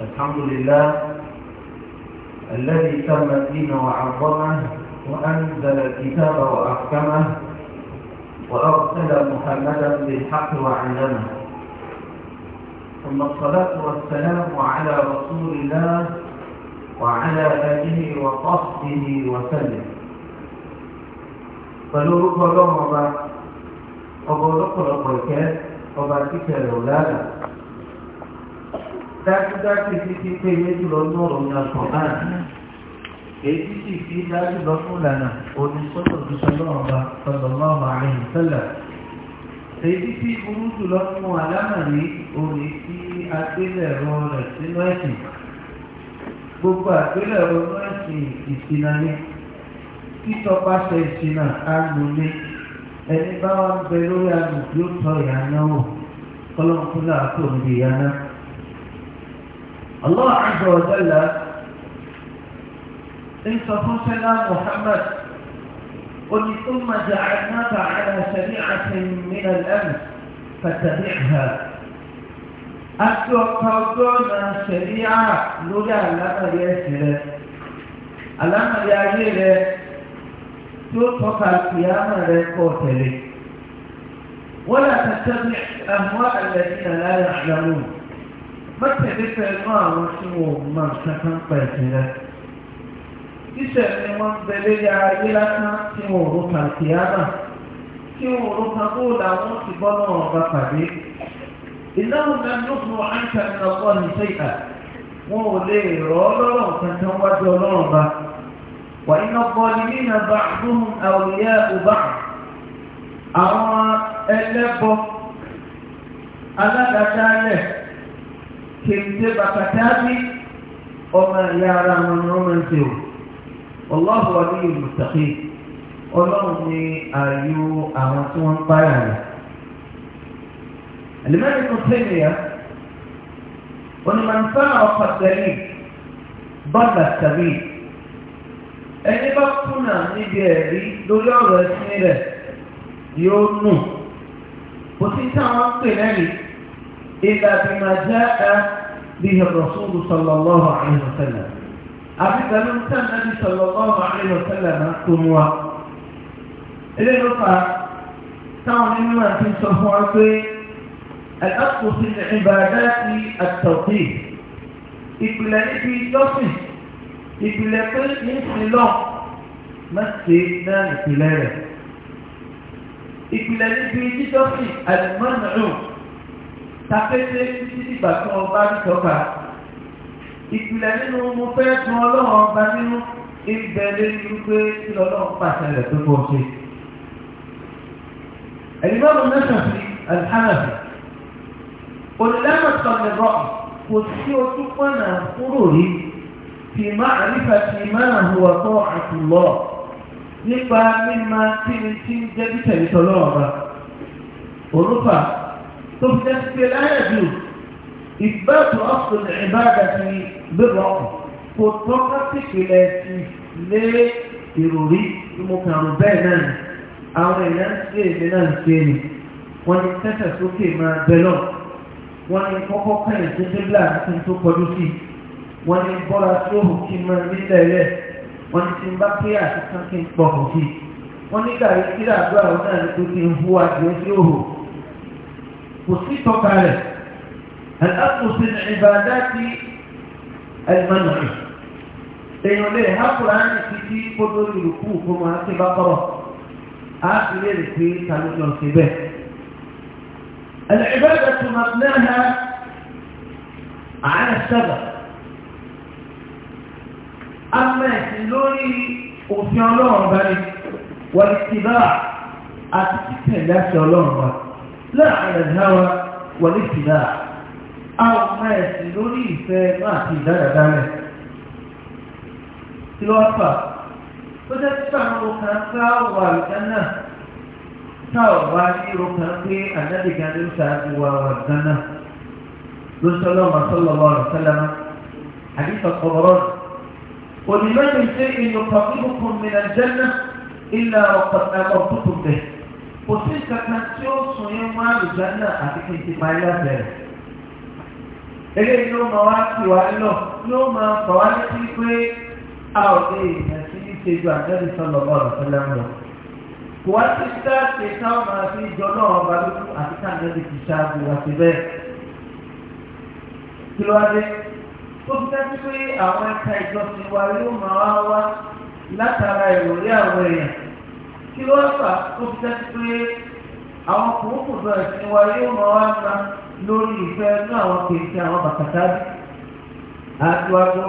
الحمد لله الذي تم الدين وعظمه وأنزل الكتاب وأحكمه وأرسل محمدا بالحق وعلمه ثم الصلاة والسلام على رسول الله وعلى آله وصحبه وسلم pẹ̀lú orúkọ ọlọ́run ọba ọba dájúdájú sí ti pé méjì lọ lọ́rọ̀ ní ọkọ̀ náà èyí sì fi dájú lọ fún ìlànà onísọ́tọ̀ tó sọlọ́rọ̀ bá sallallahu alaihi wasallam èyí sì burú jùlọ fún àlámà ní òní tí agbélẹ̀rọ rẹ̀ sínú ẹ̀sìn gbogbo àgbélẹ̀rọ inú ẹ̀sìn ìsinà ní títọpasẹ̀ ìsinà agbóni ẹni bá wà ń bẹ lórí àgbò yóò tọ ìyá náà wò kọ́lọ́nkúlà الله عز وجل فصل محمد قل ثم جعلناك على شريعة من الأمر فاتبعها أتو قوتنا شريعة لولا لما يسر لما يجير توقف القيامة للقوتل ولا تتبع أهواء الذين لا يعلمون mọ́tẹ̀lẹ́fẹ́ ẹ̀rọ àwọn tí wọn ò máa kankan pa ẹ̀sìn rẹ̀ iṣẹ́ ni wọ́n bẹ lórí ayé lásán tí wọn ò rò kà sí àbà tí wọn ò rò kà kó làwọn ti bọ́ náà ọba pàdé ìdáhùn náà ló ba kèmíté bàkàtàbí ọmọ ìyá ara wọn ni wọ́n máa ń ṣe o ọlọ́run wà ní ìmùtàkì ọlọ́run ni ààyò àwọn tí wọ́n ń báyà rẹ̀ alimẹ́rin tó tẹ́lẹ̀ yá onímọ̀nsán ọkọ̀ tẹ́lẹ̀ bọ́ọ̀lù tàbí ẹni bá kùnà níbi ẹ̀rí lórí ọ̀rọ̀ ẹ̀sìn rẹ̀ yóò nù kò sí pè lẹ́yìn. إلا بما جاء به الرسول صلى الله عليه وسلم أبدا من كان النبي صلى الله عليه وسلم كنوا إليه فا كان مما في صفوات الأصل في العبادات التوقيت إبلا في يصف إبلا في انسلام مسجد نان إبلا إبلا في يصف takété títí ìgbà tí wọn bá tọ́ka ìpìlẹ̀ nínú mo fẹ́ fún ọlọ́run ọba nínú ibẹ̀ lẹ́nu wípé kí lọ́lọ́run pàṣẹ rẹ̀ tó kọ́ ṣe. ẹ̀yin bá wọn mẹ́sàn sí alhanafi onílẹ́mọ̀tàn ní rọ kò sí ojú pọ̀nà kúrò rí tì má àrífà tì má àhùwà tó àtúlọ̀ nípa mímá tí ní tí ń jẹ́ bí tẹ̀lé tọ́lọ́run ọba. ثم في الآية دي إثبات أصل العبادة بالرأي فطرت كلاسي لإروري المتعبانا أو لنسي لنسي ونكتشف سوكي ما بلون wọ́n ní kọ́kọ́ kẹ́yìn tó débìlà kí n tó kọjú sí wọ́n ní bọ́ra tí kí àti kan pọ̀ hù sí wọ́n nígbà yìí kí làdúrà wọn náà ní kó kí n hu àdìẹ tí ó والسيطة عليه هل أقص عبادات المنع إنه ليه هقرآن سيدي قدر وما وهكي بقرة آخر لكي تعمل الخباه العبادة مبناها على السبب أما يسلوني òfin الله والاتباع ní لا ti الله لا على الهوى والاتباع أو ما يسلوني فما في ذلك ذلك الوفاء فتتفهم كان والجنة سوالير كان في الذي كان يساعد والجنة رسول الله صلى الله عليه وسلم حديث الخبرات ولما من شيء يقربكم من الجنة إلا وقد أمرتكم به kò sí kankan tí ó sùn yín mọ́ àlùjá náà àti kí n ti parí ọ̀sẹ̀ rẹ̀. eléyìí ló máa wá sí wa lọ yóò máa fà wá létí pé a ò lè yàn sí ṣe ju àjọyọ̀ sọlọ́mọ́ ọ̀sẹ̀lẹ̀ ń lọ. kò wá sí ká ṣe táwọn máa fi jọ náà ọba lójú àti káàkiri ti ṣáájú wa sí bẹ́ẹ̀. kí ló wá dé? ó fi dájú pé àwọn ẹ̀ka ìjọsìn wa yóò máa wá wá látara ìròyìn àwọn èèyàn kí ló wá tó fi jẹ́ pé àwọn kòókò bẹ̀rẹ̀ sí wa yóò máa wá na lórí ìfẹ́ ní àwọn kèéjì àwọn bàtàkà bí àjọwájọ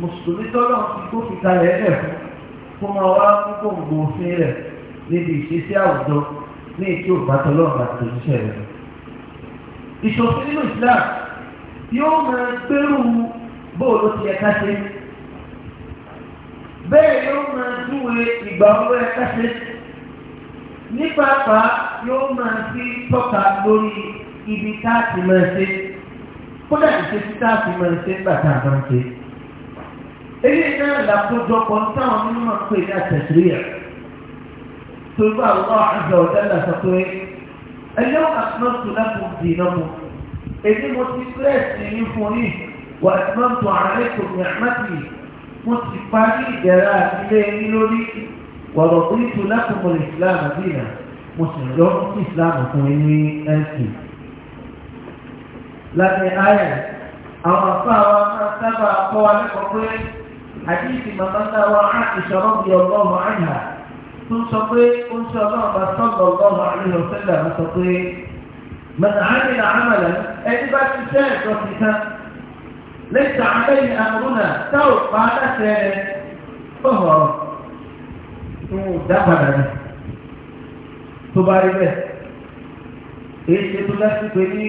mùsùlùmí tọ́lọ̀ ti kó fi kalẹ̀ ẹ̀ fún kó máa wá kó gbòǹgbò òfin rẹ̀ níbi ìṣesí àwùjọ ní ètò ìbátọ́lọ́run àti òṣìṣẹ́ rẹ̀. ìṣòfin nínú Islam yóò máa gbèrú bóòlù ti ẹ̀ka ṣe bẹ́ẹ̀ yóò máa júwe ìgbà owó ẹ̀ka ṣe ní pàápàá yóò máa fi tọ́ka lórí ibi táàtì máa ṣe kódà ìṣesí táàtì máa ṣe nígbà tá a máa ṣe. eré náà làkójọpọ̀ táwọn onímọ̀ pé ní àtẹ̀síríyà tó bá wọ́n àgbà ọ̀dá làṣà pé ẹ̀yọ́ àtúntò lápò dìínà mu èyí mo ti pírẹ́sì yín fún yín wà á ti máa ń tọ́ àárẹ̀ kò àmàtì mo ti parí ìdẹ̀ra ilé yín lórí wọ̀rọ̀ orí tó lákòókò islam àbíyà mo sì yọ sí islam fún yín ní ẹ̀sìn. lábẹ́ ayẹ̀ àwọn afá wa máa sábà kọ́ wa lẹ́kọ̀ọ́ pé àdìsí màmá náà wá á ìṣòro bí ọlọ́run àyà tó ń sọ pé ó ń sọ ọlọ́run bá sọ́gbọ̀ ọlọ́run àyè ọ̀sẹ̀lẹ̀ ń sọ pé mẹ̀tà áyẹ̀ náà ámàlẹ̀ ẹni bá ti sẹ́ ẹ̀tọ́ sí kan lẹ́tà abẹ́yìn àmúnà táwọn pa á láṣẹ dápadà rẹ̀ tó bá rí bẹ́ẹ̀ èyí ṣe tó láti pé ní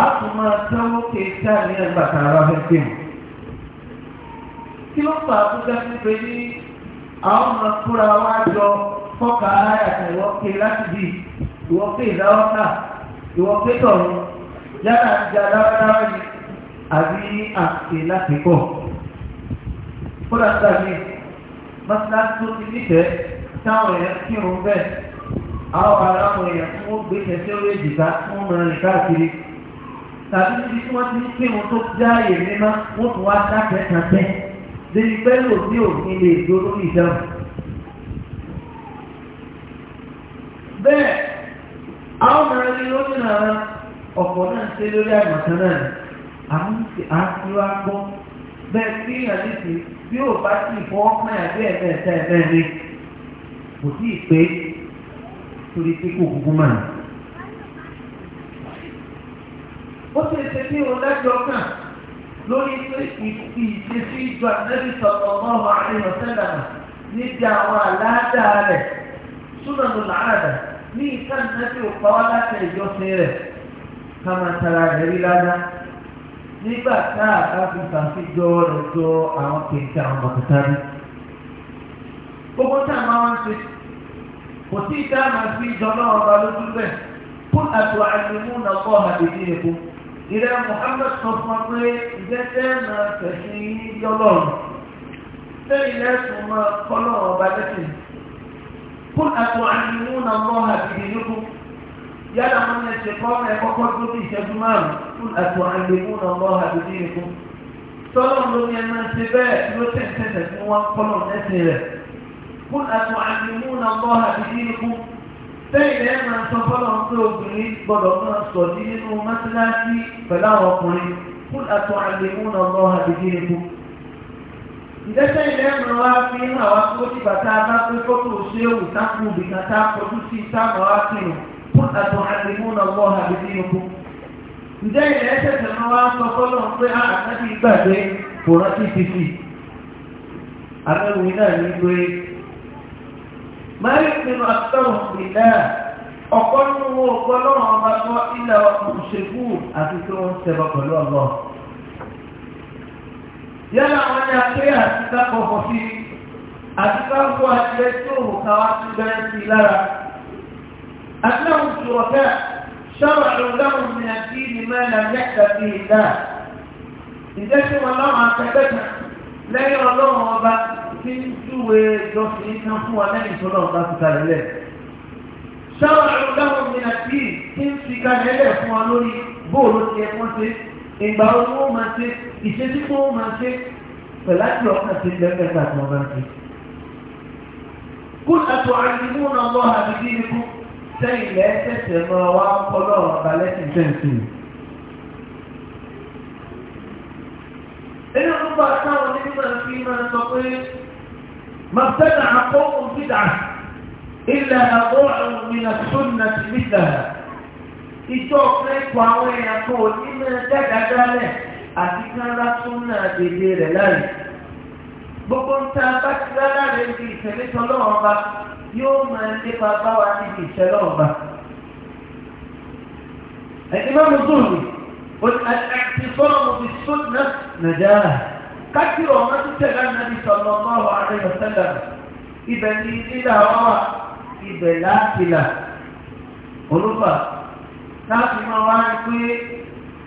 àtúmọ̀ sanwó kéèké ní ẹgbà kan ara fẹ́ pé mu kí ló fà á tó dájú pé ní àwọn ọmọ fúnra wa jọ fọ́ka ara àti ìwọ́ pé láti bì ìwọ́ pé ìdáwọ́ta ìwọ́ pé tọ̀run yálà ti adáwọ́dáwọ́ yìí àbí àti láti pọ̀. Fúnra sáà mi mọ́sálásí tó ti nífẹ̀ẹ́ táwọn èèyàn kírun bẹ́ẹ̀ àwọn aláwọ̀ èèyàn tí wọ́n gbé kẹsẹ́ orí èjìká fún ọmọ rẹ̀ káàkiri tàbí níbi tí wọ́n ti ń kírun tó jáàyè mímá wọ́n tún wá dákẹ́ kan bẹ́ẹ̀ débi pẹ́lú òbí òfin lè dó lórí ìdáhùn. bẹ́ẹ̀ àwọn ọmọ rẹ̀ lónìí náà ọ̀pọ̀ náà ń ṣe lórí àgbàkan náà àmúṣe àti wá gbọ́n bẹ́ẹ̀ tí èèyàn ní ti tí ò bá sì fọwọ́ pẹ́yà bí ẹ̀fẹ́ ẹ̀fẹ́ ẹ̀fẹ́ ni kò sí ìpè torí pé kò kúkú mà ní. ó ṣe ṣe bí olájọ kan lórí pé ìṣesí ìjọ àtẹ́bí sọ̀tọ̀ ọmọ àríyàn sẹ́lẹ̀ níbi àwọn àlàádá rẹ̀ súnà ló làádà ní ìkànnì náà tí ò pa wá láti ìjọsìn rẹ̀ ká máa tara rẹ̀ rí ládàá nígbà tá a bá fi fàṣíjọ rẹ̀ jọ àwọn kéèké àwọn bàtàtà rí. gbogbo tá a máa wá ń ṣe kò tí ì máa fi jọ náà ọba lójú bẹ́ẹ̀ kó àtò àìsàn náà kọ́ àdèdè èkó. ìrẹ́ Muhammad sọ fún wa pé ìjẹ́jẹ́ máa tẹ̀sí yọlọ́run lẹ́yìn lẹ́sùn máa kọ́ náà ọba lẹ́sìn. kó àtò àìsàn náà kọ́ àdèdè èkó yálà wọn ní ẹsẹ̀ kọ́ ẹ kọ́kọ́ tó ti ìṣẹ́jú márùn-ún àti àgbẹ̀kún náà lọ́ àdúgbò nìkan. tọ́lọ́run ló ní ẹnu ṣe bẹ́ẹ̀ ló tẹ̀sẹ̀tẹ̀ tí wọ́n kọ́lọ̀ ẹsẹ̀ rẹ̀. kún àti àgbẹ̀kún náà lọ́ àdúgbò nìkan. bẹ́ẹ̀ ni ẹ máa sọ fọ́lọ́run pé obìnrin gbọ́dọ̀ máa sọ̀ ní nínú mọ́tíláṣí pẹ̀lú àwọn ọkùnrin kún àti àgbẹ̀kún náà lọ́ àdúgbò nìkan. ìdẹ́sẹ̀ fún àtọ̀hánimúnà lọ́ha bìdínukú. ǹjẹ́ ilẹ̀ ẹ̀ṣẹ̀ tẹ̀lé wa sọ fọ́lọ́ pé ah, àtàkì gbàgbé kò rántí títì. àbẹ̀wò náà ní pé máa ń pinnu àtọ̀hún ìlà ọ̀pọ̀ nínú àti ẹjọ́ òkàwá ti bẹ̀rẹ̀ sí lára. أنهم شركاء شرعوا لهم من الدين ما لم يحدث به الله إذا شو الله عكبتها لا يرى الله وبا تنسوا جوحين هو لا يسوى الله تعالى شرعوا لهم من الدين تنسي كان إليه وانوني بولو تيكونسي ìgbà owó máa ṣe ìṣesí tó ó máa ṣe pẹ̀láti ọ̀kan ti lẹ́gbẹ̀ẹ́ta tí wọ́n sẹ́yìn lẹ́sẹ̀sẹ̀ máa wá kọ́lọ́ ọ̀ba lẹ́sìn sẹ́ǹsì. nínú púpọ̀ táwọn onímọ̀ fi máa sọ pé màtẹ́nà àkóhùn bídà ilẹ̀ àbọ̀rùn nínú súnà ti bídà. ìjọ pẹ́ẹ́kọ̀ àwọn èèyàn kan ò ní máa dáadáadáalẹ̀ àti kára súnà dèdè rẹ̀ láàyè. gbogbo ń ta bá ti rárá rẹ̀ di ìtẹ̀lẹ́tọ̀ lọ́wọ́ bá. يوم اللي بابا عندي شلوبة الإمام الظهري قل الاعتصام بالسنة نجاة كثير ما تتلقى النبي صلى الله عليه وسلم إذا نيد إلى هواء إذا لا تلا قلوبا نحن ما وانا كوي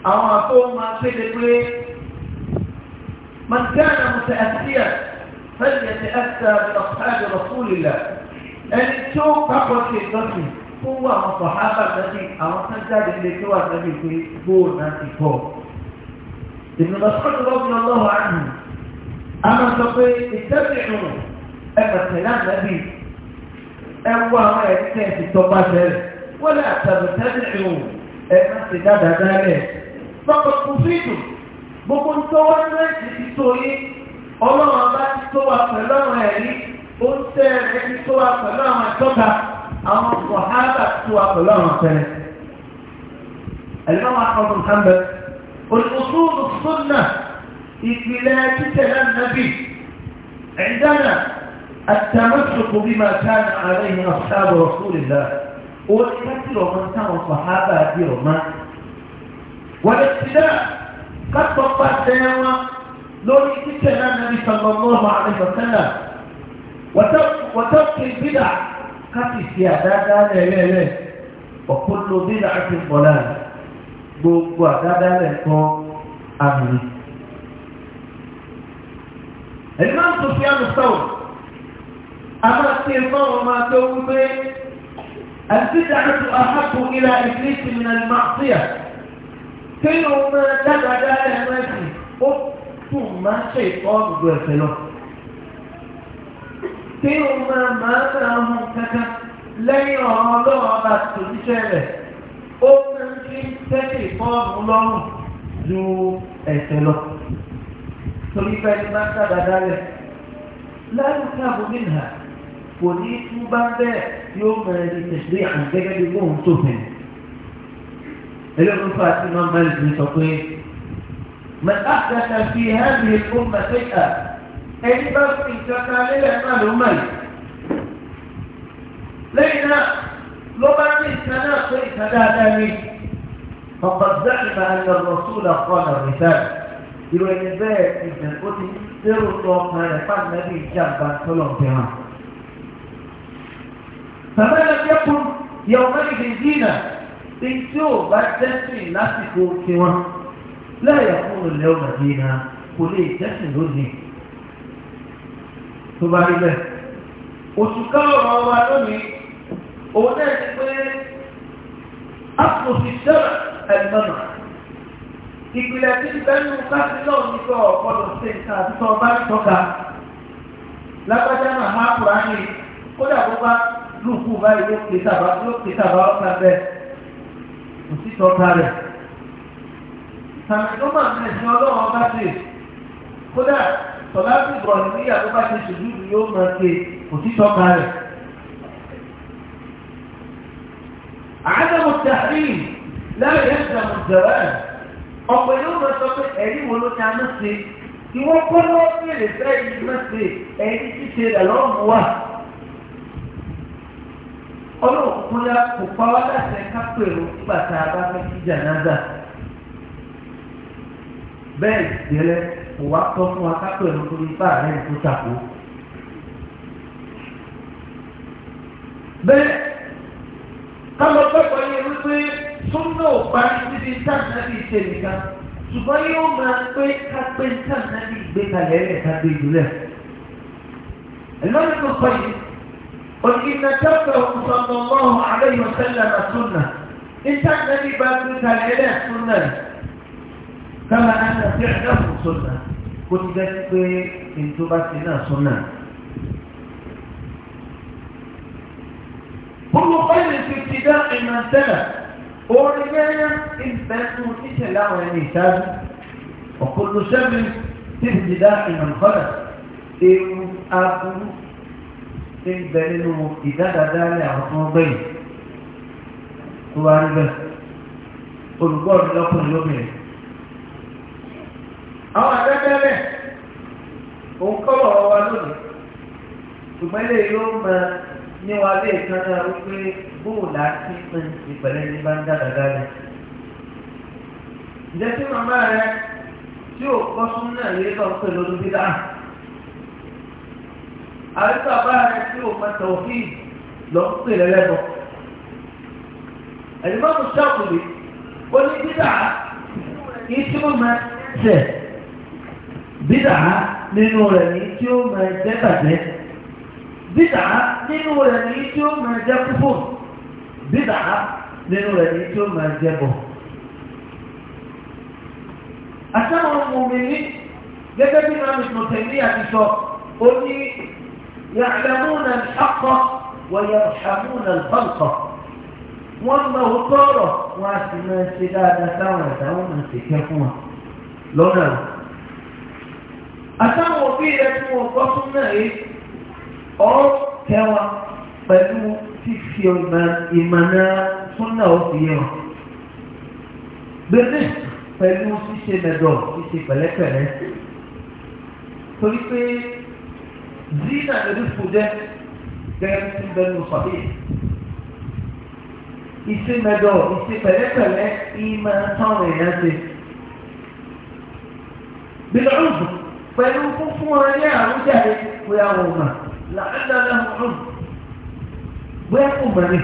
أو أقوم ما فيه كوي من كان متأثيا فليتأثى بأصحاب رسول الله ẹni tí ó kápọ̀ sí ìtọ́sí tó wà àwọn sọ̀hábà lẹ́sìn àwọn tó jáde ilé tó wà lẹ́sìn pé bóò náà ti pọ̀. ìnùbà sọ́dọ̀ lọ́bí ọlọ́wọ́ àná a máa sọ pé ìtẹ́sí ìrùn ẹ̀kọ̀ tẹ̀lé ànábì ẹ wọ àwọn ẹ̀rí tẹ̀sí tọ́gbà bẹ̀rẹ̀ wọ́n lè àtàbí tẹ́sí ìrùn ẹ̀ má ti dáadáa dálẹ̀. lọ́kọ̀ kù fíìdù gbogbo ń tọ́wọ́ ó tẹ́ ẹni tó wà pẹ̀lú àwọn ìtọ́ka àwọn sọ̀hábà tó wà pẹ̀lú àwọn ọ̀tẹ́lẹ̀ ẹ̀lọ́wọ́ akọ́dù Muhammad olùsùnù súnà ìpìlẹ̀ títẹ̀lẹ̀ nàbì ẹ̀dánà àtàmọ́sọ̀kù bí máa ká àárẹ̀ ìhìn ọ̀sáàbọ̀ Rasulillah ó ní káàkiri ọmọ táwọn sọ̀hábà bí ọmọ wọ́n lè ti dá kápọ̀ pàṣẹ wọn lórí títẹ̀lẹ̀ nàbì sallallahu alaihi wasallam وتبقي البدع كفي سيادة لا لا لا وكل بدعة ضلالة gbogbo àdádálẹ̀ kan àmì ẹ̀yìn máa ń tó fi àmì sọ̀rọ̀ a máa ti ẹ̀fọ́ wọn máa tó wípé àtijọ́ àti àhàkù ìlà ìfìlìsì mi náà máa sí à kéèyàn máa dáadáa ẹ̀rọ ẹ̀sìn ó tún máa ṣe ìfọ́ gbogbo ẹ̀fẹ́ náà tí o máa máa ń ra ọmọ kankan lẹ́yìn ọ̀rọ̀ ọlọ́run ọba tòṣìṣẹ́ rẹ̀ ó máa ń fi tẹ́tì fọ́ọ̀mù lọ́rùn ju ẹ̀sẹ̀ lọ. torí bẹ́ẹ̀ ni bá ń sábàdá rẹ̀ láyùká gómìnà kò ní tú bá bẹ́ẹ̀ yóò máa di tẹ̀sílẹ̀ àwọn gẹ́gẹ́ bí wọ́n tó fẹ̀. ẹlẹ́gbẹ̀fà tí wọ́n máa ń sọ pé mẹ́ta kẹta fi hàn mí kó ẹni bá fi ìjọta lélẹ̀ náà ló mọ̀ yìí lẹ́yìn náà ló bá ní ìtàn náà pé ìtàn dáadáa ní ọ̀pọ̀ ìdáàbò àyọ̀ rọ̀ṣúlà kọ́nà rìsáì irú ẹni bẹ́ẹ̀ ìjàn ó ti dérò lọ ọkàn rẹ̀ pàṣẹ bí ìjàmbá tọ́lọ̀ fi hàn. bàbá yẹn jẹ́ kún yọ̀ọ̀mọ́ ìdí dínà tí tí ò bá jẹ́sìn lásìkò tiwọn lẹ́yìn fún olè ọ̀nà dínà kò lè jẹ́sìn lónìí tó bá rí bẹ́ẹ̀. òṣùká ọ̀rọ̀ wa lónìí òun náà ti pé àpòsí sẹ́rà ẹ̀gbọ́nà ìpìlẹ̀ tí ń bẹ́nu káàkiri náà ní sọ ọ̀pọ̀lọ̀ ṣe ìta àti sọ bá ń tọ́ka lágbájá náà máa kúrò á ní kódà tó bá lùkù báyìí ló pè sábà ló pè sábà ọ̀sán bẹ́ẹ̀ kò sí tọ́ka rẹ̀ sàmì tó máa ń tẹ̀sí ọlọ́run ọba ṣe kódà tọ́lá ti bọ̀ nígbà tó bá ṣe sùdúrù yóò máa ṣe òtítọ́ kan rẹ̀. àádọ́mù tàbí láì ẹ̀sìnàmù jẹ̀rẹ̀ ọ̀pọ̀ yóò máa sọ pé ẹ̀rí wo ló ní a máa ṣe kí wọ́n kọ́ lọ́wọ́ bèrè fẹ́ yìí máa ṣe ẹ̀rí ṣíṣe rẹ̀ lọ́rùn wà. ọlọ́run kúnlá kò pa wá láti ẹ̀ká pèrò nígbà tá a bá fẹ́ kí jàǹdà bẹ́ẹ̀ kò wá tọ́ fún wa ká pẹ̀lú torí bá àlẹ́yìn tó tako. bẹ́ẹ̀ káwọn gbẹ́kọ̀ọ́ yẹn wípé súnmọ́ ò parí síbi táwọn náà bíi ṣe nìkan ṣùgbọ́n yóò máa pé ká pé táwọn náà bíi gbé kalẹ̀ ẹ̀ ká gbé jùlẹ̀. الملك القيم قل إن تركه صلى الله عليه وسلم سنة إن تكتب بابك العلاج سنة كما أن فعله سنة kó ti jẹ́ pé ètò bá ti náà sún náà. olùkọ́ ìlú ti ti dá ìmọ̀ tẹ́lẹ̀ orí gẹ́gẹ́ ìbẹ̀tù ìṣẹ̀lẹ̀ àwọn ẹni ìṣáájú ọ̀pọ̀lọpọ̀ sẹ́mi ti ti dá ìmọ̀ kọ́lẹ̀ ewu aburú ti ń bẹ nínú ìdádádálẹ̀ àwọn tó ń gbẹ̀yìn tó wá ń bẹ̀ olùkọ́ ọ̀dọ́ lóbìnrin àwọn abẹ́bẹ́rẹ́ òun kọ́lọ̀ wa lónìí ṣùgbọ́n ilé yóò máa ní wa lé ìtàn náà wípé bóòlù àti pín ìpẹ̀lẹ́ ní bá ń dàgbà dáadáa. ǹjẹ́ tí màmá rẹ tí ò kọ́ sún náà yé lọ pé lórí bílà àríkà bá rẹ tí ò mọ tọ̀fíì lọ ń pè lẹ́lẹ́bọ̀. ẹ̀dùnmọ́ kò ó ní bílà kì í tí mo tẹ̀. bídà nínú rẹ̀ ní tí ó máa jẹ́ bàjẹ́ bídà nínú rẹ̀ ní tí ó máa jẹ́ púpọ̀ bídà nínú rẹ̀ ní tí ó máa jẹ́ bọ̀. àtàwọn ọmọ mi ní gẹ́gẹ́ bí náà mìíràn tẹ̀lé àti sọ ó ní ya'lamuna al-haqqa wa yarhamuna al-khalqa wọ́n mọ òótọ́ ọ̀rọ̀ wọn a sì máa ṣe dáadáa sáwọn àtàwọn àti ìkẹ́ fún wọn lọ́nà rẹ̀. àtàwọn òbí rẹ tí wọ́n gbọ́ fún náà rí ọ́ tẹ́wà pẹ̀lú fífi ọ̀nà ìmọ̀nà fún náà ó fi yẹn gbẹ̀mí pẹ̀lú ṣíṣe mẹ́dọ̀ ṣíṣe pẹ̀lẹ́pẹ̀lẹ́ torí pé zina ẹ̀dùkú jẹ́ gẹ́gẹ́ bí bẹ́nu sọ̀bí ìṣe mẹ́dọ̀ ìṣe pẹ̀lẹ́pẹ̀lẹ́ ìmọ̀ táwọn èèyàn ṣe bí lọ́rùn يا رجاء ويا روما لعل له عذر ويقوم به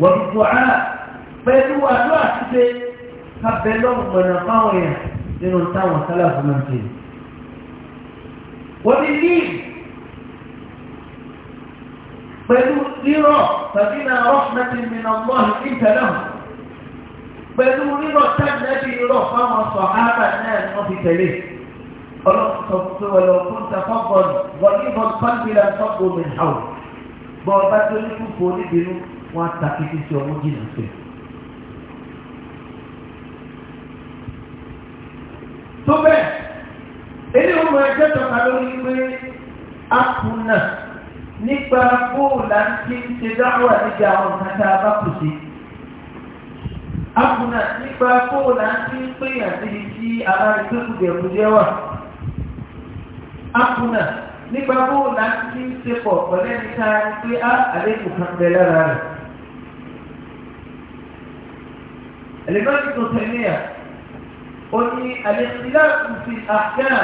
وبالدعاء فيدوا دعاء كتير قبلهم من قاوية لنن تاوى ثلاث من فيه وبالليل فيدوا رحمة من الله انت لهم pẹ̀lú rírọ̀ tẹ́lẹ̀bí rọ̀ fáwọn sọ ábà náà wọ́n fi tẹ̀lé ọlọ́pùtọ̀pùtọ̀ tó bẹ́ẹ̀ ilé ọmọ ẹgbẹ́ tọ́ka lórí pé a kùnà nípa bóòlà tí ń ṣe dáwà níbi àwọn nǹkan tá a bá kù sí akùnà nípa kóò là ń tí ń pèyàn síbi tí aláàrẹ̀kùnkùnjẹ̀kùnjẹ́ wà akùnà nípa kóò là ń tí ń ṣe pọ̀ pẹ̀lẹ́ níta pé á àlékù kan bẹ lára rẹ̀ ẹ̀lẹ́gbẹ́ni tó tẹ̀lé à ó ní àlẹ́síláàkù fi àkẹ́rà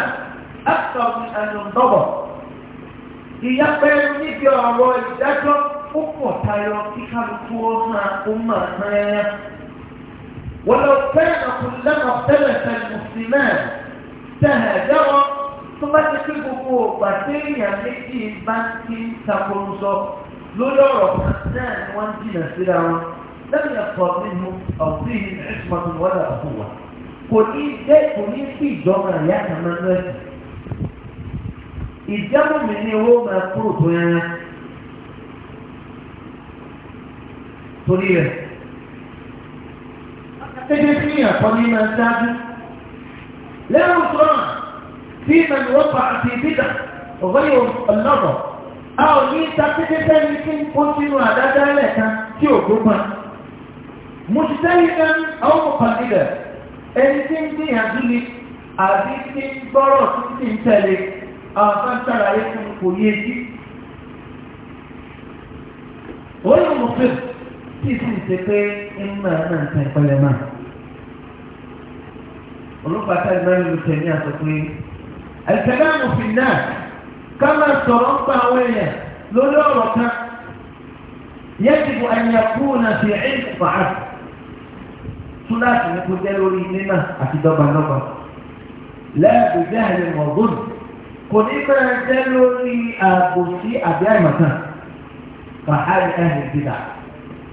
àtọ̀kùn àdùndọ́bọ̀ ìyápẹ́ níbi ọ̀rọ̀ ìdájọ́ ó pọ̀ tayọ kíkálukú ó máa ó máa ولو كان كلما اختلف المسلمان تهاجرا ثم تكون gbogbo bàtẹ́yà méjì bá ti ń takorúsọ lórí ọ̀rọ̀ kan náà ni wọ́n jìnà síra wọn lẹ́yìn ẹ̀kọ́ nínú ọ̀sìn ìṣùmọ̀tò wọ́dà ọ̀tún wa kò ní dé kò ní sí ìjọba ìyá kan máa ń lọ ẹ̀sìn ìjábọ̀ mi ní owó máa kúrò tó yẹn torí rẹ̀ gẹ́gẹ́ bí ìyàpọ̀ ní máa dájú. lẹ́rù sọ́nà tí ìmọ̀lù wọ́n pa àti ìbídà ọ̀gbọ́n yóò ọ̀nàbọ̀ a ò ní ta pépépé ní kí n kó sínú àdájá ẹlẹ́ka tí ò gbó pa. mo ti tẹ́lẹ̀ kan àwọn ọmọkànlélẹ̀ ẹni tí ń gbìyànjú ni àbí tí ń gbọ́rọ̀ títí ń tẹ̀lé àwọn afẹ́ntàrà yẹn fún kò yé sí. ó yẹ mọ̀ pé tí pé ń máa náà ń ta ìpẹ́lẹ̀ máa olùkọ́ àti ìgbàlódé ló tẹ̀lé àtọ́ pé àìsàlẹ̀ àmọ̀fin náà ká máa sọ̀rọ̀ ń pa àwọn èèyàn lórí ọ̀rọ̀ kan yẹ́tìbù àyàkúnà fi ẹ̀yìn fàá túláàtì ní kó jẹ́ lórí mímà àti dọ́gbandọ́gba lẹ́ẹ̀dù jẹ́ mọ̀gbọ́n kò ní máa jẹ́ lórí àbòsí àbí àìmọ̀kan fàá ẹ̀hìn bìlà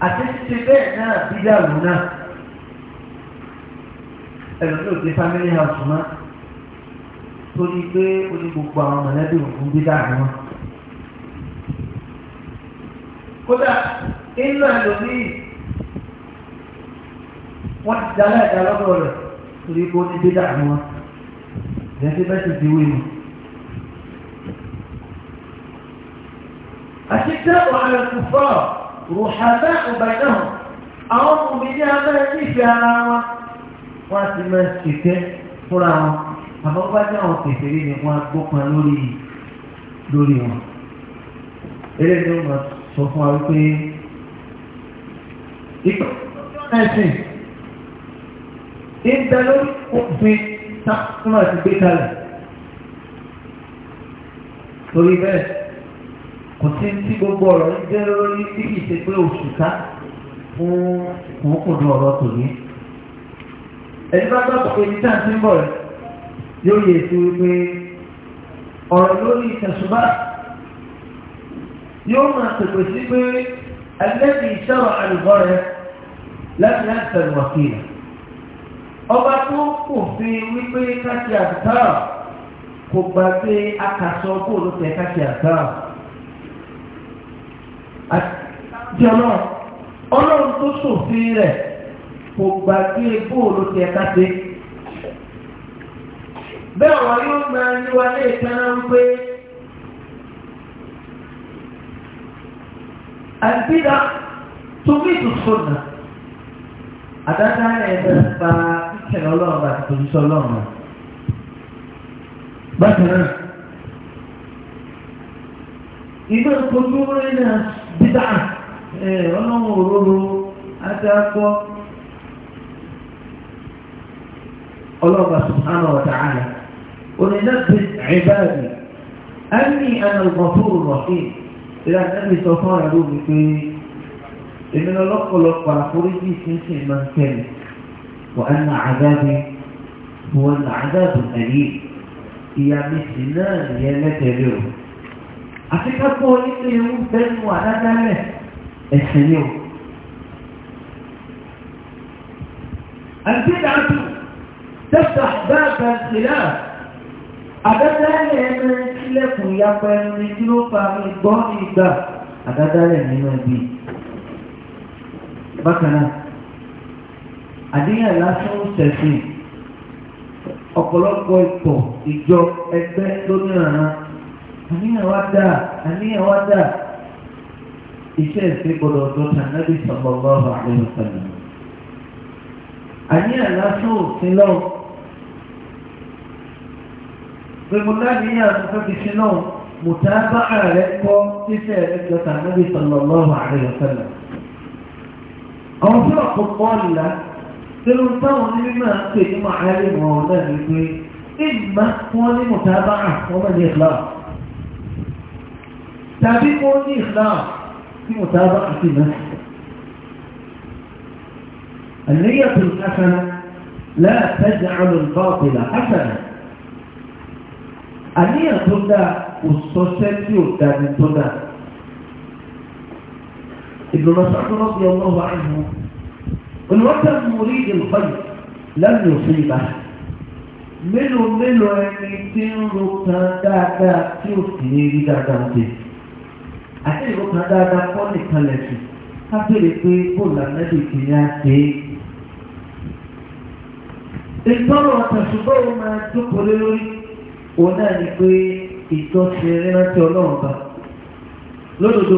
àti ṣíṣe bẹ́ẹ̀ náà bídà ẹlòmí ò dé family house mọ́ torí pé ó ní gbogbo àwọn mọ̀lẹ́bí òkú dídá àwọn. kódà inú ẹlòmí wọ́n ti dá láìka lọ́dọ̀ rẹ̀ torí pé ó ní dídá àwọn. ìrẹsì bẹ́ẹ̀ ti di wí mu. àṣìṣẹ́ wàhálà kò fọ́ rùhàdá ọ̀bàdàn àwọn ọmọ mi ní abẹ́rẹ́ nífẹ̀ẹ́ ara wọn wọ́n á ti máa ṣètẹ́ fúnra wọn àmọ́ bá jẹ́ àwọn kẹfẹ́rí ni wọ́n á gbópan lórí lórí wọn. eléyìí ni wọ́n sọ fún wa wípé ìtọ́ ẹ̀sìn ìgbà lórí òfin táwọn àti gbé kalẹ̀ torí bẹ́ẹ̀ kò sí tí gbogbo ọ̀rọ̀ ń jẹ́ lórí bí kì í fún òkùnkùn ọ̀rọ̀ tòní ẹni bá gbọ́ pé ní tàn tí ń bọ̀ yóò yẹ sí wípé ọ̀rọ̀ lórí ìtẹ̀sùbá yóò máa pèpè sí pé ẹlẹ́bi ìṣẹ́wà àlùbọ́ rẹ láti láti tẹ̀lé wàkìlì ọba tó kò fi wípé káṣí àbùtárà kò gbà pé akàṣọ bóòlù tẹ káṣí àbùtárà àti ọlọ́run ọlọ́run tó ṣòfin rẹ̀ kò gbà kí bóòlù tiẹ̀ ká ṣe. bẹ́ẹ̀ wọ́n yóò máa ní wa lé ìtaná wípé àdìdá tóbi tuntun nà àdáta ẹ̀ bẹ́ẹ̀ fa kíkẹ́ ọlọ́run àti tòjúṣe ọlọ́run. bákan náà ìgbà ìpolówó náà dídá ọlọ́run òróró àti akọ. ọlọ́ọ̀bà sùhánà ọ̀tà àlà onídàbí ìbáàdì á ní ẹnu ìgbọ̀nfóró rọ̀hìn ìlà nẹ́bí sọ fún ẹ̀rọ mi pé èmi lọ́pọ̀lọpọ̀ àforíjì sínsìn máa ń tẹ̀lé wà á nà àdáàbí wọ́n nà àdáàbò ẹ̀yìn ìyá mi sì náà nìyẹn lẹ́tẹ̀lé o àti kápọ̀ nínú ewu bẹ́ẹ̀ mú ẹ̀sìn ni o. àti dáàbò. تفتح باب الخلاف àdádálẹ̀ ẹnu sílẹ̀kùn ìyapa ẹnu ni tí ó fa ìgbọ́ ìgbà àdádálẹ̀ nínú ẹbí bákan náà àdéhùn lásán ṣẹ̀sìn ọ̀pọ̀lọpọ̀ ìpọ̀ ìjọ ẹgbẹ́ lónìrànà àníyàn wá dà àníyàn wá dà iṣẹ́ ìṣe gbọdọ̀ dọ́ta nábì sallallahu alaihi wasallam àníyàn lásán òsín lọ́wọ́. pé mo láti ní àtúnfẹ́bíṣẹ́ náà mo tábà ààrẹ kọ́ títẹ̀ ẹgbẹ̀ta níbi sallallahu alaihi wasallam àwọn tí wọ́n kò pọ́ ìlà tí ló ń táwọn ní mímọ́ à ń pè ní màálì mọ̀ ọ́n náà ní pé ìgbà wọ́n ní mo tábà à wọ́n mọ̀ ní ìlà tàbí mo ní ìlà tí mo tábà àti náà النية الحسنة لا تجعل الباطل حسنة àníyàn tó dáa kò sọṣẹ́ tí ò dání tó dáa. ìdùnnà sọ́kúnrọ́ bí ọmọ wa ń mú olùwọ́tà múrí ìlúfọ́yì lẹ́nu òfin ìgbà mélòó mélòó ẹni tí ń ro kan dáadáa tí ò sì ní rí dáadáa jẹ àti ìró kan dáadáa kọ́ nìkan lẹ̀sùn ká béèrè pé bóòlù àmẹ́lì kìíní á ṣe é ìtọ́rọ̀ ọ̀tẹ̀sùgbọ́n máa jókòó lé lórí òun náà ni pé ìtọ́ ti rántí ọlọ́run bá lódodo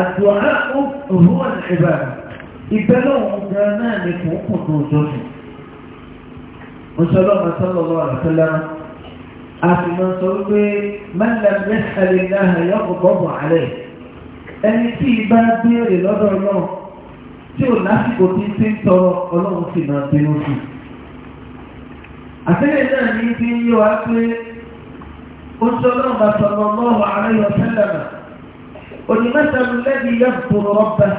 àtùwà òhun àìbá ìbẹ́ lọ́wọ́n gan náà ni kò ń kùn tó jọ́sìn mùsùlùmí sọ́lọ́wọ́ àtàlá a sì máa sọ wípé mẹ́lẹ̀ mẹ́sàlẹ̀ náà yọ ọ̀gbọ́gbọ̀ àlẹ́ ẹni tí ìbá béèrè lọ́dọ̀ tí tí ń tọrọ ọlọ́run sì máa bínú sí àtẹ́lẹ̀ náà ní bí yíwa pé وسلم صلى الله عليه وسلم ولمثل الذي يذكر ربه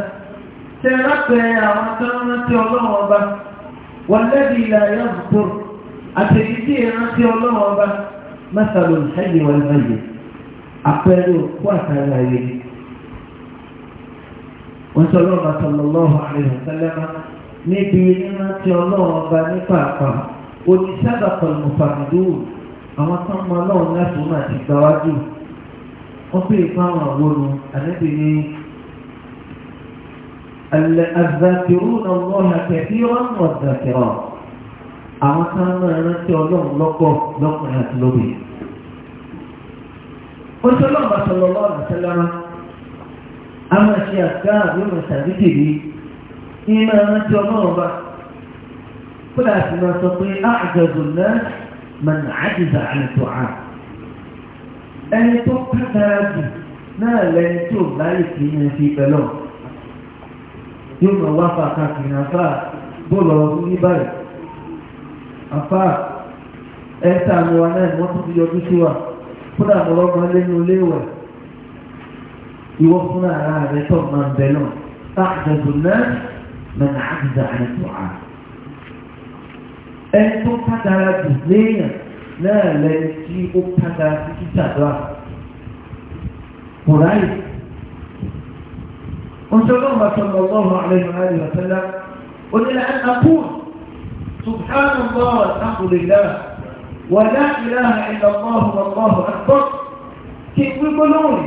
سيرك يا وسلمة الله ربه والذي لا يذكر أتجدين أنت الله ربه مثل الحي والميت أقبلوا وأتى غيري وسلم صلى الله عليه وسلم نبينا الله ربه نفاقا ولسبق المفردون àwọn tó ń mọ ọlọ́run láti máa ti gbà wájú wọ́n pè fún àwọn àwòrán àdébì ní الذاكرون الله كثيرا والذاكرات àwọn tó ń máa rántí ọlọ́run lọ́pọ̀ lọ́kùnrin àti lóbìnrin oṣù ọlọ́run bá sọ̀rọ̀ lọ́wọ́ àtẹ́lára a máa ṣe àgbá àbúrò sàdídìrí ní máa ọlọ́run bá kódà sì máa sọ pé àjọ̀dùn náà من عجز عن الدعاء، أن يطغى ذلك، لا لا يطغى في بلوم، يوم وافقك الناس، بلغني بال، أفا، أسام وانا مطلوب يوشوا، فنام الله علينا ليوه، يوقفنا على رأسه من بلوم، أحد سنا، من عجز عن الدعاء ẹni tó kátàrà jù náà lẹni tí ò láyè kì í yẹn fi pẹ̀lọ́ yóò mọ̀ wá fà káàkiri afá bọ́ọ̀lù ọdún ní báyìí afá ẹ̀ta àwọn wa náà wọ́n tún ti yọjú sí wa kódà mo lẹ́nu ilé ìwẹ̀ ìwọ ara rẹ̀ tó máa ń bẹ̀ náà àjọ̀dún náà mẹ́ta àdìsá àlùtò à. ẹni tó kádàrà jù léèyàn náà lẹni tí ó kádàrà sí kíṣàdúrà kò ráyè وسلم صلى الله عليه وآله وسلم وإلى أن أقول سبحان الله والحمد لله ولا إله إلا الله والله أكبر كيف يقولون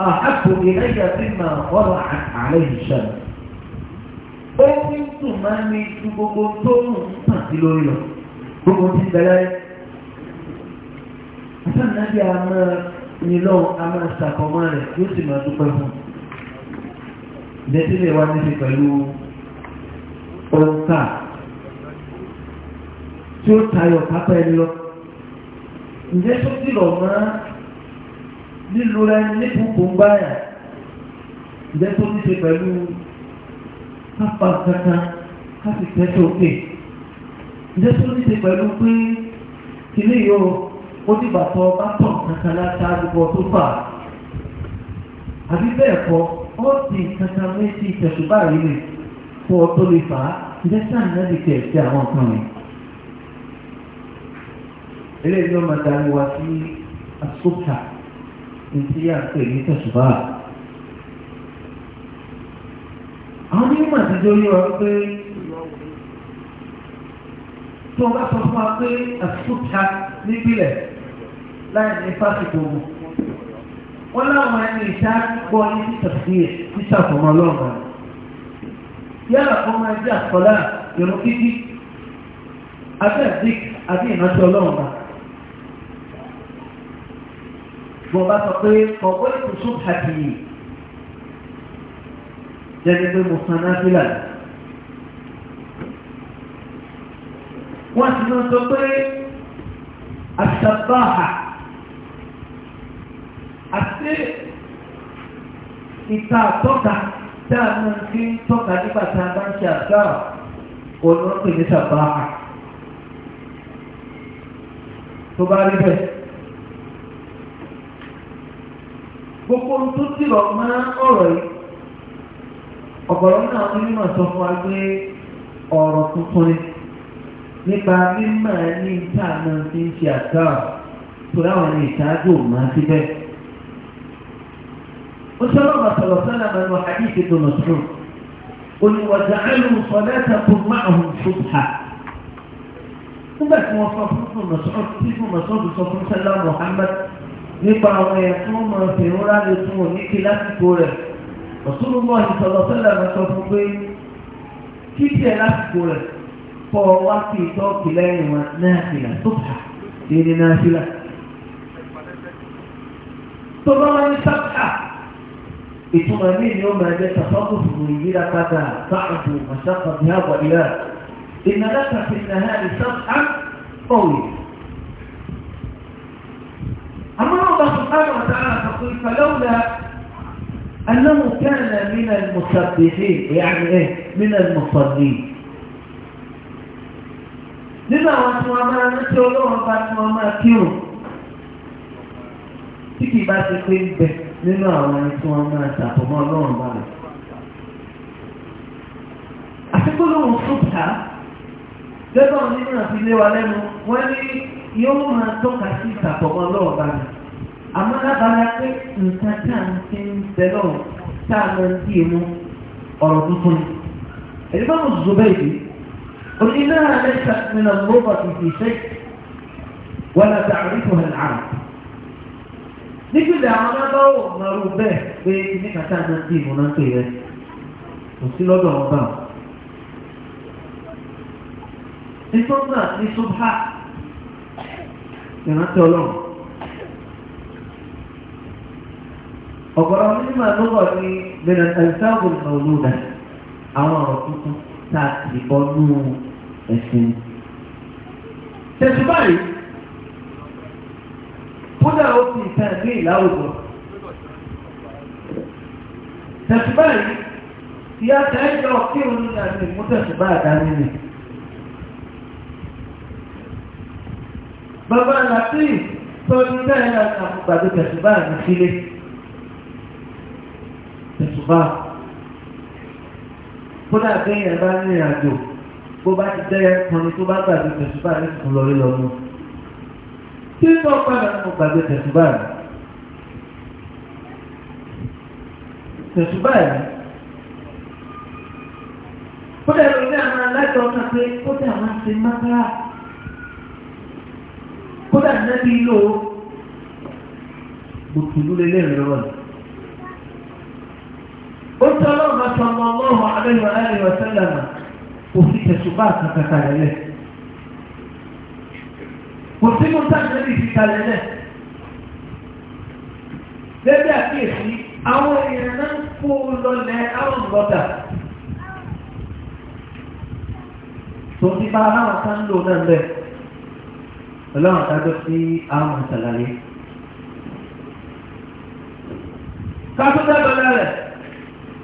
أحب إلي مما ورعت عليه الشمس أو ní tùmá ní sí lórí lọ gbogbo ti bẹ̀rẹ̀ àtàwọn nàbí àmọ́ nílọ́ àmọ́ ṣàkọmọ́ rẹ̀ yóò sì máa dúpẹ́ fún ìdẹ́sílẹ̀ wa ní ṣe pẹ̀lú ọ̀ǹkà tí ó tayọ̀ pápá ẹni lọ ǹjẹ́ tó sì lọ mọ́ lílo rẹ ní gbogbo ǹjẹ́ tó ní ṣe pẹ̀lú pápá kankan láti tẹ́tọ̀ Okay iṣẹ́ tó ní ṣe pẹ̀lú pé kìlí yóò ó ní bàtọ̀ bá tàn kankan látàrí bọ́ tó fà àbí bẹ́ẹ̀ kọ́ ó sì kankan méjì ìtẹ̀sùbá yìí rè kó o tó lè fà á iṣẹ́ sáà náà lè tẹ̀ sí àwọn kan rẹ̀. eléyìí ló máa darí wa sí asókà ní yà ń pè ní tẹ̀sùbá. àwọn onímọ̀ àtijọ́ yóò wá pé tí wọ́n bá sọ fún wa pé àtúntà níbílẹ̀ láì ní fásitì òun wọ́n láwọn ẹni ìta gbọ́ ní títàfíì títàfọ̀mọ́ lọ́wọ́ yálà kó máa jẹ́ àkọlá ìrún kíkí abẹ́ẹ̀dík àbí ìrántí ọlọ́run náà bọ̀ bá sọ pé ọ̀gbọ́n ìtúsùn àti yìí jẹ́ ní pé mo san náà sílẹ̀ wọ́n ti lọ sọ pé àṣàbáhà àti ìta àtọ́ka tí a mú sí tọ́ka nígbà tí a bá ń ṣe àṣàrà òun ló ń pè ní ṣàbáhà tó bá rí bẹ́ẹ̀. gbogbo ohun tó ti lọ máa ń ọ̀rọ̀ yìí ọ̀pọ̀lọpọ̀ náà ní mímọ̀ sọ fún wa pé ọ̀rọ̀ tuntun ni nípa mímọ̀ ní táàmù tí ń ṣe àtàwà tó láwọn ní ìṣáájú máa síbẹ̀. ó ṣọ́rọ̀ bàtàlọ̀ sọ́nà mẹ́nu àdìsí tó nà sùn. olùwàjà ẹlù sọ̀lẹ́tà tó máa hùn ṣùgbà. nígbà tí wọ́n sọ fún tó nà sùn tí tó nà sùn sọ fún sẹ́lá Muhammad nípa àwọn èèyàn tó mọ̀ ọ́n fèrè lè tún òní kí lásìkò rẹ̀. ọ̀tún ìṣọ̀lọ̀ sọ́nà mẹ́sọ̀ fún فوالله في توك ليلة نافلة صبحة دين نافلة تضمني صبحة اتمنين يوم ما جاءت تصدف مجيلة كذا تعرف مشاقة بها وإله إن لك في النهار صبحة قوية أما الله سبحانه وتعالى تقول فلولا أنه كان من المسبحين يعني إيه من المصلين nínú àwọn tí wọ́n máa rántí ọlọ́run bá tí wọ́n máa kírun tí kì í bá ṣe pé ń bẹ nínú àwọn ẹni tí wọ́n máa ṣàfọ̀mọ́ ọlọ́run bá rẹ̀. àtikọ́lọ́run fúnta lẹ́gbọ̀n nínú àti ilé wa lẹ́nu wọ́n ní yóò máa tọ́ka sí ìṣàfọ̀mọ́ ọlọ́run bá rẹ̀. àmọ́ lábára pé nǹkan tá à ń ń bẹ lọ́run tá à lọ sí ìmú ọ̀rọ̀ tuntun. ẹ̀dí bá mo zò bẹ́ẹ̀ yìí قل إنها ليست من اللغة في شيء ولا تعرفها العرب nígbìdà àwọn alábáwò ọmọrú bẹ́ẹ̀ pé nígbàtà náà bí ìmúná pè rẹ̀ kò sí lọ́dọ̀ wọn bá wọn. nítorí náà ní ṣubha ìrántí ọlọ́run ọ̀gọ̀rọ̀ onímọ̀ lọ́gọ̀ ní bẹ̀rẹ̀ ẹ̀sáàbò ìmọ̀ olóòdà àwọn ọ̀rọ̀ tuntun ta ìbọnú ẹ̀sìn. tẹ̀sùbá yìí kódà ó ti ìtàn ní ìlàwùjọ. tẹ̀sùbá yìí ìyá tẹ̀sùbá kí òun ní àti ìmútẹ̀sùbá àdáni ni. bàbá latif tó ní bẹ́ẹ̀ náà àfùgbàdo tẹ̀sùbá àti sílé. tẹ̀sùbá kódà kéèyàn bá ní ìrìnàjò bó bá ti dẹ́yẹ kọrin tó bá gbàgbé tẹ̀sùbà ní tuntun lọ rí lọ mú kí ló padà mú gbàgbé tẹ̀sùbà rẹ̀ tẹ̀sùbà rẹ̀ kódà ló ní àwọn alájọ ọ̀kan pé kódà máa ṣe mákàrà kódà nẹ́bí lò ó bùtùlù lélẹ́rìí lọ́wọ́ rẹ̀ ó tẹ́ ọlọ́run máa tọmọ ọlọ́run abẹ́yọ aláìwọ̀ sẹ́lẹ̀mà kò fi tẹ̀sùbá kankan kalẹ̀ lẹ̀ kò sí mú sáàlẹ́bì fi kalẹ̀ lẹ̀ lẹ́bí àkíyèsí àwọn èèyàn náà ń kó lọlẹ̀ àwọn bọ́dà tó ti bá àwọn kan lò náà bẹ́ẹ̀ ọlọ́run dájọ́ sí àwọn àtàlàyé ká tó dábọ̀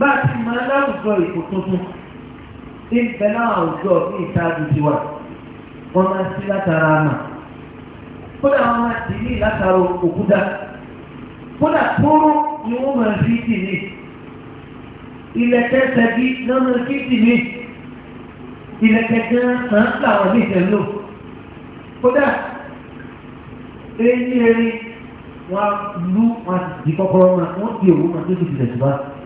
bá a ti máa láwùjọ ìkò tuntun tí ń bẹ náà àwùjọ ní ìtajú ti wà wọ́n máa sí látara àmà kódà wọ́n máa sì ní látara òkúta kódà kóró ni wọ́n máa fi tì ní ilẹ̀kẹ́ sẹ́gi náà máa fi tì ní ilẹ̀kẹ́ gan-an máa ń ní ìtẹ̀lò kódà eyín erin wọn lú wọn ti di kọ́kọ́rọ́ máa wọ́n di òwú máa tó ti tẹ̀síwájú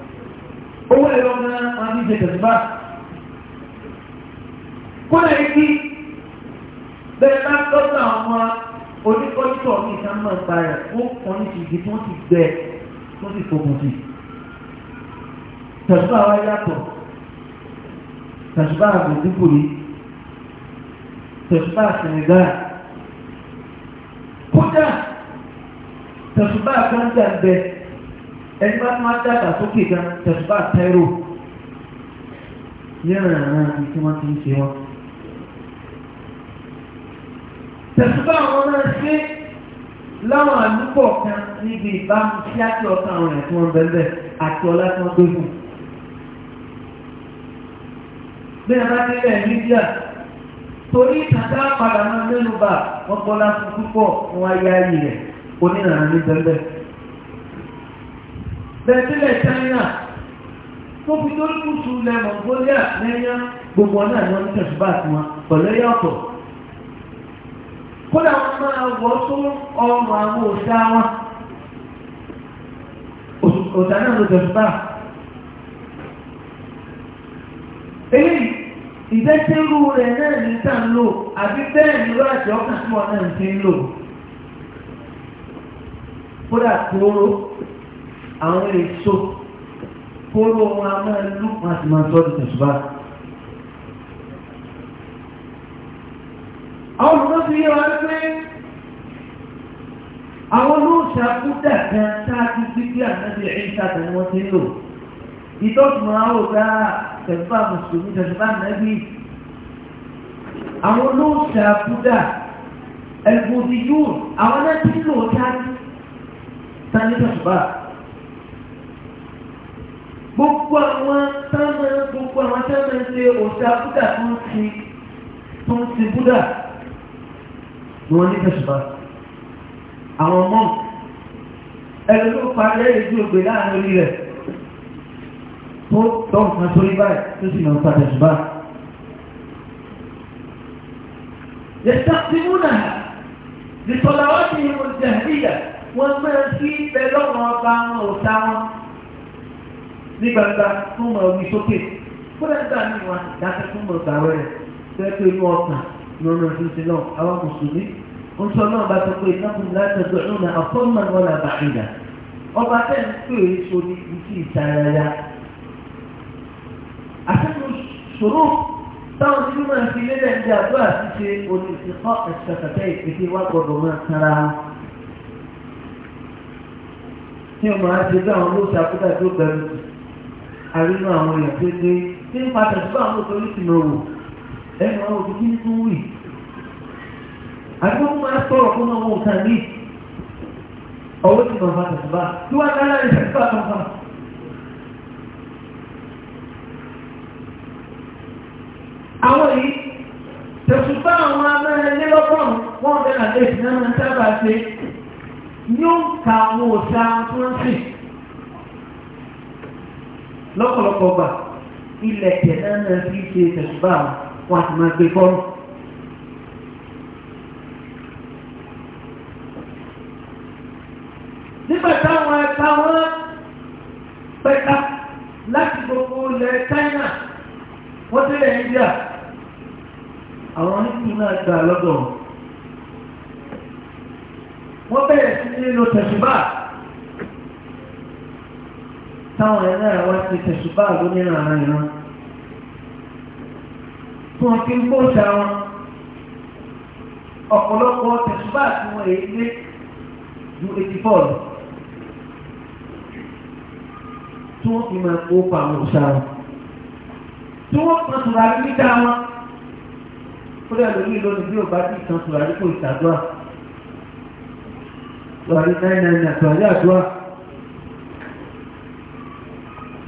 owó ẹ̀rọ gan wọn ní ṣe tẹ̀síbá kódà ikí bẹ́ẹ̀ bá tọ́jú àwọn oníkọ́jútọ̀ ní ìsámọ́ ìpa rẹ̀ fún kan ní ìdí tí wọ́n ti gbẹ tó sì fòkùn sí tẹ̀síbá wa yàtọ̀ tẹ̀síbá àgbẹ̀dúgbò yìí tẹ̀síbá Senegal kódà tẹ̀síbá gbàǹgbà bẹ́ẹ̀ ẹni bá tún wá dàgbà sókè gan tẹ̀sùbá tẹ́rò yẹ́ràn àwọn ibi tí wọ́n ti ń ṣe wọn. tẹ̀sùbá àwọn náà ṣe láwọn àdúgbò kan níbi ìbámu sí àti ọ̀kan àwọn ẹ̀kún ọ̀bẹ̀ bẹ̀ àti ọlá tí wọ́n gbé fún. bí a bá délẹ̀ nígbà torí ìtàkà padà máa mẹ́nu bá wọ́n gbọ́lá púpọ̀ wọn ayé ayé rẹ̀ onírànà ní bẹ́ẹ̀ bẹ̀ẹ́dẹ́lẹ̀ China tó fi tó kùsù lẹ Mongolia lẹ́yà gbogbo ọ̀nà ni wọ́n ń tẹ̀síbà sí wọn pẹ̀lú ẹ̀yà ọ̀tọ̀ kódà wọn máa wọ́ tó ọrùn àwọn òṣà wọn òṣà náà ló tẹ̀síbà eléyìí ìdẹ́sẹ̀rú rẹ̀ náà ní tà ń lò àbí bẹ́ẹ̀ ni ló àti ọkàn tí wọn náà ti ń lò kódà kúrò àwọn èso kóró wọn a máa lú wọn a sì máa tọ́ tuntun ṣùgbọ́n. àwọn olùkọ́ ti yé wa pé àwọn olóòṣà kúdà kan táàkì gbígbé àtàkì ẹ̀ṣà tẹ̀lé wọn ti ń lò ìtọ́sùn àwọn ọ̀gá ah, tẹ̀síbà mùsùlùmí tẹ̀síbà nàbí àwọn olóòṣà kúdà ẹ̀gbọ́n ti yóò àwọn náà ti lò táàkì tani gbogbo àwọn sáńmà gbogbo àwọn sáńmà ṣe òṣà búdà tó ń ti tó ń ti búdà ni wọ́n ní tẹ̀sùmá àwọn ọmọ ẹni ló parí lẹ́yìn tí ó gbé láàrin orí rẹ̀ tó tọ́wọ́ kan sórí báyìí tó sì máa ń pa tẹ̀sùmá. يستقسمونها لصلواتهم الجهرية وما في بلغة وطعم وطعم ní gbangba tó mọ̀ omi sókè kódà nígbà ní wọn dákẹ́ tó mọ̀ gbàwé rẹ̀ bẹ́ẹ̀ pé inú ọkàn ní ọ̀nà tuntun náà àwọn mùsùlùmí ń sọ náà bá sọ pé ìnákùn láti ọjọ́ ìrìnà àfọ́nmọ̀ wọn là bàtìlà ọba tẹ̀ ń pè é so ní ìdí ìtarayá àtẹnu ṣòro táwọn tí wọn fi lélẹ̀ ń di àdó àtúnṣe oní ìsìnkọ́ ẹ̀sìkàkàtẹ́ ìpèsè wá gbọdọ̀ máa kára tí wọn máa ṣe bí àwọn olóòṣà kúta tó bẹ̀rù àrínú àwọn èèyàn tó gbé tí ń padà sí àwọn òṣèlú ti lọ wò ẹnu àwọn òṣèlú ní tún wì. àti wọn máa sọ̀rọ̀ fún àwọn òṣèlú ní ọwọ́ tí màmá tẹ̀síbà tí wọ́n dáná ní tẹ̀síbà tó fà. àwọn yìí tẹ̀síbà àwọn amẹ́rẹ́lélọ́gbọ̀n wọn bẹ̀rẹ̀ àdéhùn náà ń sábà ṣe yóò ka àwọn òṣà tó ń sìn lọ́pọ̀lọpọ̀ gbà ilẹ̀ tẹ̀ náà fi ṣe tẹ̀sùbà wọn àti máa gbé bọ́ọ̀lù. nígbà táwọn ẹ̀ka wọn pẹ̀ka láti gbogbo ilẹ̀ China wọ́n tẹ̀lé India àwọn oníkùn náà gbà lọ́dọ̀ wọn bẹ̀rẹ̀ sí ní lo tẹ̀sùbà táwọn ẹ̀ náà wá ti tẹ̀sùbá ló nínú ara ìran tí wọ́n fi ń gbóòṣà wọn ọ̀pọ̀lọpọ̀ tẹ̀sùbá tí wọ́n èyí lé ju etí bọ́ọ̀lù tí wọ́n fi máa kó pa àwọn òṣà wọn tí wọ́n kan tùràrí níta wọn ó dẹ̀ lórí lónìí bí ò bá kan tùràrí kò ìtàdúrà tùràrí náírà náírà tùràrí àdúrà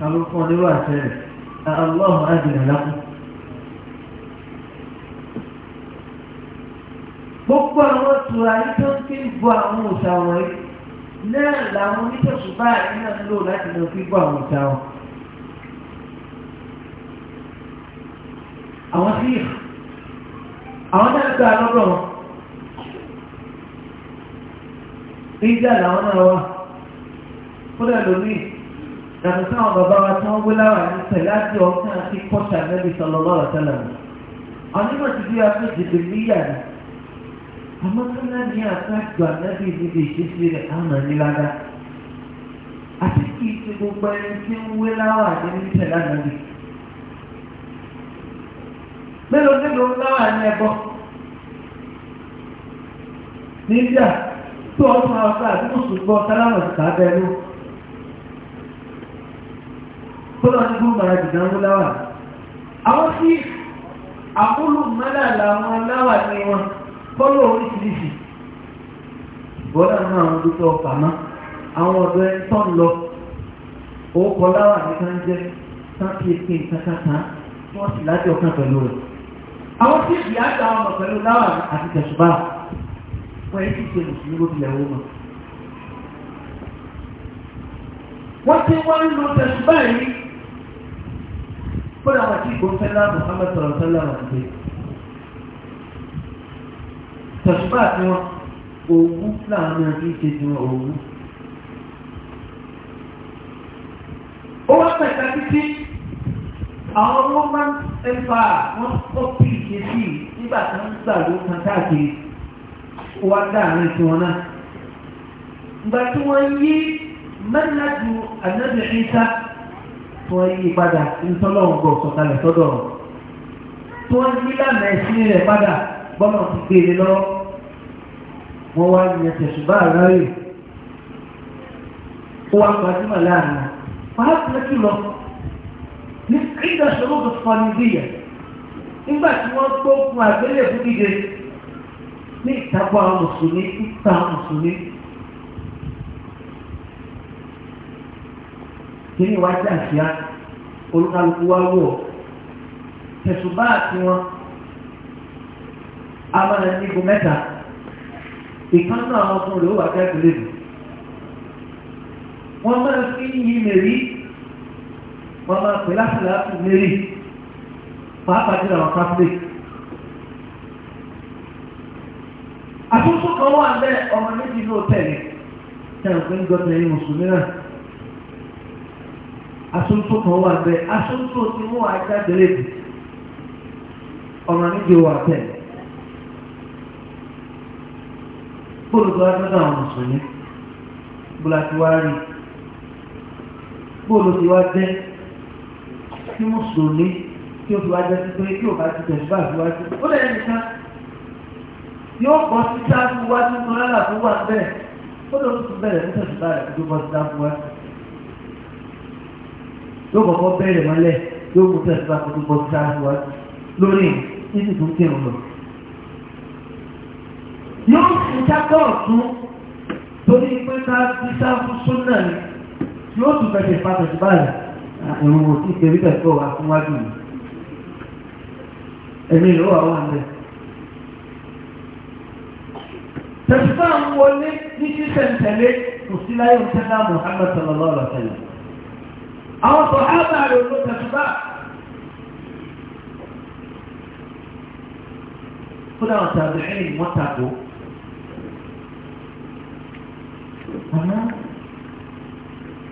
àwọn kan nírú àṣẹ rẹ̀ Allahu adìrẹ̀ lápò. gbogbo àwọn tura yìí tó ń fi bọ àwọn òòṣà wọ̀nyí náà làwọn onítọ̀sùn báyìí náà ń lò láti lọ fi bọ àwọn òòṣà wọn. àwọn sí àwọn náà gba lọ́dọ̀ wọn. ìjà làwọn náà wà kódà lónìí. Yàtọ̀ sáwọn bàbá wa tí wọ́n gbé láwà ní pẹ̀lú àti ọ̀kan àti kọ́ṣà nẹ́bí sallallahu alaihi wasallam. Onímọ̀ ti bí wàá dìbò níyà ni. Àmọ́ sọ́nà ní àtàjọ ànábì níbi ìṣesí rẹ̀ àmà nílára. Àti kì í ṣe gbogbo ẹni tí ń wé láwà ní ní pẹ̀lú ànábì. Mélòó mélòó láwà ní ẹ̀bọ? Níjà tó ọ̀sán ọ̀sán àti mùsùlùmí ọ̀sán láwọn ìtàbẹ̀rù tó lọ ní gbọ́ngbà jìdá ń láwà àwọn tí àkúlù mẹ́lá làwọn láwà ní wọn bọ́lọ̀ oríṣiríṣi bọ́lá náà àwọn tó tọ́ pàmọ́ àwọn ọ̀dọ́ ẹ̀ tọ́ ń lọ owó kọ láwà ní ká ń jẹ́ sáfì èké kàkàtà tí wọ́n sì lájọ kan pẹ̀lú rẹ̀ àwọn tí ìyá gba ọmọ pẹ̀lú láwà àti tẹ̀sùbá wọ́n yẹ kí ṣe mùsùlùmí ló fi lẹ̀ ti wọ́n ń lo tẹ̀sùbá yìí kódà wọn kí ìgbó fẹ́lá Muhammad sọ̀rọ̀ sọ́lá wọn ti tọ̀sùbà tí wọn òwú láàrin ọdún ṣe tí wọn òwú ó wá pẹ̀ta títí àwọn roman empire wọ́n kọ́pì ìṣesí nígbà tí wọ́n gbà ló kan káàkiri wá dáàrin tí wọn náà ìgbà wọ́n yí mẹ́nàdù ànábìrin sáà tí wọ́n yí padà ntọ́lọ́hún gbọ́ sọ̀kalẹ̀ sọ́dọ̀ tí wọ́n yí lànà ẹ̀sìn rẹ̀ padà bọ́lá ti gbére lọ wọ́n wá ní ẹsẹ̀ ṣùgbọ́n àlọ́yè ó wá gbajúmọ̀ láàrin wàá tilẹ̀ kí lọ ní ìdá ṣòro tó fọ ní bíyà nígbà tí wọ́n gbó fún àgbélébùú díje ní ìtàkùn àwọn mùsùlùmí ìtàn mùsùlùmí. kíní wá sí àṣìá olúkálukú wá wọ̀ tẹ̀sùbá àti wọn a máa nígun mẹ́ta ìkan náà àwọn ọkùnrin rẹ̀ ó wà jáde lébù wọ́n máa fi yí mèrí wọ́n máa pè láti láti mèrí pàápàá jùlọ àwọn catholic àtúntò kan wà ń bẹ ọmọ méjì ní òtẹ́ẹ̀lì tẹ̀wọ̀n pé ń gbọ́dọ̀ mùsùlùmí náà asúntò kan wà bẹ́ẹ̀ asúntò tí mú àjáde lébù ọ̀ràn níbi wà bẹ́ẹ̀ bóòlù tó wá dọ́dọ̀ àwọn mùsùlùmí bóòlù àti wá rí bóòlù tí wá jẹ́ kí mùsùlùmí tí ó fi wá jẹ́ títí kí ò bá ti tẹ̀sí bá fi wá sí ó lè ẹni kan yóò kọ́ sí sáà fún wá sí fún wà bẹ́ẹ̀ ó ti bẹ̀rẹ̀ ní tẹ̀sí tó bọ́ sí sáà fún wá yóò kọ́kọ́ bẹ̀rẹ̀ mọ́lẹ̀ yóò mú tẹ̀sí bá tuntun bọ́ sáájú wa lórí títí tó ń kírun lọ. yóò sì jágbọ́ ọ̀tún torí pé ká bí sáfù súnà ni yóò tún fẹsẹ̀ pa tẹ̀sí báyìí ẹ̀rù wò sí ìgbèrí tẹ̀sí wa fún wájú mi. ẹ̀mí ìlú wa wà nílẹ̀. tẹ̀sí bá ń wọlé ní sísẹ̀ntẹ̀lé kò sí láyé òṣèlú Muhammad sallallahu alaihi wa sallam. àwọn sọ̀hábà rẹ̀ ló tẹ̀sùbá kódà wọn tàbí ẹ̀yìn wọn tàbó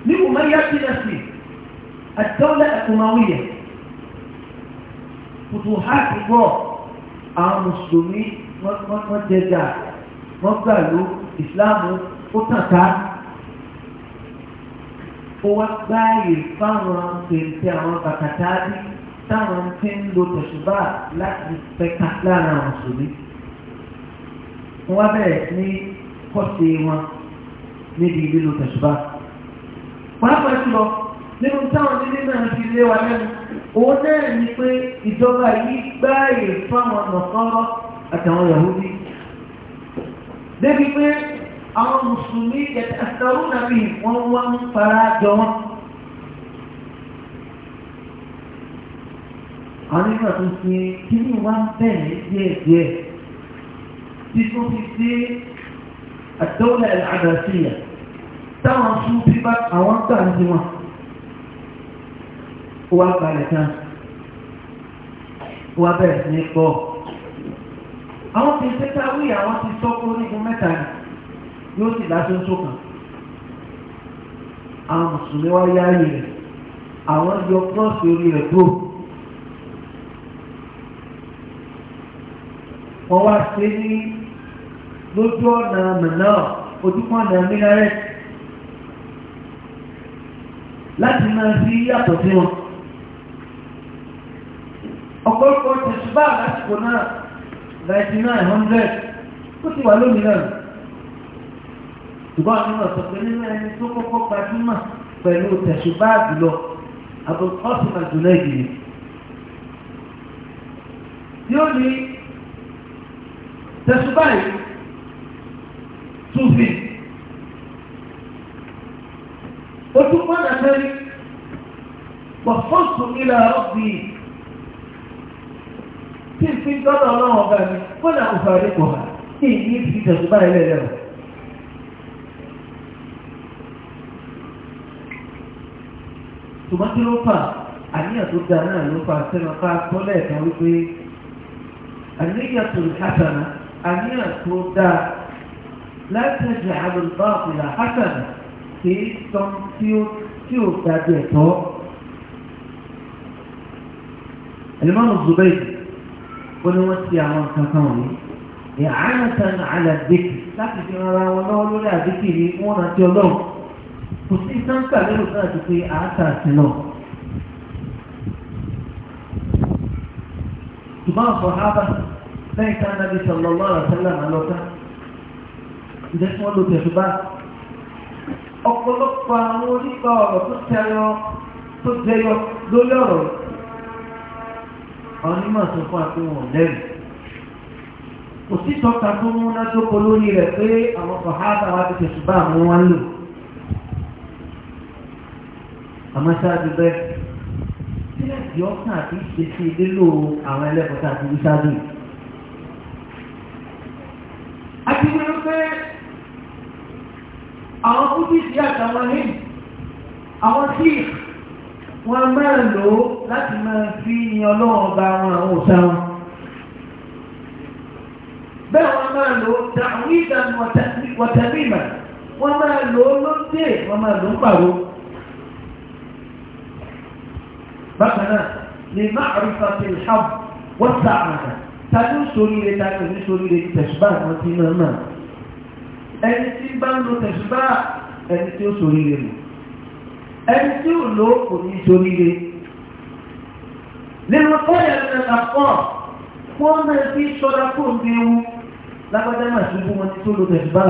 ní أمية بن الدولة الأموية فتوحات الله àwọn mùsùlùmí wọ́n jẹjà wọ́n gbà ló ìsìláàmù ó tàn ká ó wá gbáàyè fáwọn pèntè àwọn bàkàtà bí táwọn ti ń lo tẹ̀sùbà láti pẹ̀ka lára àwọn sòmí. wọ́n wá bẹ̀rẹ̀ ní kọ́sì wọn níbi lílo tẹ̀sùbà. pàápàá jùlọ nínú táwọn nílé náà fi lé wa lẹ́nu òun náà ni pé ìjọba yìí gbáàyè fáwọn nọ̀kọ́rọ́ àtàwọn Yahudi. débi pé àwọn mùsùlùmí ẹ̀tẹ̀sẹ̀rú nàbí wọ́n wá ń fara jọ wọn. àwọn nígbà tó ṣe kí ni wọ́n bẹ̀rẹ̀ díẹ̀díẹ̀ tí tó fi dé àdọ́lẹ̀ àdàsíyà táwọn sún bí bá àwọn gbà ń wọn. wá balẹ̀ tán wá bẹ̀rẹ̀ sí ní pọ̀. àwọn kìí ṣe táwí àwọn ti sọ́kó onígun mẹ́ta ni yóò sì dáṣẹ́ sókàn àwọn mùsùlùmí wá yáyì rẹ̀ àwọn yọ pọ́ọ̀sì orí rẹ̀ kúrò wọ́n wá ṣe ní lójú ọ̀nà mẹ́nà ojúkọ́ ọ̀nà minaret láti máa sí yàtọ̀ sí wọn ọ̀pọ̀lọpọ̀ tẹ̀sùbá lásìkò náà 9900 ó ti wà lónìí náà ṣùgbọ́n àwọn ọmọ sọ̀tún nínú ẹni tó kọ́kọ́ gbajúmọ̀ pẹ̀lú tẹ̀sùbáàgì lọ àbùkọ́sùn àjùlọ ìdìbò tí ó ní tẹ̀sùbáàgì túnfì ó tún pọ́nà sẹ́yìn wọ́n fọ́ọ̀sùn ilẹ̀ ọ̀gbìn tí ìpín dọ́là ọlọ́wọ́ bá mi kó náà òfàdé kò hà ní ìní ìfìdí tẹ̀sùbáàgì lẹ́yìn rẹ̀. ṣùgbọ́n kí ló fà àníyàn tó da náà ló fà sẹ́nu ká tó lẹ́ẹ̀kan wípé àníyàn tó hasana àníyàn tó da láti ẹ̀jẹ̀ àlùbá òkèlà hasana kì í sọ tí ó dàbí ẹ̀tọ́. ẹ̀lẹ́mọ́nù Zubayr ó ní wọ́n ti àwọn nǹkan kan wọ̀nyí ìhánà tán àlàdékì láti fi rárá wọn lọ́wọ́ lórí àdékì ni wọ́n rántí ọlọ́run kò sí sáńkà lérò náà ti pé àátà sí lọ. ṣùgbọ́n àwọn ọ̀hábà lẹ́yìn tá nàbí sallallahu alaihi wasallam àlọ́tà ǹjẹ́ tí wọ́n lo tẹ̀sùbá. ọ̀pọ̀lọpọ̀ àwọn onígbà ọ̀rọ̀ tó tẹyọ tó jẹyọ lórí ọ̀rọ̀ àwọn onímọ̀ tó fún àtúwọ̀n lẹ́rìí kò sí tọ́ka tó múná tó polórí rẹ̀ pé àwọn ọ̀hábà wa ti tẹ̀sùbá àwọn wọn lò àmọ́ ṣáájú bẹ́ẹ̀ sílẹ̀ tí ó kàn àti ìṣesí lílo àwọn ẹlẹ́kọ̀ọ́ta àti ìṣáájú. àti wíwọ́n pé àwọn búdíìsì àtàwọn ní àwọn tí wọ́n máa lò ó láti máa fi ní ọlọ́run ọba àwọn àwọn òṣà wọn. bẹ́ẹ̀ wọ́n máa lò ó dàwí ìdánù wọ̀tẹ́mìmà wọ́n máa lò lóde wọ́n máa lò ó pàrọ̀ bákan náà ní máàrífà tí ń ṣàbù wọ́n sá àmàdà tàbí sóríire tàbí òní sóríire ní tẹ̀sùbá àwọn tí náà náà ẹni tí bá ń lo tẹ̀sùbá ẹni tí ó sóríire lò ẹni tí ò lò kò ní sóríire nínú fọ́yà ní ẹ̀kọ́ wọ́n náà fi ṣọ́ra kó ń bí ewu lágbájá máa ṣubú wọn ti tó lo tẹ̀sùbá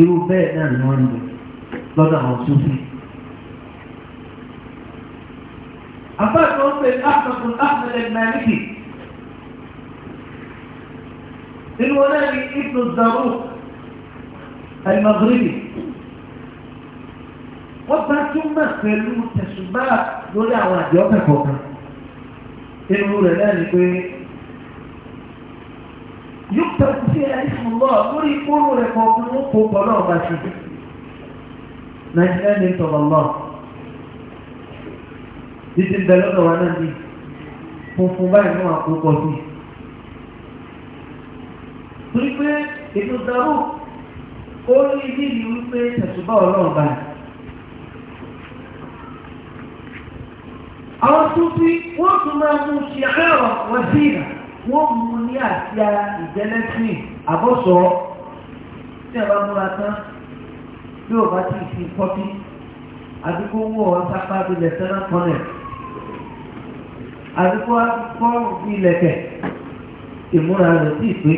irú bẹ́ẹ̀ náà ni wọ́n ń lò lọ́dọ̀ àwọn sófin أفاد أنت الأحمق الأحمد المالكي الولاني ابن الزاروخ المغربي wọ́n bá tún mọ̀ pẹ̀lú tẹ̀sùnbá lórí àwọn àjọ kẹ́kọ̀ọ́ kan inú rẹ̀ náà ni pé yóò tẹ̀kù sí ẹ̀rísùn lọ lórí kóró rẹ̀ kọ̀ọ̀kan ó kó pọ̀ náà bá ṣe nàìjíríà ní tọ̀lọ̀ náà títí bẹ lọ́dọ̀ wa náà ní funfun báyìí ní wọn kó pọ̀ sí. torí pé ètò dàrú ó rí ilé ìlú wípé tẹ̀sùbá ọlọ́run báyìí. àwọn tó fi wọ́n tún máa mú ṣe ẹ̀rọ wọ́n sí ìlà wọ́n mú ní àṣìá ìjẹ́lẹ́sìn àbọ̀sọ̀ tí a bá múra tán yóò bá ti fi kọ́tí àdúgbò wọ̀ sápá abilẹ̀ sẹ́nà kọ́nẹ̀tì àdúgbò fọ́ ilẹ̀kẹ̀ ìmúra rẹ̀ sí ìpè.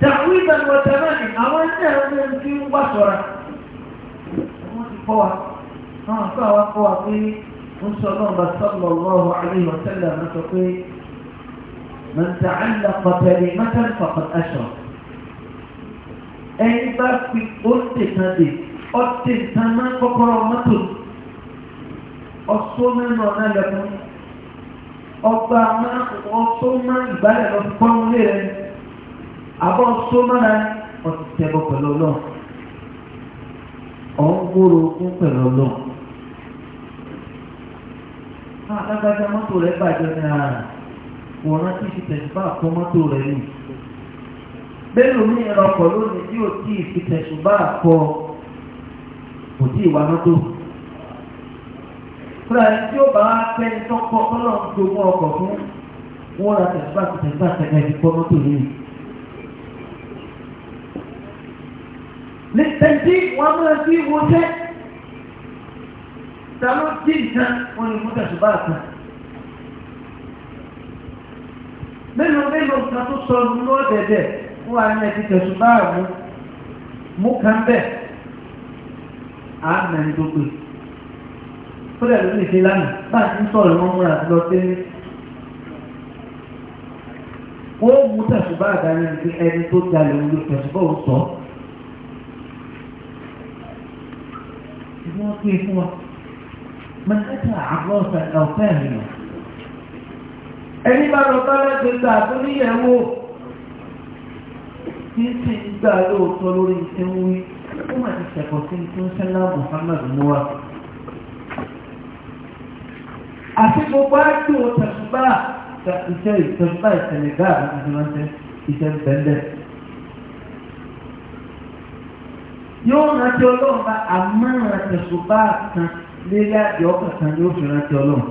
Dàkú ìdàgbọ̀ tẹ̀lé ni àwọn ẹni ẹ̀rọ ń fi ń wá sọ̀ra. Wọ́n ti kọ́ wa, wọ́n àfẹ́ wa kọ́ wa pé ń sọ náà bá sọ́lọ̀ lọ́wọ́ àlẹ́ ìwọ̀tẹ́lẹ̀ rẹ̀ sọ pé من تعلق كلمة فقد أشرك ẹni bá fi ó tètè tán dé ó kọ́kọ́rọ́ mọ́tò ọ̀ṣọ́ mẹ́nu ọ̀nà lẹ́kùn ọgbà máa ọ̀ṣọ́ máa ìgbàlẹ̀ lọ sí pọ́nú lé rẹ̀ àbọ̀ ọ̀ṣọ́ máa ọ̀tí tẹ̀bọ̀ pẹ̀lú ọlọ́run ọ̀n gbòòrò fún pẹ̀lú ọlọ́run. alágbájá mọ́tò rẹ̀ bàjẹ́ ní ara wọ́n rántí ti tẹ̀síbá fún mọ́tò rẹ̀ nì bẹ́ẹ̀ lómi ẹ̀rọ ọkọ̀ lónìí tí ò tí ì fi tẹ̀síbá fọ kò tí ì wá mọ́tò fúnra ẹni tí ó bá wá pẹ́ ní tọ́kọ tọ́lọ̀ ń jogún ọkọ̀ fún wọn ra tẹ̀síwá tẹ̀síwá tẹ̀síwá ti pọ́ mọ́tò yìí. ní tẹ̀sí wọn máa fi wo jẹ́ ta ló dé nǹkan wọn ni mo tẹ̀síwá kan. mélòó mélòó kan tó sọ ọdún lọ́dẹ̀dẹ̀ fún wa ní kódà ló lè ṣe lánàá bá a ti ń sọ̀rọ̀ wọn múra àti lọ sí wọ́n mú tẹ̀sùbá àdáni ní ẹni tó jalè ń lo tẹ̀sùbá ò sọ. wọ́n pè fún wa mẹ́tẹ́tà àgọ́sà ọ̀fẹ́ ìrìnà ẹni bá lọ bá lẹ́gbẹ̀ẹ́ gbà tó níyẹ̀wò tí ń sì gbà lóòótọ́ lórí ìṣẹ́wó ó mà ti ṣẹ̀kọ̀ sí ní tí ń sẹ́lá Muhammad muwa àti gbogbo àdùn tẹ̀sùbá iṣẹ́ ìtẹ̀sùbá ìṣẹ̀lẹ̀ gáàbù àti ránṣẹ́ iṣẹ́ bẹ́ẹ̀ yóò rántí ọlọ́run bá àmọ́ràn tẹ̀sùbá kan lérí àjọ ọkàn kan yóò fi rántí ọlọ́run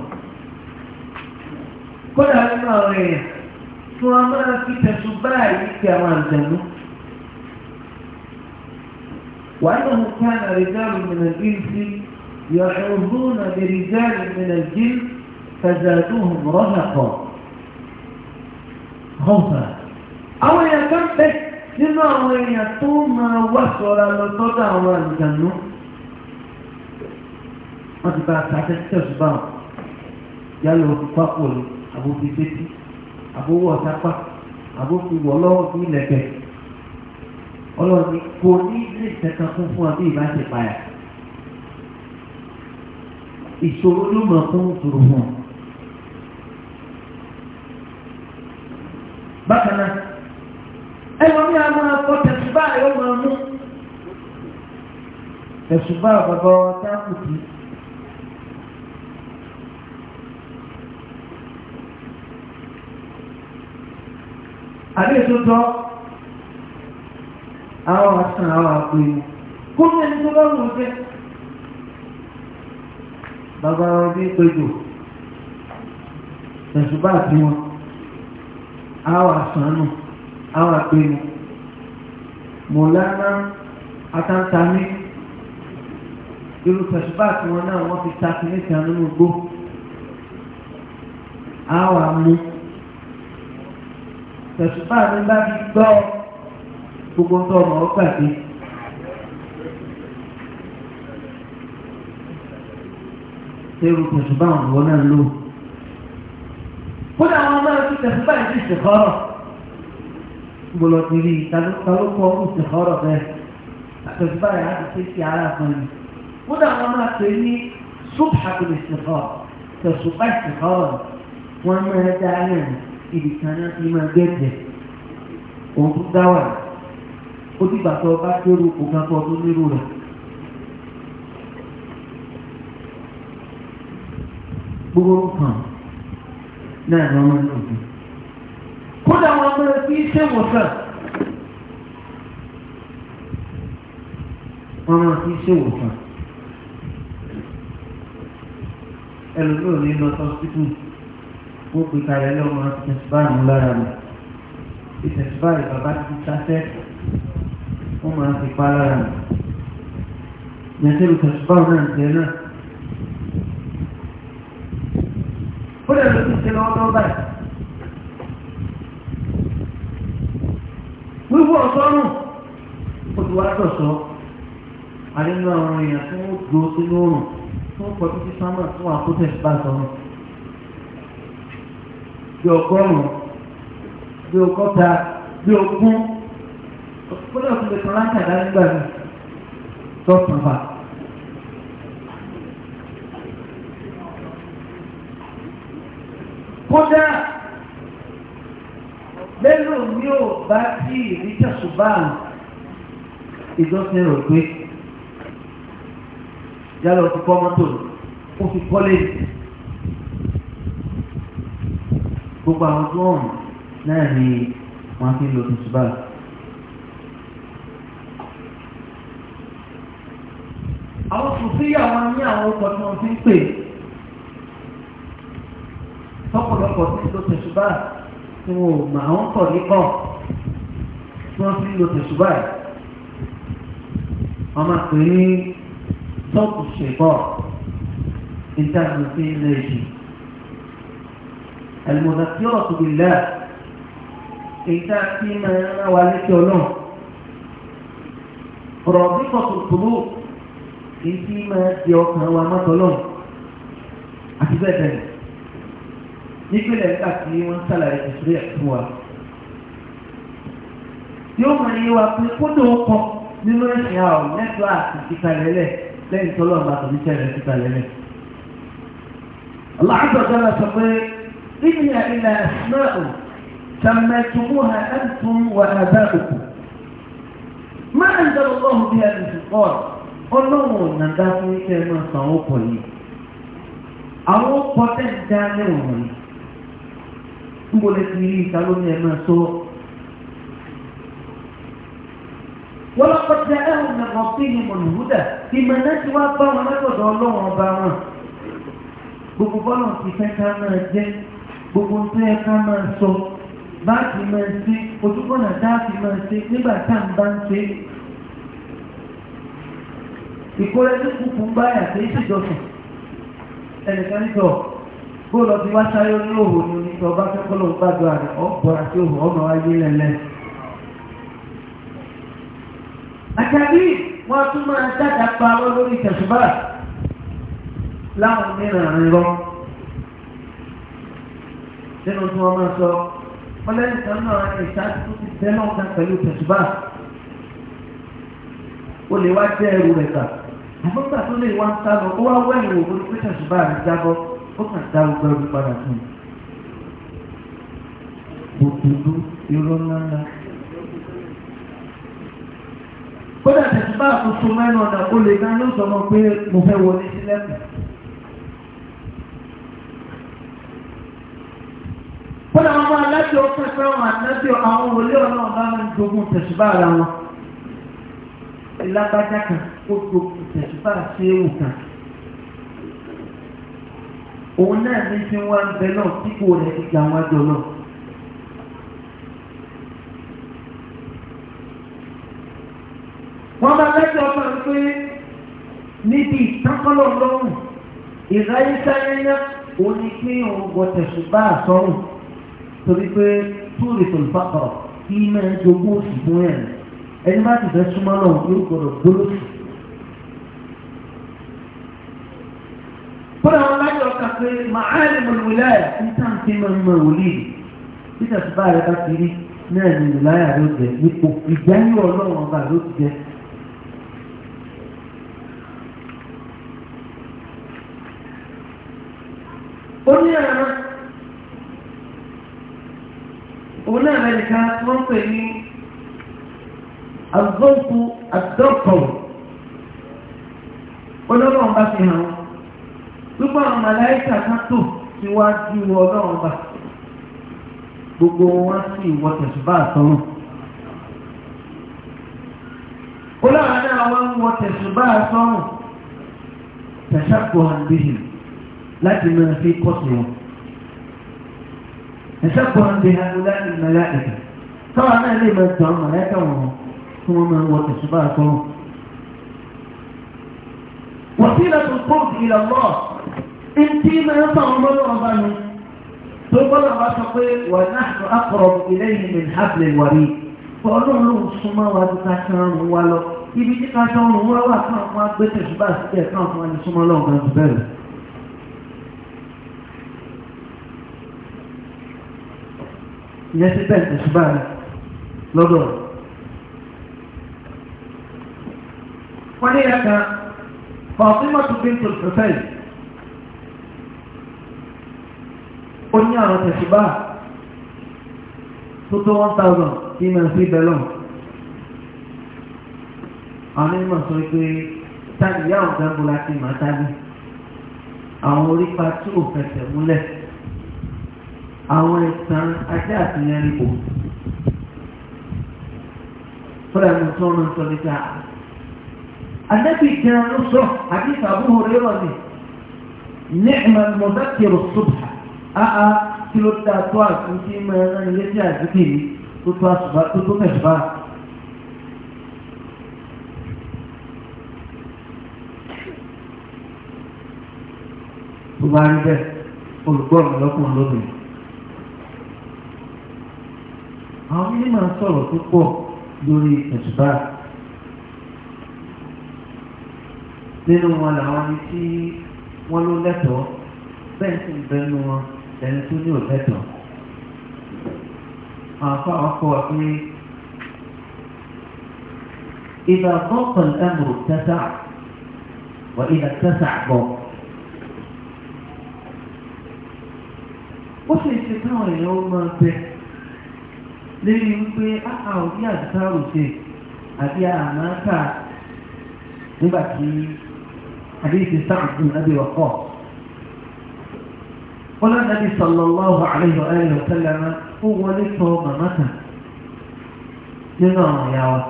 kódà nínú àwọn èèyàn tí wọ́n máa fi tẹ̀sùbá yìí ti àwọn àjẹ̀mú وأنه كان رجال من الإنس يعوذون برجال من الجن فزادوهم رهقا خوفا àwọn èèyàn kan pẹ́ nínú àwọn èèyàn tó máa wá sọ́ra lọ sọ́dọ̀ àwọn àlùjànnú wọ́n ti bá àtàkẹ́ tẹ̀sù bá wọn yálò òkúpa pòlù àbòfin sétí àbówó ọ̀sápá àbófin wọ̀ lọ́wọ́ fún ilẹ̀kẹ̀ ọlọ́ọ̀ni kò ní ilé ìtẹ̀kan fún fún àbí ìbáṣepáyà ìṣòro ló mọ̀ fún ìṣòro fún ọ. bákan náà ẹ̀wọ̀n ní àwọn akọ tẹ̀sùbá yóò máa mú tẹ̀sùbá bàbá táàkù tì àbí ètò tọ́ àwọn àṣàn àwọn àpò ìwò kó ní tó bá wù ú jẹ́ bàbá wọn bí pẹ̀lú tẹ̀sùbá àti wọn àwọn àṣánù àwọn àpẹẹrẹ mọ̀lánà atántání irú pẹ̀ṣùbá àti wọn náà wọ́n fi ta kìnìkì nínú igbó àwọn àmú pẹ̀ṣùbá àti bá ti gbọ́ gbogbo ń tọ́ ọmọ ọgbàdé. Ṣé irú náà lò? kódà àwọn ọmọ ẹ̀kí tẹ̀sí báyìí sí ìsìnkọ́rọ̀ gbọ́lọ̀ ti rí ìtàlókọ́ ìsìnkọ́rọ̀ bẹ́ẹ̀ àtẹ̀sí báyìí láti ṣe sí ara fún mi kódà àwọn ọmọ ẹ̀kí ní súbhàtì ìsìnkọ́rọ̀ tẹ̀sùn bá ìsìnkọ́rọ̀ wọn máa dá ẹ̀rìn ibi kan náà ti máa gẹ̀ẹ́dẹ̀ òun tó dáwà ó ti gbà tó bá dérú òkan tó ọdún nírú rẹ̀ gbogbo nǹkan náà ni wọ́n máa ń lò jù kódà wọn máa fi ṣe wòsàn wọ́n máa fi ṣe wòsàn ẹlòmíràn ní lọ sọ́sítù wọ́n pè kalẹ̀ lọ́mọ tẹ̀síbáàlì lára rẹ̀ ìtẹ̀síbáàlì bàbá ti sáṣẹ́ wọ́n máa fi pa lára rẹ̀ yẹn tẹ́lẹ̀ tẹ̀síbáàlì náà tẹ̀ náà. ó lè lọ sí ṣe lọ́wọ́ lọ́wọ́ báyìí. wíwú ọ̀sọ́rùn ó ti wá dọ̀sọ́ àdínú àwọn èèyàn tó ń gbó sínú òrùn tó ń pọ̀ títí sámà tó wà kó tẹ̀sí bá sọ̀rọ̀ bí ọgọ́rùn-ún bí ọgọ́ta bí ogún ó lè fi lè tán láǹkà dá nígbà tó tàn kódà lẹ́nu mi ò bá tí ìrí tẹ̀sùbá ìjọsìn rẹ̀ pé yálà ó ti kọ́ mọ́tò ó fi kọ́lẹ́jì gbogbo àwọn tó ọ̀hún náà ni wọ́n fi ń lo tẹ̀sùbá. àwọn sùn sí àwọn ní àwọn ọkọ̀ tí wọ́n fi ń pè é lọ́pọ̀lọpọ̀ tí ló tẹ̀sùbá tí wọn ò mà ń kọ̀ níkọ̀ tí wọ́n fi lo tẹ̀sùbá yìí wọ́n máa pè ní tọ́pù ṣèbọ̀ ìdájọ́ sí ilé ìjì àlùmọ̀tà tí ó tó bìí láà èyí máa ń rán wa létí ọlọ́run ọ̀rọ̀ bí kọ̀tù tòbó èyí tí máa di ọkàn wa mọ́tọ́lọ́run àti bẹ́ẹ̀ bẹ́ẹ̀ nípínlẹ̀ nígbà tí wọ́n sàlàyé ìṣúlẹ̀ fún wa yóò mọ iye wa pé kódò kọ nínú ẹ̀sìn àwọn lẹ́tọ́ àti ìkàlẹ́lẹ̀ lẹ́yìn tó lọ́nà àtàbí tẹ̀lé ìkàlẹ́lẹ̀ aláàbọ̀dọ́ la sọ pé إني إلى أسماء سميتموها أنتم وآباؤكم ما أنزل الله بها من سلطان ọlọ́run ọ̀nà dá fún ikẹ́ máa san ó pọ̀ yìí àwọn pọ̀tẹ́ dá lẹ́wọ̀n yìí níbo lè ti rí ìta lónìí ẹ̀ máa sọ. wọ́n lọ kọjá ẹ̀hùn náà kan sí ni mọ̀nìhúdà ìmọ̀ náà ti wá bá wọn lọ́dọ̀ ọlọ́wọ́n ọba wọn. gbogbo bọ́lá ti fẹ́ ká máa jẹ́ gbogbo tó yẹ ká máa sọ báàkì máa ṣe ojúbọ̀nà dáàkì máa ṣe nígbà tá à ń bá ń ṣe. ìkórè tó kúkú ń báyà pé ìṣèjọsìn ẹnìkan tó bá fẹ́ kọ́lọ́ gbàdúrà rẹ̀ ọ́ bọ̀rọ̀ sí òhùn ọmọ ayé lẹ́lẹ́. àtàbí wọn tún máa dáadáa pa wọn lórí tẹ̀sùbà láwọn mìíràn rírọ́ nínú tí wọ́n máa sọ ọlẹ́yìn kan náà ẹ̀ka tó ti tẹ́ náà ká pẹ̀lú tẹ̀sùbà ó lè wá jẹ́ ẹrù rẹ̀ kà àbúgbà tó lè wá ń sá lọ ó wá wẹ̀yìn òwò pé tẹ̀sùbà rẹ̀ jábọ́ ó kàn dá gbogbo ẹrù padà fún un bùtùlù irọ́ ńláńlá. kódà tẹ̀sí bá tuntun mẹ́nu ọ̀nà kó lè ká yóò sọmọ pé mo fẹ́ wọlé sílẹ̀kùn. kódà wọn máa láti ọkùnrin fẹ́ wọn àtẹ́sí àwọn olè ọ̀nà ọ̀bá mi dogun tẹ̀sí bá ara wọn. ìlágbájá kan ó dogun tẹ̀sí bá sí ewu kan òun náà ní tí wọ́n ń bẹ náà kíkó rẹ̀ ti wájọ náà. wọ́n máa lẹ́jọ́ ọmọ rẹ̀ pé níbi ìtàkọ́lọ̀ lọ́rùn ìráyé sáyẹ́yẹ́ òní pé òun gbọ́tẹ̀ ṣùgbọ́n àsọ̀rùn torí pé túrì tó lè fàkọ̀rọ̀ kí mẹ́rin jogún òsì fún ẹ̀ ẹni bá ti fẹ́ súnmọ́ náà yóò gbọ́dọ̀ gbólóṣì. kódà wọn lájọ kà pé màálì mọ̀lúwìlá ẹ̀ ń tàn kí mọ̀ ń mọ̀ wòlíì bí tẹ̀síbá rẹ̀ bá ti rí náà ni ìlàyà ló jẹ nípò ìgbẹ́yìn ọlọ́run ọba ló ti jẹ ó ní àná òun náà mẹ́ríkà wọ́n pè ní àgbọ̀nkù àdọ́kọ̀ọ̀ olóòrùn bá fi hàn gbogbo àwọn màláìkà kan tó síwájú ọlọ́run bá gbogbo wọn sì wọ tẹ̀sùbá àtọ́nù olóòrùn náà wọ́n wọ tẹ̀sùbá àtọ́nù tẹ̀sàkùn àdéhìn لكن من في قصرهم تشبها بهؤلاء الملائكة طبعا ما ليه ما يدعون ملائكة وهو ما هو تشبهكم وسيلة القرب إلى الله انتي ما يطع مرضا ثم لما تقول ونحن أقرب إليه من حفل الوريد فقال له له سماوة تتعشان هو له يبيتك عشان هو الله سماوة بتشبه سماوة سماوة سماوة سماوة ìyẹn ti bẹ́ẹ̀ tẹ̀sùbá rẹ̀ lọ́dọ̀ wọ́n ní ẹ̀ka Fatimatu bint al-Husayn ó ní àwọn tẹ̀sùbá tó tó one thousand kí n máa fi bẹ̀ lọ àwọn onímọ̀ sọ pé táyì yá ọ̀gá bọ́lá ti máa tábí àwọn orípa tí ò fẹsẹ̀ múlẹ̀ àwọn ẹ̀sán ajá àtìyàn rí bò fúnra mi tó ń sọ níta anábì kan ló sọ àti sàbúrò rẹ lọ ni nígbà mọ̀tà kẹrọ sọ́bà áá kí ló dáa tó àtúntì máa ń rán ilé tí àdúgbò yìí tó tó àṣùbà tó tó mẹ́fà. tó bá rí bẹ́ẹ̀ olùgbọ́n lọ́kùnrin lóbìnrin àwọn onímọ̀ sọ̀rọ̀ púpọ̀ lórí ẹ̀sùbá nínú wọn làwọn ní tí wọ́n ló lẹ́tọ̀ọ́ bẹ́ẹ̀ sì ń bẹ́nu wọn ẹni tó ní òlẹ́tọ̀ọ́ àfa ọkọ̀ pé إذا ضاق الأمر اتسع وإذا اتسع ضاق ó sì ṣe káwọn èèyàn ó máa bẹ̀rẹ̀ lérí wípé áhà ah, òbí àdúrà òṣè àbí àmàkà nígbà tí àdéhìí sáàdùn àbí ọkọ. wọn lọ nàbí sallallahu alaihi wa alihi wa sallam ó wọlé tọ màmá kan nínú àwọn ìyá wa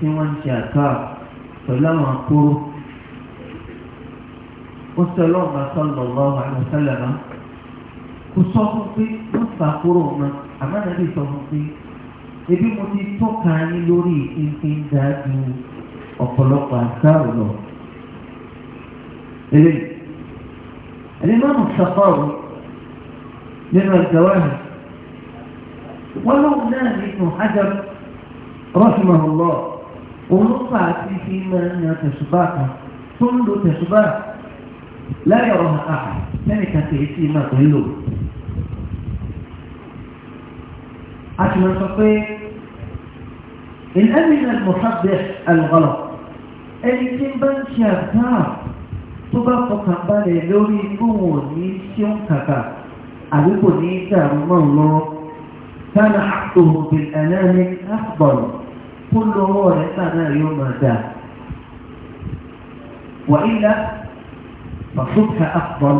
tí wọn ń ṣe àdúrà pẹ̀lú àwọn akóró. ó sọ lọ́wọ́ sallallahu alaihi wa kò sọ fún pé wọ́n sàkóró náà àmọ́tàbí sọ fún pé ebi mo ti tọ́ka yín lórí ìpínpín ga ju ọ̀pọ̀lọpọ̀ àṣàrò lọ. Èlé ẹ̀lẹ́mọ̀mù sàfàrò nínú ìjọwáhì wọ́n lóun náà nínú ájọ́rú rọ́ṣùmọ̀lọ́ olùkọ́ àti fi máa ń yan tẹ̀sùbá kan tó ń lo tẹ̀sùbá láyọ̀ ọ̀hún àhà sẹ́nìkan kìí sí máa pẹ̀lú. عشان نستطيع الأمن المحدث الغلط الكمبان شابتاب تبقى كمبان لوري كوني سيون كاكا أبقني دارم الله كان حقه بالأنام أفضل كل كله رسانا يوم ذا وإلا فالصبح أفضل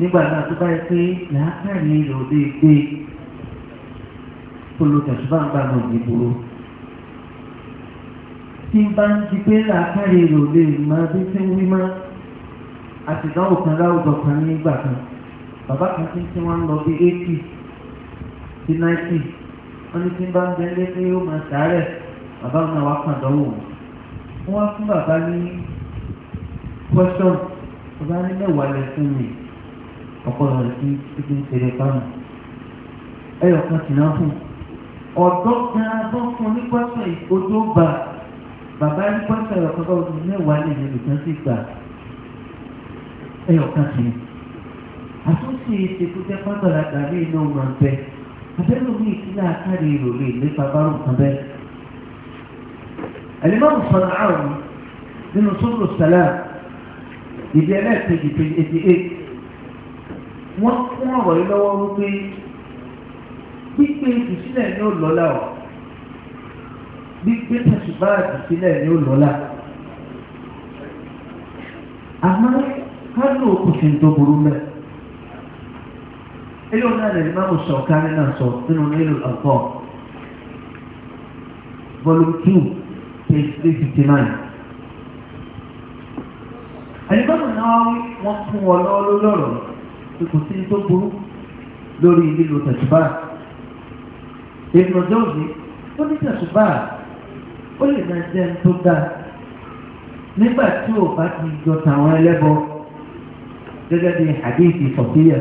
نبقى ما تبقى لا كان يلو دي olùtẹ̀síbá ń bá mi òjì burú tí n bá ń di pé làákàyè rò lè má bí tí ń wí má àtìdáwò kan láwùjọ kan nígbà kan bàbá kan tí tí wọ́n ń lọ bí eighty sí ninety wọ́n ní tí n bá ń bẹ lé pé ó máa sàárẹ̀ bàbá náà wá kàn dánwò wọ́n wá fún bàbá ní question bàbá ní mẹ́wàá lẹ fún mi ọ̀pọ̀lọpọ̀ ti ti ń ṣeré fáwọn ẹyọ kan sì náà fún un ọ̀dọ́ kan tó fún ní pásọ̀ ìkótó bá bàbá ní pásọ̀ ìyọ̀kọ́kọ́ ọdún mẹ́wàá lè ní nìkan sí gbà ẹyọ̀kan sí. àtúnṣe ìṣèkújẹ́ pásọ̀ làgbà ní iná wọn bẹ abẹ́rẹ́ omi ìtìlẹ̀ àkárí ìròlé nípa bá rùn kan bẹ́ẹ̀. ẹ̀lẹ́mọ̀rún sọ̀rọ̀ àrùn nínú sọ́dọ̀ sàlá ìdí ẹlẹ́ẹ̀kejì pé eight wọ́n fún ọ̀rọ̀ yìí lọ́wọ́ wípé gbígbé ìdùsílẹ̀ ní òlọ́lá ọ̀ gbígbé tẹ̀sùbá ìdùsílẹ̀ ní òlọ́lá àmọ́ kánú òkùnkùn tó burú mẹ́ ilé ọ̀nà rẹ̀ máa mú sọ kárí náà sọ nínú nílùú ọ̀pọ̀ volume two page three fifty nine ẹ̀dínwó náà wọ́n fún wọn lọ́wọ́ lórí ọ̀rọ̀ kò sí tó burú lórí lílo tẹ̀sùbá èèyàn ọjọ́ òní ó ní tẹ̀sùbá ó lè máa jẹ́ ẹni tó dáa nígbà tí ò bá ti jọ tàwọn ẹlẹ́bọ gẹ́gẹ́ bí hadithi sọ̀fíyà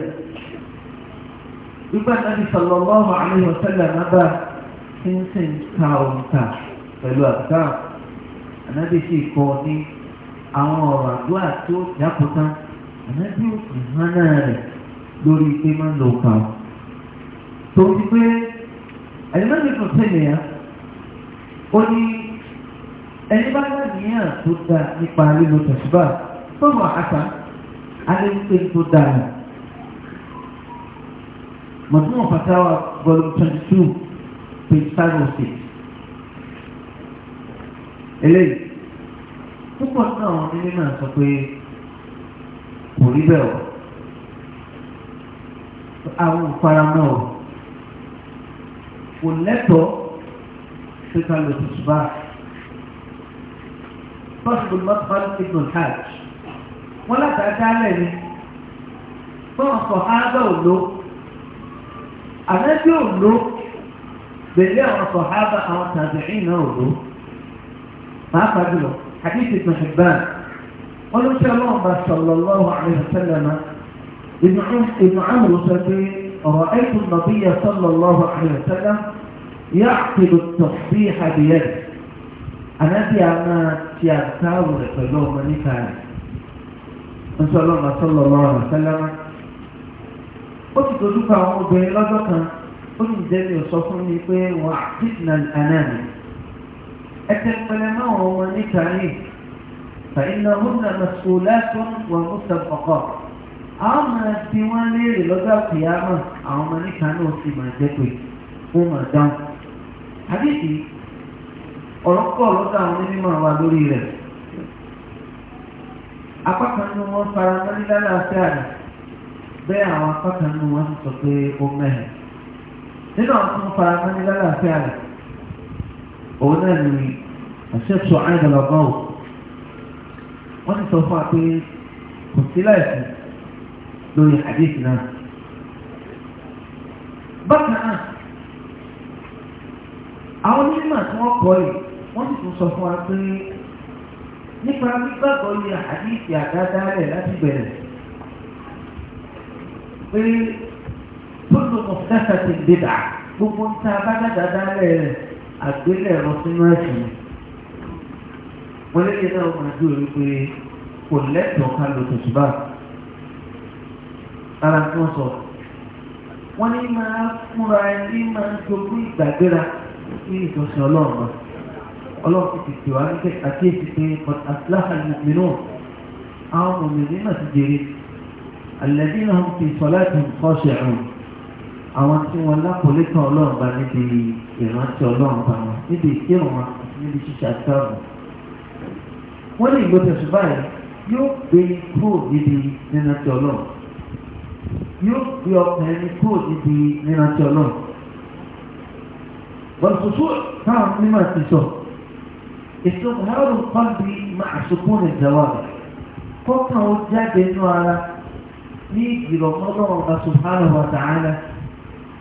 nígbà náà sallallahu alaihi wa sallam nábà tí ń sìn ka òǹkà pẹ̀lú àbúkà ànábì sì kọ ní àwọn ọ̀rọ̀ àdúrà tó yàpọ̀tán ànábì ìhánà rẹ̀ lórí pé máa ń lò kàn tó ti pé ẹ̀lẹ́mẹ́rin tó tẹ́lẹ̀ yá ó ní ẹni bá láníyàn tó dá nípa lílo tẹ̀síbà tó mọ̀ àṣà alẹ́gbẹ́ tó dára mọ̀túnmọ̀ fàtàwà volume twenty two page five oh six eléyìí púpọ̀ náà wọn nílé náà sọ pé kò rí bẹ́ẹ̀ o àwọn ò fara kò lẹ́tọ̀ọ́ síta lè tó ṣùgbà possible not fun signal hajj wọ́n látàdá lẹ́ni fọ́n sọ ágbà òló àmẹ́bí òló bèlé àwọn sọ ágbà àwọn tàbíyìn náà òló pàápàá jùlọ àdìsí ìtàn ولو كان الله صلى الله عليه وسلم ابن عمرو سبيل رأيت النبي صلى الله عليه وسلم يعقد التصبيح بيده النبي أما يغتاب لقلوه من كان إن شاء الله صلى الله عليه وسلم قلت لك أمر بين لذلك قل جل يصفني به وأعقدنا الأنام أتنقل معه من كان فإنهن مسؤولات ومستبقات àwọn máa bí wọ́n léèrè lọ́gbà kìyàmọ̀ àwọn ọmọ níta náà sì máa jẹ́ pé wọ́n máa dáhùn. àdéhì ọ̀rọ̀ pọ̀ lọ́dọ̀ àwọn onímọ̀ wa lórí rẹ̀. apá kan ní wọ́n fara mọ́ ní lálàáfíà rẹ̀ bẹ́ẹ̀ àwọn apá kan ní wọ́n sọ pé ó mẹ́rin. nínú àwọn tó ń fara mọ́ ní òun náà sọ fún wa pé kò sí láìsí lórí hadith náà. bákan náà àwọn onímọ̀ tí wọ́n kọ́ yìí wọ́n sì tún sọ fún wa pé nípa gbígbàgbọ́ yìí hadith àdádálẹ̀ láti bẹ̀rẹ̀ pé tóso mọ̀tẹ́sà ti dídà gbogbo ń ta abájádádálẹ̀ àgbélẹ̀ ẹ̀rọ sínú ẹ̀sìn wọlé yẹn náà wọ́n máa dúró wípé kò lẹ́tọ̀ọ́ ká lo tòṣùbà rárá tí wọ́n sọ wọ́n ní máa fúnra ẹni máa ń jogún ìgbàgbéra ní ìjọsìn ọlọ́run ọlọ́run ti tètè wá ní àkíyèsí pé aláhà mìíràn àwọn ọmọ mi náà ti jèrè àlẹ́bí náà ń fi sọ láti nǹkan ṣẹ̀rùn àwọn tí wọ́n lápòlé kan ọlọ́run bá níbi ìrántí ọlọ́run bá wọn níbi ìkírun wọn àti níbi ṣíṣe àtàwọn wọ́n ní ìgbọ́tẹ̀sùn báyìí yóò gbé kúrò níbi nínú ti ọlọ́run yóò gbé ọkùnrin kúrò níbi ìrántí ọlọ́run. Bọ̀dùsùsù táwọn mímọ̀ ti sọ, ètò ìhárò kan di máa sọkún ní ìjọba rẹ̀. Kọ́kàn ó jáde nínú ara ní ìgbìrọ̀ ọlọ́run ọba subhanahu wa ta'ala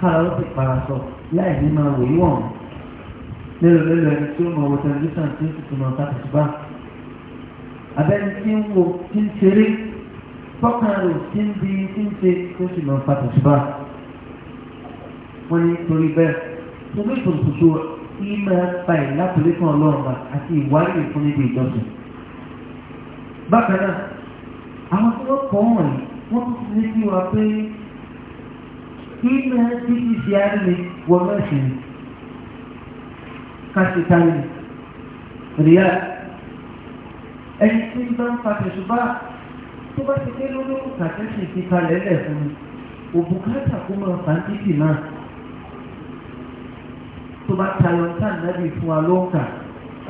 kára ó sì para sọ láì ní máa wòye wọ̀n. Lérò lérò ẹni tí ó mọ̀ wọ tẹlifíṣàn tí ó sì tún mọ̀ ká tẹ̀síbá. Abẹ́ni tí ń wo tí ń ṣeré tọ́kàn rẹ̀ tí ń bi tí ń ṣe tó sì lọ padà ṣùgbọ́n wọ́n ní torí bẹ́ẹ̀ tó ní ìtòkùtò ìmọ̀ ẹ̀fà ìlápòlé fún ọlọ́ọ̀gbà àti ìwárìrì fún níbi ìjọsìn. bákan náà àwọn tí wọ́n kọ́ wọ̀nyí wọ́n tún ti ní bí wa pé ìmọ̀ títí ṣe àrílẹ̀ wọ́n mẹ́sìn káṣíkárì rìá ẹni tí ń bá ń fa tẹ̀sùbá tó bá ti dé lórí kàtẹ́sì ti kalẹ̀ lẹ̀ fún mi òbúkátà kó máa fà á títì náà tó bá tayọ táà nábì fún wa ló ń kà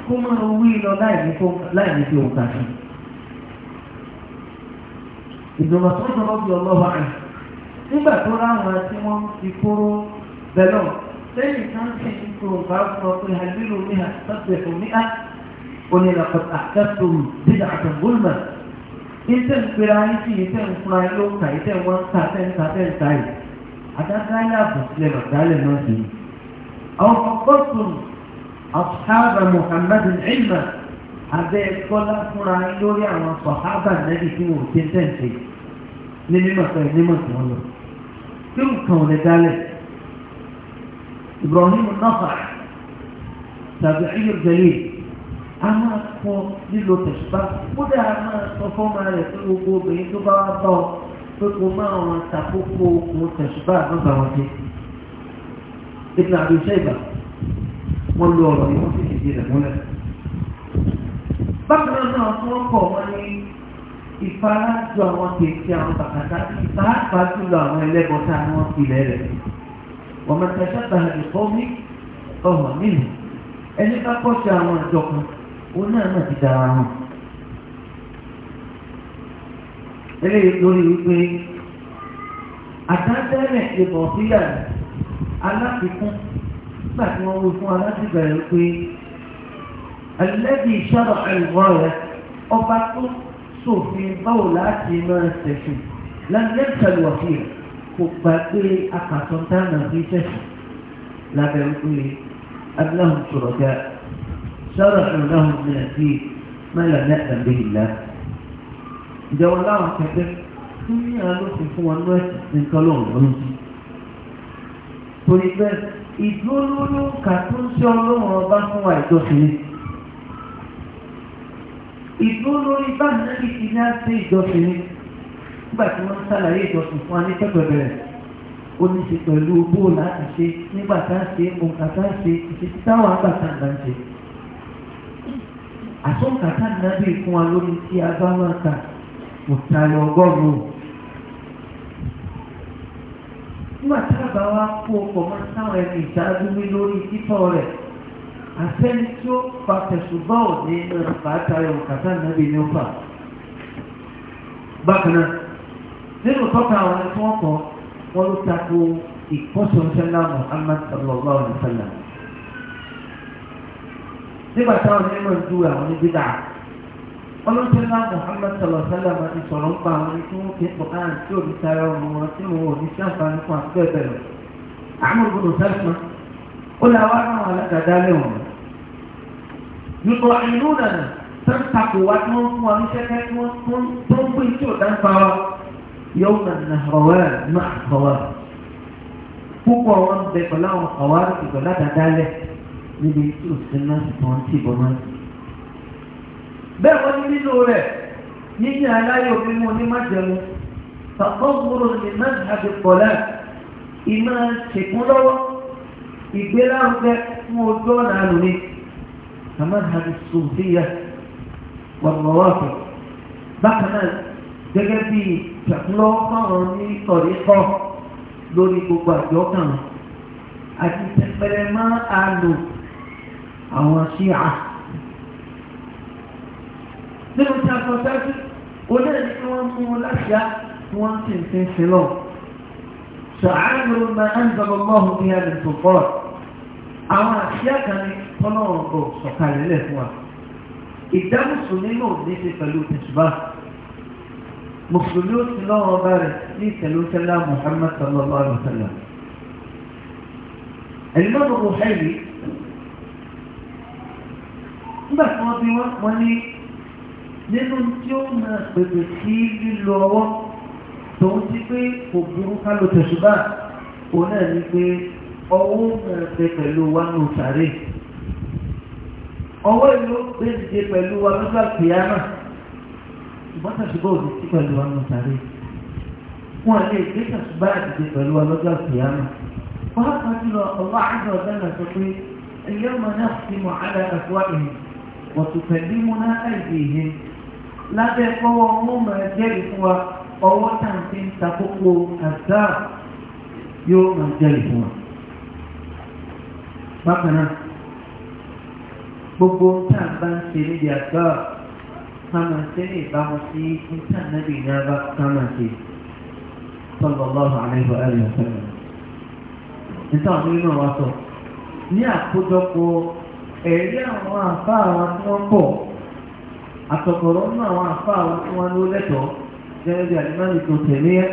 kó máa wí lọ láì ní fi òǹkà sí. ìjọba tó ń sọ bí ọlọ́wà rẹ̀ nígbà tó ráwọn tí wọ́n ti kóró bẹ́lọ̀ lẹ́yìn kan sì ń tó nǹkan sọ pé àìlérò mi àtàkùn ẹ̀fọ́ mi á onílàkọ̀tà àtàkùn dídà àtàkùn iṣẹ́ ìpera yín sí iṣẹ́ ìfúnra yín ló kà iṣẹ́ wọn ń kà tẹ́ǹkà tẹ́ǹkà yìí àdáká yín àbùsílẹ̀ lọ̀dálẹ̀ náà sí i. àwọn ọgọ́tùn àṣàbà Muhammad ìlmà abẹ́ kọ́lá fúnra yín lórí àwọn sọ̀hábà nẹ́bí tí wọ́n ti tẹ̀sí ní mímọ̀ pẹ̀lú mímọ̀ tí lọ. tí nǹkan ò lè dálẹ̀ Ibrahim Nafa tàbí ayélujára a máa fọ lílo tẹ̀síbá kódà a máa sọ fọ́mà rẹ̀ fún gbogbo obìnrin tó bá wá bọ̀ pé kò máa wọn tàkókò ogun tẹ̀síbá lọ́gbà wọn dé ìpínlẹ̀ àdúgbò ìgbà wọ́n lo ọ̀rọ̀ yìí wọ́n sì ti di rẹ̀ múlẹ̀ bákan náà tí wọ́n kọ̀ wọ́n ní ìfarajọ àwọn kèékì àwọn bàkàtà ìfarapàá jùlọ àwọn ẹlẹ́bọ̀tà àwọn ìpìlẹ̀ rẹ̀ wọ́n mẹ́ta ṣẹ́ta ìfọ́mí ọ̀hún nínú ẹni ká kọ́ sí àwọn àjọ òun náà náà ti dára hàn eléyìí lórí wípé àtàtẹ́rẹ̀ ìbọ̀ síyà aláfikún nígbà tí wọ́n wí fún alátìgbàrẹ̀ wípé ẹlẹ́bí ìṣọ́rọ̀ ẹ̀rọ rẹ̀ ọba tó ṣòfin báwo láti máa ṣẹ̀ṣù lẹ́tẹ̀lú ọ̀fìn kò gbàgbé akàtúntà náà fi ṣẹ̀ṣù lábẹ́ wípé abúláhùn sọ̀rọ̀ dáa. شرحوا لهم من الدين ما لم يأذن به الله ìjọ wọn láwọn kẹtẹ tó ní àlòfin fún wọn lọ nǹkan lóhùn lọ́rùn sí. torí bẹ́ẹ̀ ìdúró kà tó ń ṣe ọlọ́run ọba fún wa ìjọsìn ìdúró lórí báyìí ní ti ní á sí ìjọsìn nígbà tí wọ́n ń ṣàlàyé ìjọsìn fún wa ní pẹ́pẹ́bẹ̀rẹ̀ ó ní ṣe pẹ̀lú bóòlù àti ṣe nígbà tá a ṣe òǹkà tá a ṣe ìṣesí táwọn àgbà tá a gbà ń ṣe àtúnkà tá fún wa lórí tí a bá máa kà kò tayọ ọgọ́rùn-ún. nígbà tá a bá wá kó o pọ̀ mọ́ sáwọn ẹni ìṣáájú mi lórí títọ́ rẹ̀ àtẹ́ni tí ó fa tẹ̀sùbọ́ òní náà fà á tayọ kàtà nàbí ní ó fà. bákan náà nínú tọ́ka àwọn ẹni tí wọ́n kọ́ wọ́n ló tako ìkọ́sọ̀ọ́sẹ́ náà Muhammad sallallahu alayhi nígbà táwọn onímọ̀ ń dúró àwọn níbí dà ọlọ́sẹ̀lá Muhammad sọlọ́sẹ́lá máa ti sọ̀rọ̀ ń pa àwọn tí wọ́n fi pọ̀ náà tí òbí sára ọmọ wọn tí wọn ò ní sí àǹfààní fún àtúbẹ̀ bẹ̀rẹ̀ àwọn òbúrò sẹ́fún ó lè wá náà alágàdá lẹ́wọ̀n yùtọ̀ ìlú nànà tó ń takò wá tí wọ́n fún wa ní sẹ́kẹ́ tí wọ́n tó ń pè tí ò dá ń pa wa yóò nà nà ọ̀wẹ́ náà kọ̀wá púpọ̀ wọn bẹ̀ pẹ̀lú àwọn kọ̀wá níbi tí ò sí náà sì tán tí ìbọn máa ń sìn. bẹ́ẹ̀ wọ́n ní nílò rẹ̀ yíyí aláyọ̀ mímú ní májẹ̀mú fàkọ́gbòrò ní mẹ́tàdé pọ̀lẹ́ ìmọ̀ ṣèkúnlọ́wọ́ ìgbélárugẹ fún ojú ọ̀nà àlùmí àmọ́tàdé sòfíà wàmọ̀wọ́fẹ̀ bákan náà gẹ́gẹ́ bí ìṣàkúnlọ́wọ́ fáwọn ní ìkọ̀rí kọ́ lórí gbogbo àjọ kan àti tẹpẹrẹ máa àlò àwọn ṣíà nínú tí a sọ sẹ́sí ó lè ní kí wọ́n mú láṣíá tí wọ́n ti ń sin sí lọ ṣàárẹ̀lú ma ń zọba mọ́hún ní ẹni tó fọ́ àwọn àṣíá kan ní tọ́lọ́run kò sọ̀kalẹ̀ lẹ̀ fún wa ìdámùsùn nínú ní ṣe pẹ̀lú tẹ̀sùbá mùsùlùmí ó ti lọ́wọ́ ọba rẹ̀ ní ìtẹ̀lótẹ́lá Muhammad sallallahu alaihi wa sallam ẹ̀lú mọ́tò kò fẹ́ yìí nígbà tí wọ́n bí wọ́n wọ́n ní nínú tí ó máa pèpè sí lílo ọwọ́ tòun ti pé kò burú ká lo tẹ̀sùbà òun náà ní pé ọwọ́ máa pẹ pẹ̀lú wa ní òtàrí ọwọ́ ìlú gbèsè pẹ̀lú wa nígbà kìíyàmà ṣùgbọ́n tẹ̀sùbà ò ní sí pẹ̀lú wa ní òtàrí wọn lè gbé tẹ̀sùbà àdìdì pẹ̀lú wa lọ́jọ́ kìíyàmà wọ́n á pàtó lọ ọlọ́ وتكلمنا أيديهم لا تقوى مما جلسوا ọwọ́ tàǹtí ń takókò àdá yóò máa jẹ́ ìfún wa. bákan náà gbogbo tá a bá ń ṣe níbi àgbà ká ṣe ní ìbámu sí níta nábì ní abá ká ṣe sallallahu alaihi wa alihi wa sallam. níta àwọn nínú sọ ní àkójọpọ̀ ẹ̀rí àwọn àfá àwọn tí wọ́n pọ̀ àtọ̀kọ̀rọ̀ nínú àwọn àfá àwọn tí wọ́n ló lẹ́tọ̀ọ́ gẹ́gẹ́ bí àdìmọ́lì tó tẹ̀lé ẹ́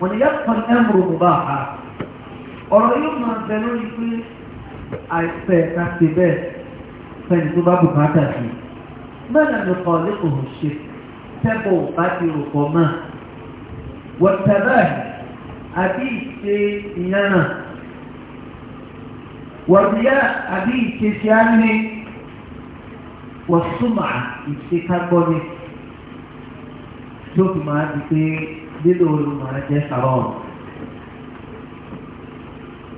wọ́n ni yá kan ẹ́mùrù mú bá a ọ̀rọ̀ yóò máa bẹ lórí pé àìsẹ̀ ká ṣe bẹ́ẹ̀ fẹ́ni tó bá bùkátà sí mẹ́rin ló kọ́ lẹ́kọ̀ọ́ ṣe tẹ́bọ̀ bá ti rò pọ̀ mọ́ wọ́n tẹ̀lé àbí ìṣe ìyànnà wàbíyá àbí ìṣesí á ní wọ̀súnmà ìṣekágbọ́ ni yóò fi máa di pé lílo orin máa jẹ́ sàrọ̀ọ̀rọ̀.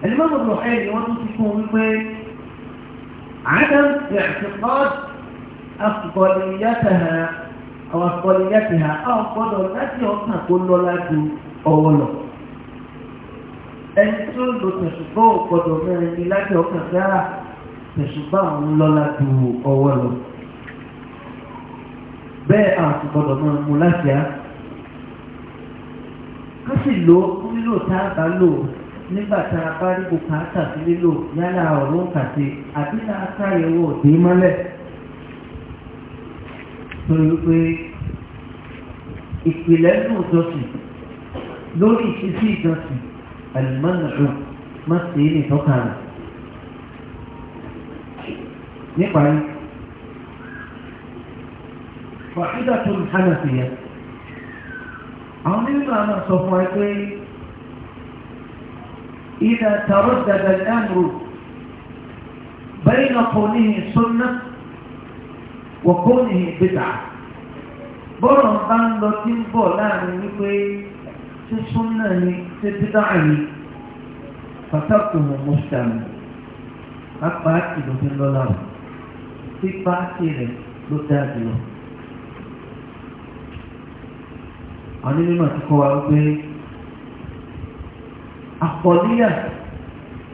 ẹni máa bọ̀dọ̀ ẹ̀ ni wọ́n tún ti fún wípé àádọ́n ìrìnàṣẹ́kọ́ọ̀dù afọ̀lìyàtàhà àwọn afọ̀lìyàtàhà àwọn gbọ́dọ̀ láti ọ̀sán kó lọ́lá ju ọwọ́ lọ. ẹni tó ń lo tẹ̀sùbọ́ gbọ́dọ̀ mẹ́rin ní láti ọkàn gáà tẹ̀sùbọ́ àwọn ju ọwọ́ lọ bẹ́ẹ̀ àti gbọ́dọ̀ máa mú láti á lo nílò tá a bá lò nígbà tá a bá rí bùkátà sí abi yálà ọ̀rọ̀ kàṣe àbí tá a káyẹ̀wò òdì mọ́lẹ̀ torí pé ìpìlẹ̀ المنع ما سيني توكان نقل واحدة حنفية عن الإمام صفا إذا تردد الأمر بين كونه سنة وكونه بدعة برهن بان لو تنبو لا من نقل tí súnà ni tí dídá ni pàtàkì wọn mọ̀ sàmì apá ìlòdì lọ́la rẹ̀ pípa sí rẹ̀ ló dáa jùlọ. àwọn onímọ̀ ti kọ́ wa wípé àkọlíyà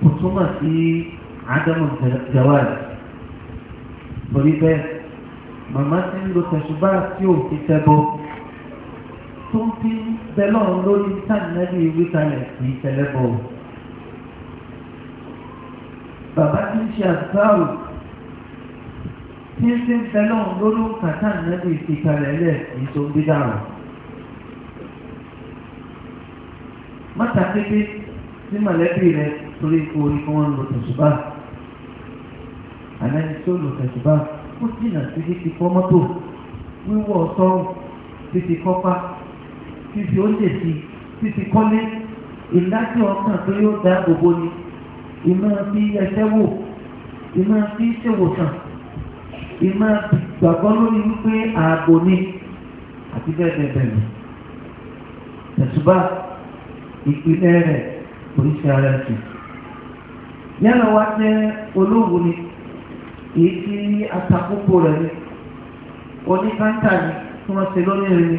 kò túmọ̀ sí àdámọ̀ jawari torí bẹ́ẹ̀ màmá ti ń lo tẹ̀sùbá tí ò ti tẹ́ bọ́ tó ń fi bẹ́lọ̀ lórí sànẹ́bí wíkalẹ̀ sí tẹ́lẹ́bọ̀. Bàbá tí ń ṣe àtúbáwò tí ń fi bẹ́lọ̀ lórí òǹkà sànẹ́bí ìfikalẹ̀ lẹ̀ sí tó ń bídà rọ̀. Mọ́ta kété sí mọ̀lẹ́bí rẹ̀ torí ipò orí kí wọ́n lo tẹ̀sùbá. Àlẹ́ ni tí ó lo tẹ̀sùbá, ó jìnà sí títí mọ́tò, wíwọ́ sọ́rùn, títí kọ́pá fífi oúnjẹ sí fífi kọ́lé ìdájọ́ ọkàn tó yóò dá gbogbo ni ìmọ̀ fi ẹsẹ̀ wò ìmọ̀ fi ṣèwòsàn ìmọ̀ gbàgbọ́ lórí wípé ààbò ni àti bẹ́ẹ̀ bẹ́ẹ̀ bẹ́ẹ̀ lọ. ẹ̀sùbá ìpínlẹ̀ rẹ̀ oríṣi ara ẹ̀sìn. yálà wá jẹ́ olówó ni èyí tí atakókò rẹ̀ ni oníkántà ni tí wọ́n ṣe lónìí rẹ̀ ni.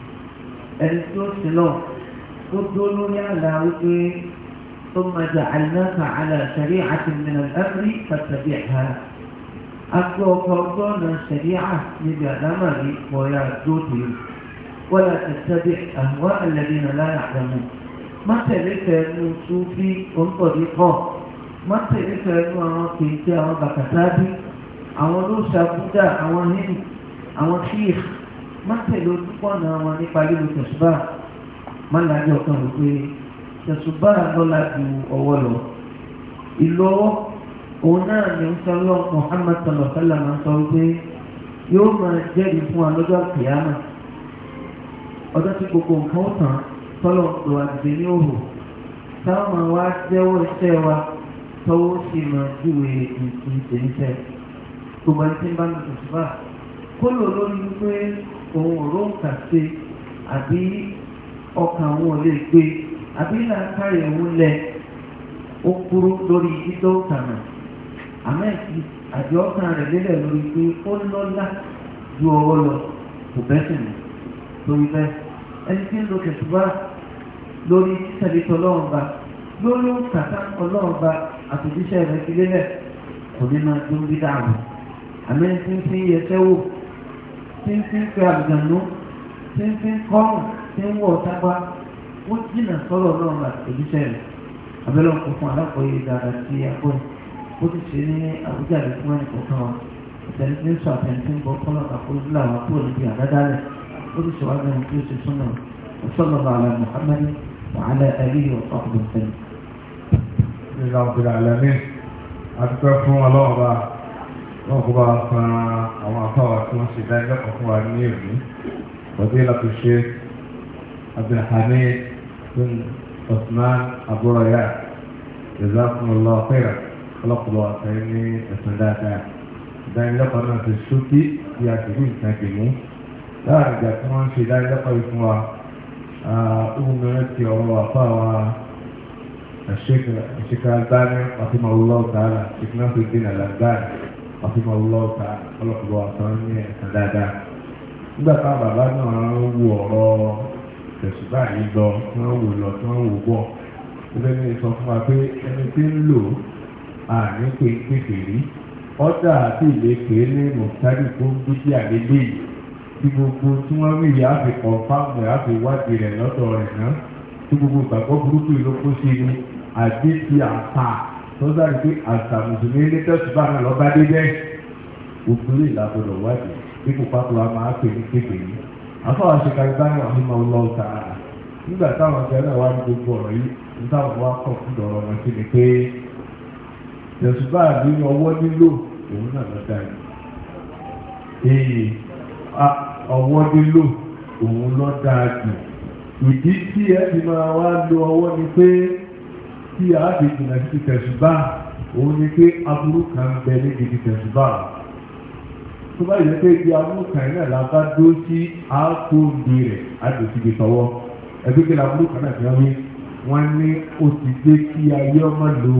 ẹni tí ó sin náà ó dúró lórí àlà wípé tó máa jà àìnáka àlà ṣẹ̀rí àti mìíràn ẹ́mírí pàtàkì ẹ̀ka. Agbó ọkọ̀ ọgọ́nà ṣẹ̀rí à níbi àdámà rí pọ̀ya dóde. Wọ́n yà tẹ̀sẹ̀ àwọn ẹlẹ́dínà láyà àdámù. Má tẹ̀lé fẹ́ẹ́nu tún bí òǹkọ̀dé Má tẹ̀lé fẹ́ẹ́nu àwọn kèéjì àwọn bàkàtà bí. Àwọn ló ṣàbúdà àwọn hìn àwọn kíyèsí. má tẹ̀lé na wọn nípa lílo tẹ̀sùbà má lájọ kan rò pé tẹ̀sùbà lọ́la ju ọwọ́ lọ. ìlú ọwọ́ O náà ni ń sọ lọ Muhammad sọlọ sọlá máa ń sọ wípé yóò máa jẹ́rìí fún wa lọ́jọ́ ọjọ́ tí gbogbo nǹkan ó tàn ní táwọn máa wá wa tọ́wọ́ máa júwe iṣẹ́ bá lọ tẹ̀sùbà kó òun ọ̀rọ̀ nǹkan ṣe àbí ọkàn àwọn lè gbé àbí làákà ìhun lẹ ó kúrú lórí dídọ́ òkànà àmọ́ ẹ̀sìn àti ọkàn rẹ̀ lélẹ̀ lórí pé ó lọ́lá ju ọwọ́ lọ kò bẹ́sẹ̀ mọ́ lórí bẹ́ẹ̀ ẹni tí ń lo kẹ̀tùbá lórí títẹ̀lẹ́tọ̀ ọlọ́run ba lórí òǹkàtà ọlọ́run ba àtòjíṣẹ́ rẹ̀ ti lélẹ̀ kò ní máa dún dídá àwọn àmọ́ ń fi ẹsẹ̀ wò tí ń fi ń pe àbùdànù tí ń fi ń kọ́rùn tí ń wọ̀ sábà ó jìnà sọ́rọ̀ náà mà èdúṣẹ́ rẹ̀ abẹ́lẹ́ ọkọ̀ fún alákòóyè dáadáa sí akọ́ ẹ̀ ó ti ṣe ní àbújá rẹ̀ fún ẹnì kọ̀ọ̀kan wa ìtẹ̀lẹ́ tí ń sọ àtẹ̀ntì ń bọ́ kọ́lọ̀ àkóyè láwọn kúrò níbi àdádálẹ̀ ó ti ṣe wá lẹ́nu tí ó ṣe súnmọ́ وصلى الله على محمد وعلى آله وصحبه وسلم. بسم الله رب العالمين. أتكفون الله náà kó bá san àwọn afáwà tí wọ́n ṣe dájọ́ kan fún wa ní òní bọ̀dé láti ṣe abdulhani bin osman abúrọ̀yà jazakumullah khairan ọlọ́pọ̀lọ́ àtẹ́yìn ní ẹ̀sán dáadáa ìdánilẹ́kọ̀ọ́ náà ti ṣókí bí a ti rí nǹkan kì mú láàrin ìgbà tí wọ́n ń ṣe ìdánilẹ́kọ̀ọ́ yìí fún wa ohun mìíràn ti ọ̀rọ̀ àfáwà àṣekà àṣekà albani rahimahullah ta'ala ìfúnnáfẹ́ dín àfihàn ọlọ́ọ̀ta ọlọ́pàá àtàn ní ẹ̀sán dáadáa nígbà táwọn bàbá náà ń wo ọ̀rọ̀ tẹ̀sùn báyìí lọ tí wọ́n wò lọ tí wọ́n wò bọ̀ ẹgbẹ́ mi sọ fún wa pé ẹni tí ń lò àní pé pèsè rí ọ́dà àti ìlépè lé mọ̀tárì tó ń dúdú àgbègbè yìí tí gbogbo tí wọ́n rí ìyá fi kọ̀ fáwọn ìyá fi rẹ̀ lọ́dọ̀ rẹ̀ náà tí gbogbo ìgbàgbọ́ burúkú ìlókòsí ni àdé ti àpá sọ́dọ̀ àti àṣà mùsùlùmí ní tẹ́sùbà náà lọ́ba dédé òkúrò ìlàgbọ̀dọ̀ wájú dípò pápá wa máa pè ní kéde yìí afọwọ́ àṣekárí bá wà nínú ọlọ́ ta nígbà táwọn ọ̀gá náà wá ní gbogbo ọ̀rọ̀ yìí nígbà wọn wá kọ̀ fún ọ̀rọ̀ wọn sí ni pé tẹ̀sùbà nínú ọwọ́ nílò òun náà lọ dá yìí ọwọ́ nílò òun lọ dáa jù ìdí tí ẹ ti máa wá lo ọwọ́ ni pé tí a ti jìnà sí tẹ̀sùbá òun ni pé aburú kan bẹ ní gidi tẹ̀sùbá tó bá yẹ pé ibi aburú kan náà la bá dó sí àkóòdì rẹ̀ á lè fi gbé sọ́wọ́ ẹgbẹ́ kí aburú kan náà fi hàn mí wọ́n ní ó ti dé kí ayé ọmọ lo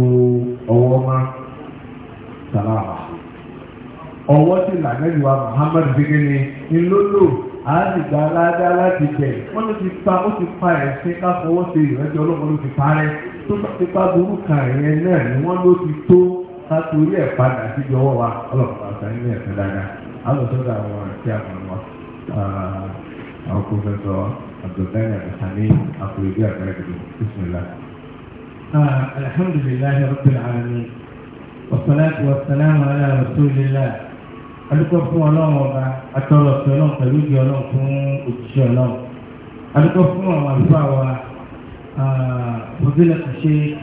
ọwọ́ ọmọ sàlámà ọwọ́ sí làmẹ́lùwà Muhammad gbẹ́gẹ́ni ńlọ́lọ́ àádìgbà aládá láti bẹ̀ wọ́n ló ti pa ẹ̀sìn káfọwọ́ sí ìrẹ́jọ́ ọlọ́mọ ti parẹ́ tó bá ti bá burú kan yẹn náà ni wọ́n ló ti tó ká torí ẹ̀ padà sí ìjọwọ́ wa ọlọ́pàá àtàrí ní ẹ̀sẹ̀ dáadáa alọ́sọ́dọ̀ àwọn àti àwọn ọmọ ah, àwọn pòfẹ́sọ̀ abdulgani abdulhami àkùrẹ́bí àgbẹ̀rẹ̀gbẹ̀ bisimilá. Ah, alhamdulilayi rabbil alamin wasalaatu wasalaamu ala rasulillah adúgbò fún ọlọ́run ọba atọ́lọ́sọ ọlọ́run pẹ̀lú ìdí fún òjíṣẹ́ ọlọ́run adúgbò fún àwọn wa. فضيلة الشيخ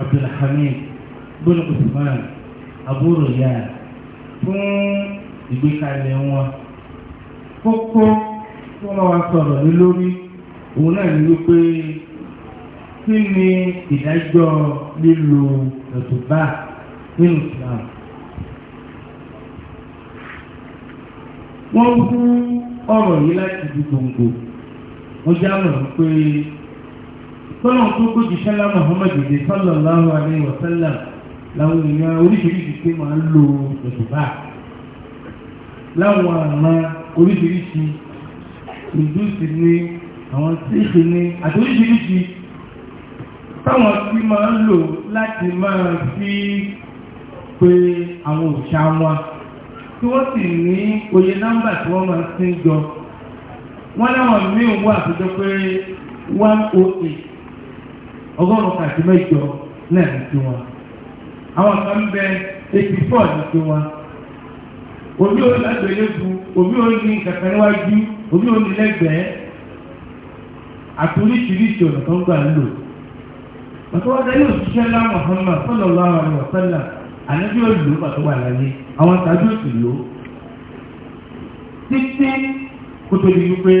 عبد الحميد بن عثمان أبو ريان fún ìgbékalẹ̀ wọn kókó tí wọ́n wá sọ̀rọ̀ ní lórí òun náà ní wípé kí ni ìdájọ́ lílo ẹ̀tùbá Islam wọ́n hú ọ̀rọ̀ yìí láti di gbòǹgbò wọ́n tọ́lọ́n tó kó jìṣẹ́lá sallallahu alaihi wasallam láwọn èèyàn oríṣiríṣi pé máa ń lo òṣùbà láwọn àmà oríṣiríṣi ìdúsì ní àwọn tíṣì ní àti oríṣiríṣi táwọn tí máa ń lò láti máa fi pé àwọn òṣà wọn tí wọ́n sì ní oye nọ́mbà tí wọ́n máa ń sín jọ wọ́n láwọn míì wà tó jọ pé one oh eight ọgọ́rùn-ún àti mẹ́jọ náà ní tiwọn àwọn kan bẹ eighty four ní tiwọn omi ò lágbèlébu omi ò ní kankan níwájú omi ò ní lẹ́gbẹ̀ẹ́ àtúríṣiríṣi ọ̀nà tó ń gbà ń lò pàtàkì yóò ṣiṣẹ́ lá Muhammad sallallahu alaihi wasallam ànábí ò lò pàtó wà láyé àwọn tàbí ò sì lò títí kótó di wípé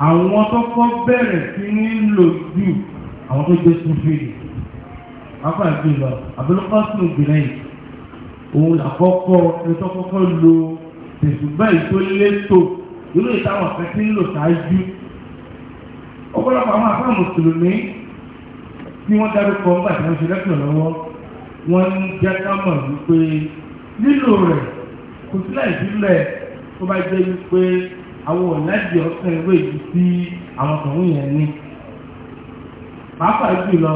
àwọn tó kọ́ bẹ̀rẹ̀ sí ní lò jù àwọn tó jẹ́ sùfèèrè afọ àjùlọ abúlọ́kọ́sùn obìnrin òun àkọ́kọ́ ẹni tó kọ́kọ́ lo tẹ̀sùgbà ètò létò nínú ìtawọ̀ kan tí ń lò ṣáájú ọ̀pọ̀lọpọ̀ àwọn afọ mùsùlùmí tí wọ́n dárúkọ ńgbà tí wọ́n ṣe lẹ́kùn lọ́wọ́ wọ́n ń jẹ́ ká mọ̀ wípé lílò rẹ̀ kò sí láì sílẹ̀ tó bá jẹ́ wípé àwọn ọ̀nàjì ọ̀sán ewé yìí sí àwọn ọkùnrin yẹn ní pàápàá jùlọ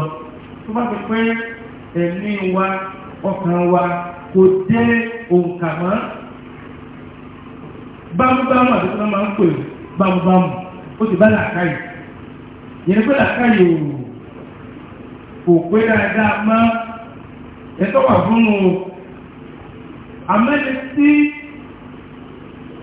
tó bá ti pẹ́ ẹ̀mí wa ọkàn wa kò dé òǹkà mọ́ bámúbámú àti tí wọ́n máa ń pè bámúbámú ó ti bá làákàyè yẹn pé làákàyè ò kò pé dáadáa mọ́ ẹ̀tọ́ wà fún un àmẹ́ni tí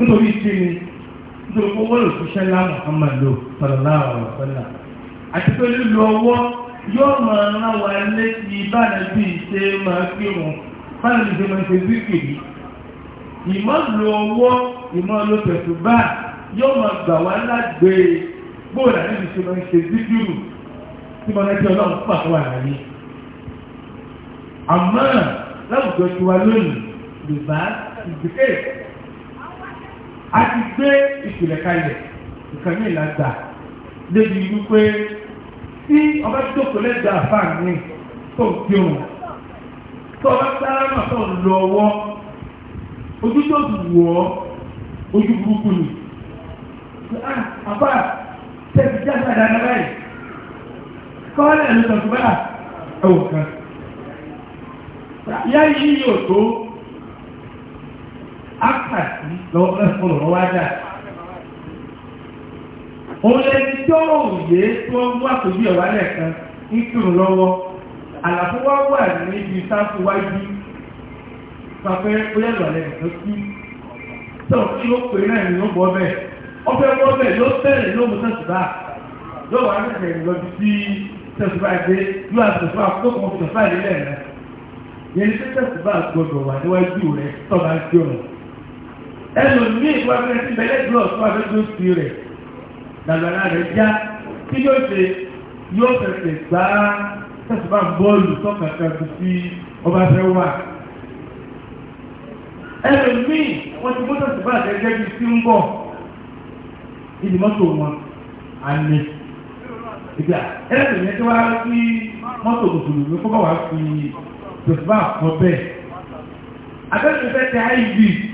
nítorí kí ni nítorí pé wọ́n lè ṣiṣẹ́ lánàá kan máa lò sọ̀rọ̀lá ọ̀rọ̀ sọ́là àti pé lílo ọwọ́ yóò máa rán wa létí bánàbí ṣe máa kí wọn bánàbí ṣe máa ṣe zikiri ìmọ̀lò ọwọ́ ìmọ̀lò pẹ̀tùbá yóò máa gbà wá lágbè gbóòrà níbi ṣe máa ṣe zikiri tí mo rántí ọlọ́run pàtó wà láyé àmọ́ láwùjọ tiwa lónìí yorùbá ìdíkẹ́ a ti gbé ìpìlẹ̀ kalẹ̀ nǹkan ní ìlàjà débi wípé tí ọba tó kò lè gba àfààní tó ń fi òun tó ọba sára náà tó ń ọwọ́ ojú tó ti ọ́ ojú burúkú ni ah, àbá tẹ̀sí àdáná báyìí kọ́lẹ̀ ló báyà ẹ̀wọ̀n kan yá yí ápàtì lọ́wọ́ ọ̀rọ̀ wá dà. Òun lè ti tó òye tó wà tó bí ọ̀wá lẹ́ẹ̀kan ń kírun lọ́wọ́. Àlàfo wá wà níbi sáfù wájú. Sọ pé ó yẹ lọ̀lẹ́ ìtọ́ sí. Sọ kí ó pè náà ní ó bọ́ bẹ́ẹ̀. Ọbẹ̀ bọ́ bẹ́ẹ̀ ló bẹ̀rẹ̀ ló mú sẹ̀sùbà. Yóò wá bẹ̀rẹ̀ lọ sí sẹ̀sùbà ìgbé yóò àtẹ̀sùbà tó kàn sẹ̀sùbà nílẹ̀ rẹ̀. Yẹn ní sẹ̀sùbà gbọdọ̀ wà níwájú rẹ̀ tọ́ ẹlòmíì wọ́n fẹ́ sí bẹ̀lẹ́ glọ́ọ̀sì wọ́n fẹ́ tó fi rẹ̀ dàgbàrá rẹ̀ já kí yóò ṣe yóò fẹsẹ̀ gbá tẹ̀síbà bọ́ọ̀lù tọ́kàtà tó fi ọba fẹ́ wà. ẹlòmíì wọ́n ti mú tẹ̀síbà gẹ́gẹ́ bí sí ń bọ̀ ìdí mọ́tò wọn àmì ìgbà ẹlẹ́sìn yẹn tí wàá sí mọ́tò mùsùlùmí fún bá wàá fi tẹ̀síbà kọ bẹ́ẹ̀. àbẹ́sẹ̀ fẹ́ tẹ iv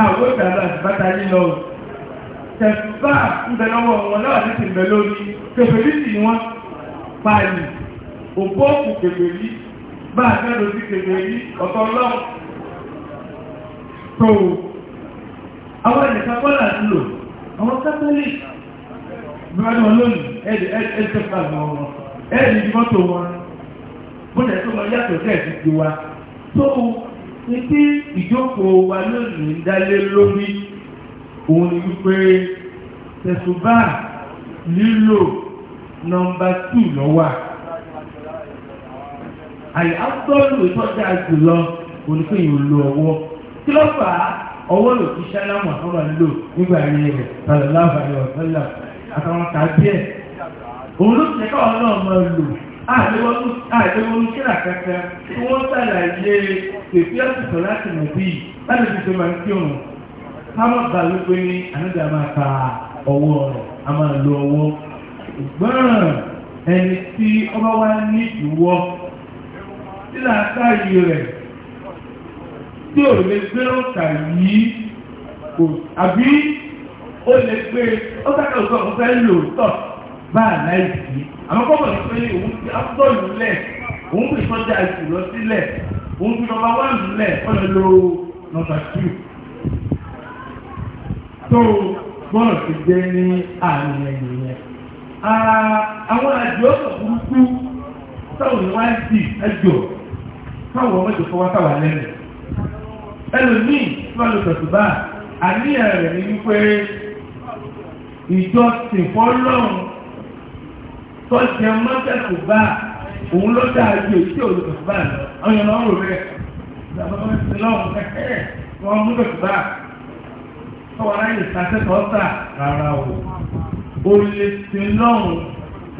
àwọn ìdàgbà bàtà yìí lọ tẹ̀síbà ń bẹ lọ́wọ́ wọn náà ti ti bẹ lórí kẹfẹ́lí sì wọn pààyè òpó òkú kẹfẹ́lí bá a fẹ́ lórí kẹfẹ́lí ọ̀tọ̀ lọ́wọ́ tó àwọn ẹ̀nìkan kọ́là ń lò àwọn kátólì bí wọ́n ní wọn lónìí ẹ̀dì ẹ̀dẹ́fà àwọn ẹ̀dì ìdímọ́tò wọn bó ní tí ìjókòó wa lónìí ń dálé lórí òun ni wípé tẹ̀sùbá lílò nọmba tù lọ́wà àyè ápùtọ́lù ìtọ́jà jùlọ oníkéyìn olú ọwọ́ kí ló fà á ọwọ́ lò kí sálámù àtọ́wà lò nígbà ayé rẹ̀ tàbí láǹfààní ọ̀tọ́là àtàwọn kàá díẹ̀ òun ló tẹ̀ká ọlọ́ọ̀mọ lò àìlẹ́wọ́nú kíra kankan tí wọ́n ṣàlàyé pèpè àtìsọ láti mọ̀ bí láti fi ṣe máa ń kí òun káwọn gbà wípé ní ànágbà máa ta ọwọ́ rẹ̀ a máa lo ọwọ́ ṣùgbọ́n ẹni tí ọba wa ní ìwọ sílà sáàyè rẹ̀ tí ò lè gbé òkà yìí àbí ó lè gbé ó sákàlùkọ́ ọ̀fẹ́ lò tọ̀ bá àláìsí àwọn kọ́kọ́ ní pé òun ti ápùtọ̀ ìlú lẹ̀ òun fi sọ́jà ìsù lọ sílẹ̀ òun fi nọ́mbà wá ìlú lẹ̀ ọ̀nà lo nọ́mbà tù tó bọ́ọ̀lù ti dé ní àárín ẹ̀yìn àwọn àjọ burúkú táwọn ìwá ń di ẹjọ táwọn ọmọdé fọwọ́ táwà lẹ́nu ẹlòmíì tí wọ́n lọ pẹ̀tù bá àníyàn rẹ̀ ní wípé ìjọ sìnkọ́ lọ́run tọ́jà mọ́tẹ́kù bá òun ló dáa ju èsì olùkọ́sù bá lọ àwọn èèyàn máa ń rò bẹ́ẹ̀ ìgbàgbọ́ ti lọ́wọ́ kẹ́kẹ́ wọn mú kẹ́kù bá tọ́wọ́ láyé ìsàkẹ́kọ̀ọ́ sà rárá o ò lè ti lọ́hùn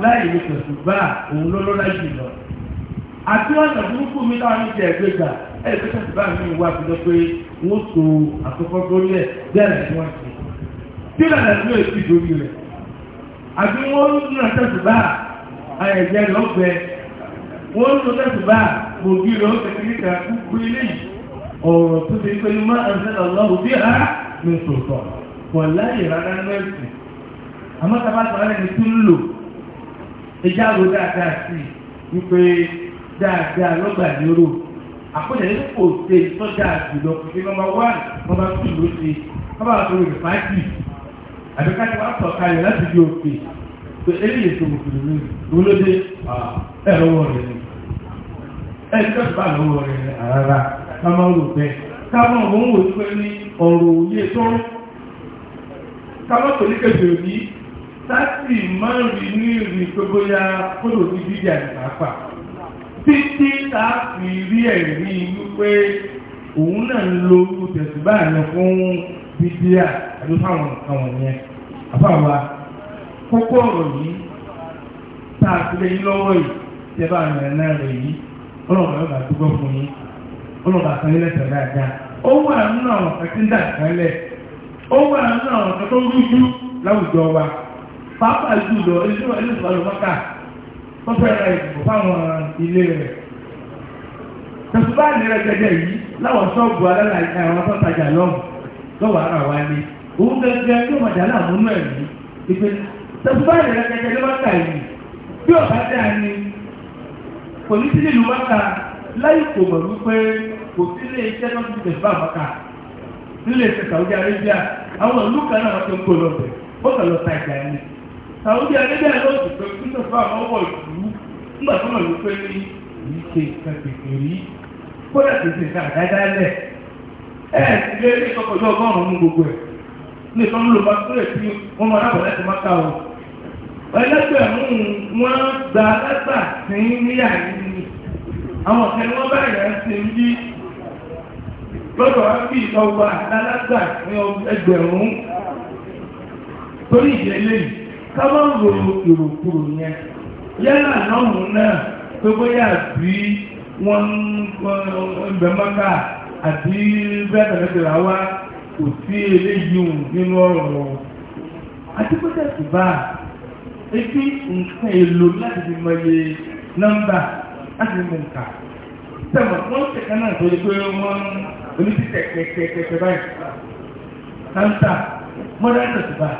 láyé ìkọ̀sù bá òun ló lọ́lá jù lọ àti ọ̀nà burúkú mi náà ní ti ẹ̀gbẹ́ gbà ẹ̀rì pé kẹ́kù bá mi wá fi lọ pé wọ́n so àkọ́kọ́ tó lẹ̀ bẹ́ẹ̀ àbí wọ́n ń rìn àtẹ̀sùbá ayẹ̀jẹ̀ lọ́gbẹ̀ẹ́ wọ́n ń rìn àtẹ̀sùbá gbòógì lọ́gbẹ̀ẹ́ kìíkà gbogbo eléyìí ọ̀rọ̀ tó ti pé má àṣẹ́lẹ̀ ọlọ́run bí ha ní sòtọ̀ wọ̀ láyé rárá mẹ́sì àmọ́ tá a bá sọ ara ẹni tó ń lò ẹjẹ́ àrò dáadáa sí i wípé dáadáa lọ́gbà lérò àkójọ yìí kò ṣe tọ́jà jùlọ pé nọ́mbà wán nọ́mbà tù ló ṣe nọ́mbà tó rè fàájì àbí ká ti wá sọ̀ kalẹ̀ láti di òkè pé eléyìí tó mùsùlùmí olóde ẹ lọ́wọ́ rẹ̀ ni ẹ ti tọ́sí bá lọ́wọ́ rẹ̀ ni àrárá ká máa rò bẹ́ẹ̀ ká máa wọ́n wò ó pé ní ọ̀rọ̀ òye tọ́rọ̀ ká máa pèlú kẹfẹ́ òbí sáàtì máa rí ní rí pé bóyá kódò sí bíbí àdìpápà títí tá a fi rí ẹ̀rí wípé òun náà ń lo tẹ̀síbáà yẹn fún bíbíà àbí fáwọn nǹkan wọ̀nyẹn àfàwà kókó ọ̀rọ̀ yìí tá a ti lé yín lọ́wọ́ yìí tí ẹ bá ń rìn náà rẹ̀ yìí ọlọ́run ọ̀gá dúgbọ́ fún yín ọlọ́run àtàn ilẹ̀ tẹ̀ dáadáa ó wà nínú àwọn kan tí ń dà kálẹ̀ ó wà nínú àwọn kan tó rújú láwùjọ wa pápá jùlọ ilé ìfọwọ́ mọ́kà tó fẹ́ràn ìdìbò fáwọn ilé rẹ̀ tẹ̀sùbáàlì rẹ̀ jẹjẹ yìí láwọn ṣọ́ọ̀bù alálàyé àwọn tó lọ́wọ́ ara wa ni òun gẹ́gẹ́ yóò mọ̀jà láàmú náà ní ìpè tẹ̀síbáyìí rẹ̀ gẹ́gẹ́ ló máa kà yìí bí ọ̀bá dáa ni kò ní sílé ìlú máa láì kò mọ̀ wípé kò sílé iṣẹ́ tó ti nílé àwọn ìlú kan náà ń kó lọ bẹ̀ ó lọ ta ìjà ló ti kí ìlú nígbà tó mọ̀ wípé ní ìṣe ilé ìsọkọ̀jọ́ ọgọ́rùn-ún mú gbogbo ẹ̀ ní ìsọ́nù ló máa kúrẹ̀ sí wọ́n máa wọn gba lẹ́gbà sí níyà àwọn ọ̀kẹ́ wọn bá yẹn ṣe ń yí lọ́dọ̀ wá bí ní ẹgbẹ̀rún torí ro ìròkúrò yẹn yálà náà náà bóyá bí àti bẹ́ẹ̀bẹ̀rẹ̀bẹ̀rẹ̀ àwa kò sí eléyìí òun nínú ọ̀rọ̀ wọn àti pé tẹ̀sí bá etí nǹkan èlò láti fi mọ iye nọ́mbà láti mú nǹka tẹ̀mọ̀ wọ́n tẹ̀ka náà tó yẹ pé wọ́n oníṣẹ́ kẹ̀kẹ̀kẹ̀ báyìí káńtà mọ́dá tẹ̀sí bá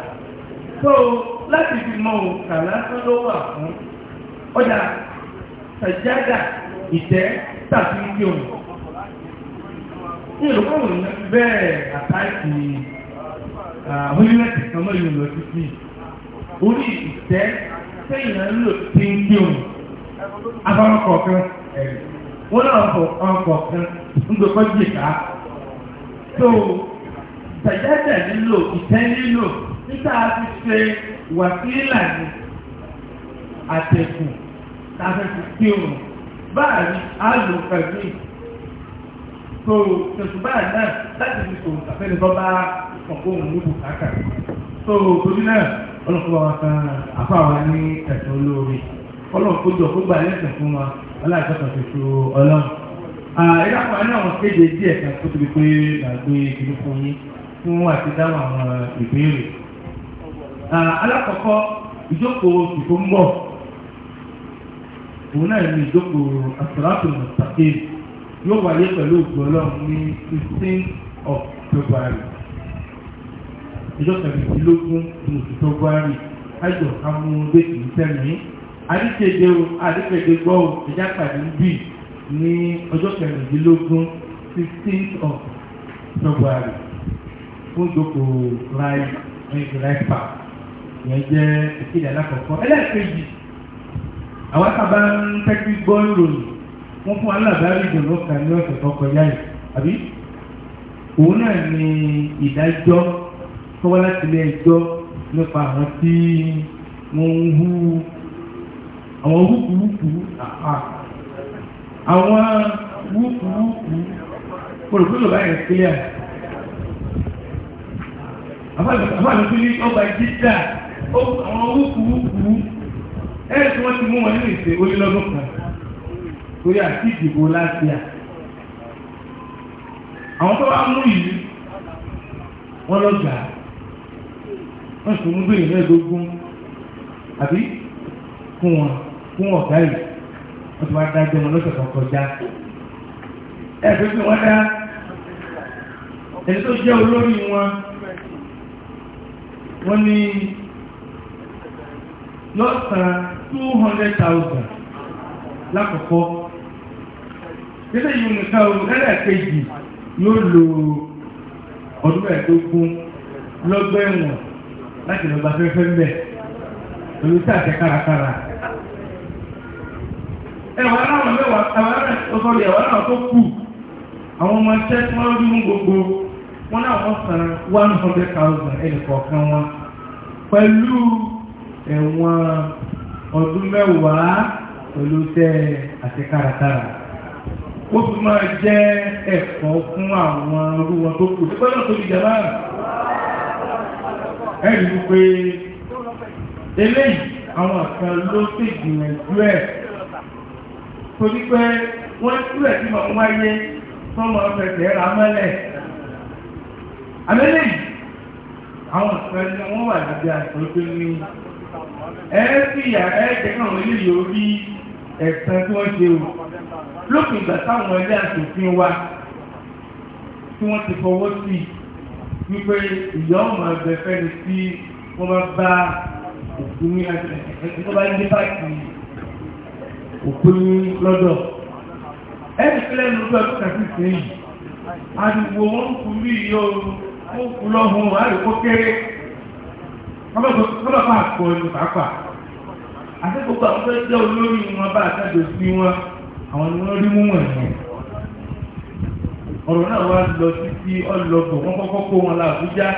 so láti fi mọ òǹkà lásán ló wà fún ọjà sàjádà ìtẹ́ tàbí ìgbé òǹkà ní ìlú káwọn èèyàn bẹ́ẹ̀ àtàkì holiness kan mọ́ yunifásitì orí ìtẹ́ sẹ́yìn náà ń lò tí ń kí òun abáwọn kọ̀ọ̀kan ẹ̀rì wọ́n náà fọ ọ̀n kọ̀ọ̀kan ń gbẹ́kọ́ jì ká tó tẹ̀jẹ́tẹ̀ nílò ìtẹ́ nílò nígbà tí ṣe wàsílà ní àtẹ̀kù tàbí kí òun báyìí á lò pẹ̀lú so tẹ̀sùbá náà láti fi sòrò àfẹ́lẹ́ tó bá ọ̀gbọ́n ní so torí náà ọlọ́kọ̀ọ́ wa kan àfa wa ní ẹ̀sùn olóore ọlọ́run kó jọ kó gbà lẹ́sẹ̀ fún wa aláìsọ̀tàn ṣoṣo ọlọ́run ẹ̀dá kan ní àwọn kéde díẹ̀ kan tó tóbi pé gbàgbé ìdílé fún yín fún àti dáhùn àwọn ìbéèrè alákọ̀ọ́kọ́ ìjókòó ìfowópamọ́ òun náà ní ìjókòó àsọ̀rọ̀ àtòmọ̀ tàkéèrè yóò wáyé pẹ̀lú ògbọ́lọ́ ní fifteen of february ìjọ kẹrìndínlógún oṣù february ayọ̀ amúnudé kì í tẹ̀mí adíkèdè o adíkèdè gbọ́ o ẹ̀já pàdé ń bì ní ọjọ́ kẹrìndínlógún fifteen of february fún ìjókòó láì ẹ̀jẹ̀ pa ìyẹn jẹ́ ìkéde alákọ̀ọ́kọ́ ẹlẹ́ẹ̀kejì àwọn sábà ń tẹ́tí gbọ́ ìròyìn wọ́n fún alábàárì ìdùnnú kan ní ọ̀sẹ̀ tó kọjá yìí àbí òun náà ni ìdájọ́ tó wá láti ilé ẹjọ́ nípa àwọn tí wọ́n ń hu àwọn wúkúwúkú àpá àwọn wúkúwúkú pòròpòrò báyìí sílẹ̀ àfàlùkú ní ọgbà jíjà àwọn wúkúwúkú ẹ̀ẹ́dì wọ́n ti mú wọn nínú ìṣe olílọ́dún kan torí àti ìdìbò láti à àwọn tó wá mú ìlú wọ́n lọ gbà wọ́n sì mú bèrè mẹ́ẹ̀ẹ́dógún àbí fún wọn fún ọ̀gá yìí wọ́n ti wá dájọ́ wọn lọ́sẹ̀ kan kọjá ẹ̀ fi fi wọ́n dá ẹni tó jẹ́ olórí wọn wọ́n ní lọ́sàn-án two hundred thousand lákòókò nílẹ̀ yìí nìkan ohun ẹlẹ́ẹ̀kejì yóò lo ọdún mẹ́ẹ̀ẹ́dógún lọ́gbà ẹ̀wọ̀n láti lọ́gbà fẹ́fẹ́ mbẹ̀ pẹ̀lú tí àṣẹ kárakára. ẹ̀wọ̀n aláwọ̀ mẹ́wàá àwọn ọ̀sọ̀rọ̀ ẹ̀wọ̀n aláwọ̀ tó kù àwọn ọmọ ẹṣẹ́ tí wọ́n lójú mú gbogbo wọn náà wọ́n san one hundred thousand ẹnì kọ̀ọ̀kan wọn pẹ̀lú ẹ̀wọ̀n ọdún mẹ́wàá pẹ̀lú tẹ́ kárakára. ó tún máa jẹ́ ẹ̀kọ́ fún àwọn olúwọ tó kù tí pẹ́lọ́ tó di jàmá ẹ̀rí wípé eléyìí àwọn kan ló sì gbìyànjú ẹ̀ torí pé wọ́n tí máa wáyé ra àwọn ni wọ́n wà ní ṣe o. lópin ìgbà táwọn ẹgbẹ́ aṣòfin wa tí wọ́n ti fọwọ́ sí wípé ìyá ọmọ ẹgbẹ́ fẹ́ni tí wọ́n bá bá òkú ní ẹgbẹ́ tó bá ń dé báyìí òkú ní lọ́dọ̀. ẹnì kílẹ̀ ní ojú ọdún kàtí sẹ́yìn ariwo wọn kú ní iye ooru wọn kú lọ́hùn àríkó kéré kọ́lọ́pàá àpò ẹnu pàápàá àti gbogbo àwọn tó jẹ́ olórí wọn bá àtàdé sí wọn. àwọn ni wọ́n rí mú wọn ẹ̀yìn ọ̀rọ̀ náà wá lọ títí ọlọ́gbọ̀n wọ́n kọ́kọ́ kó wọn làbújá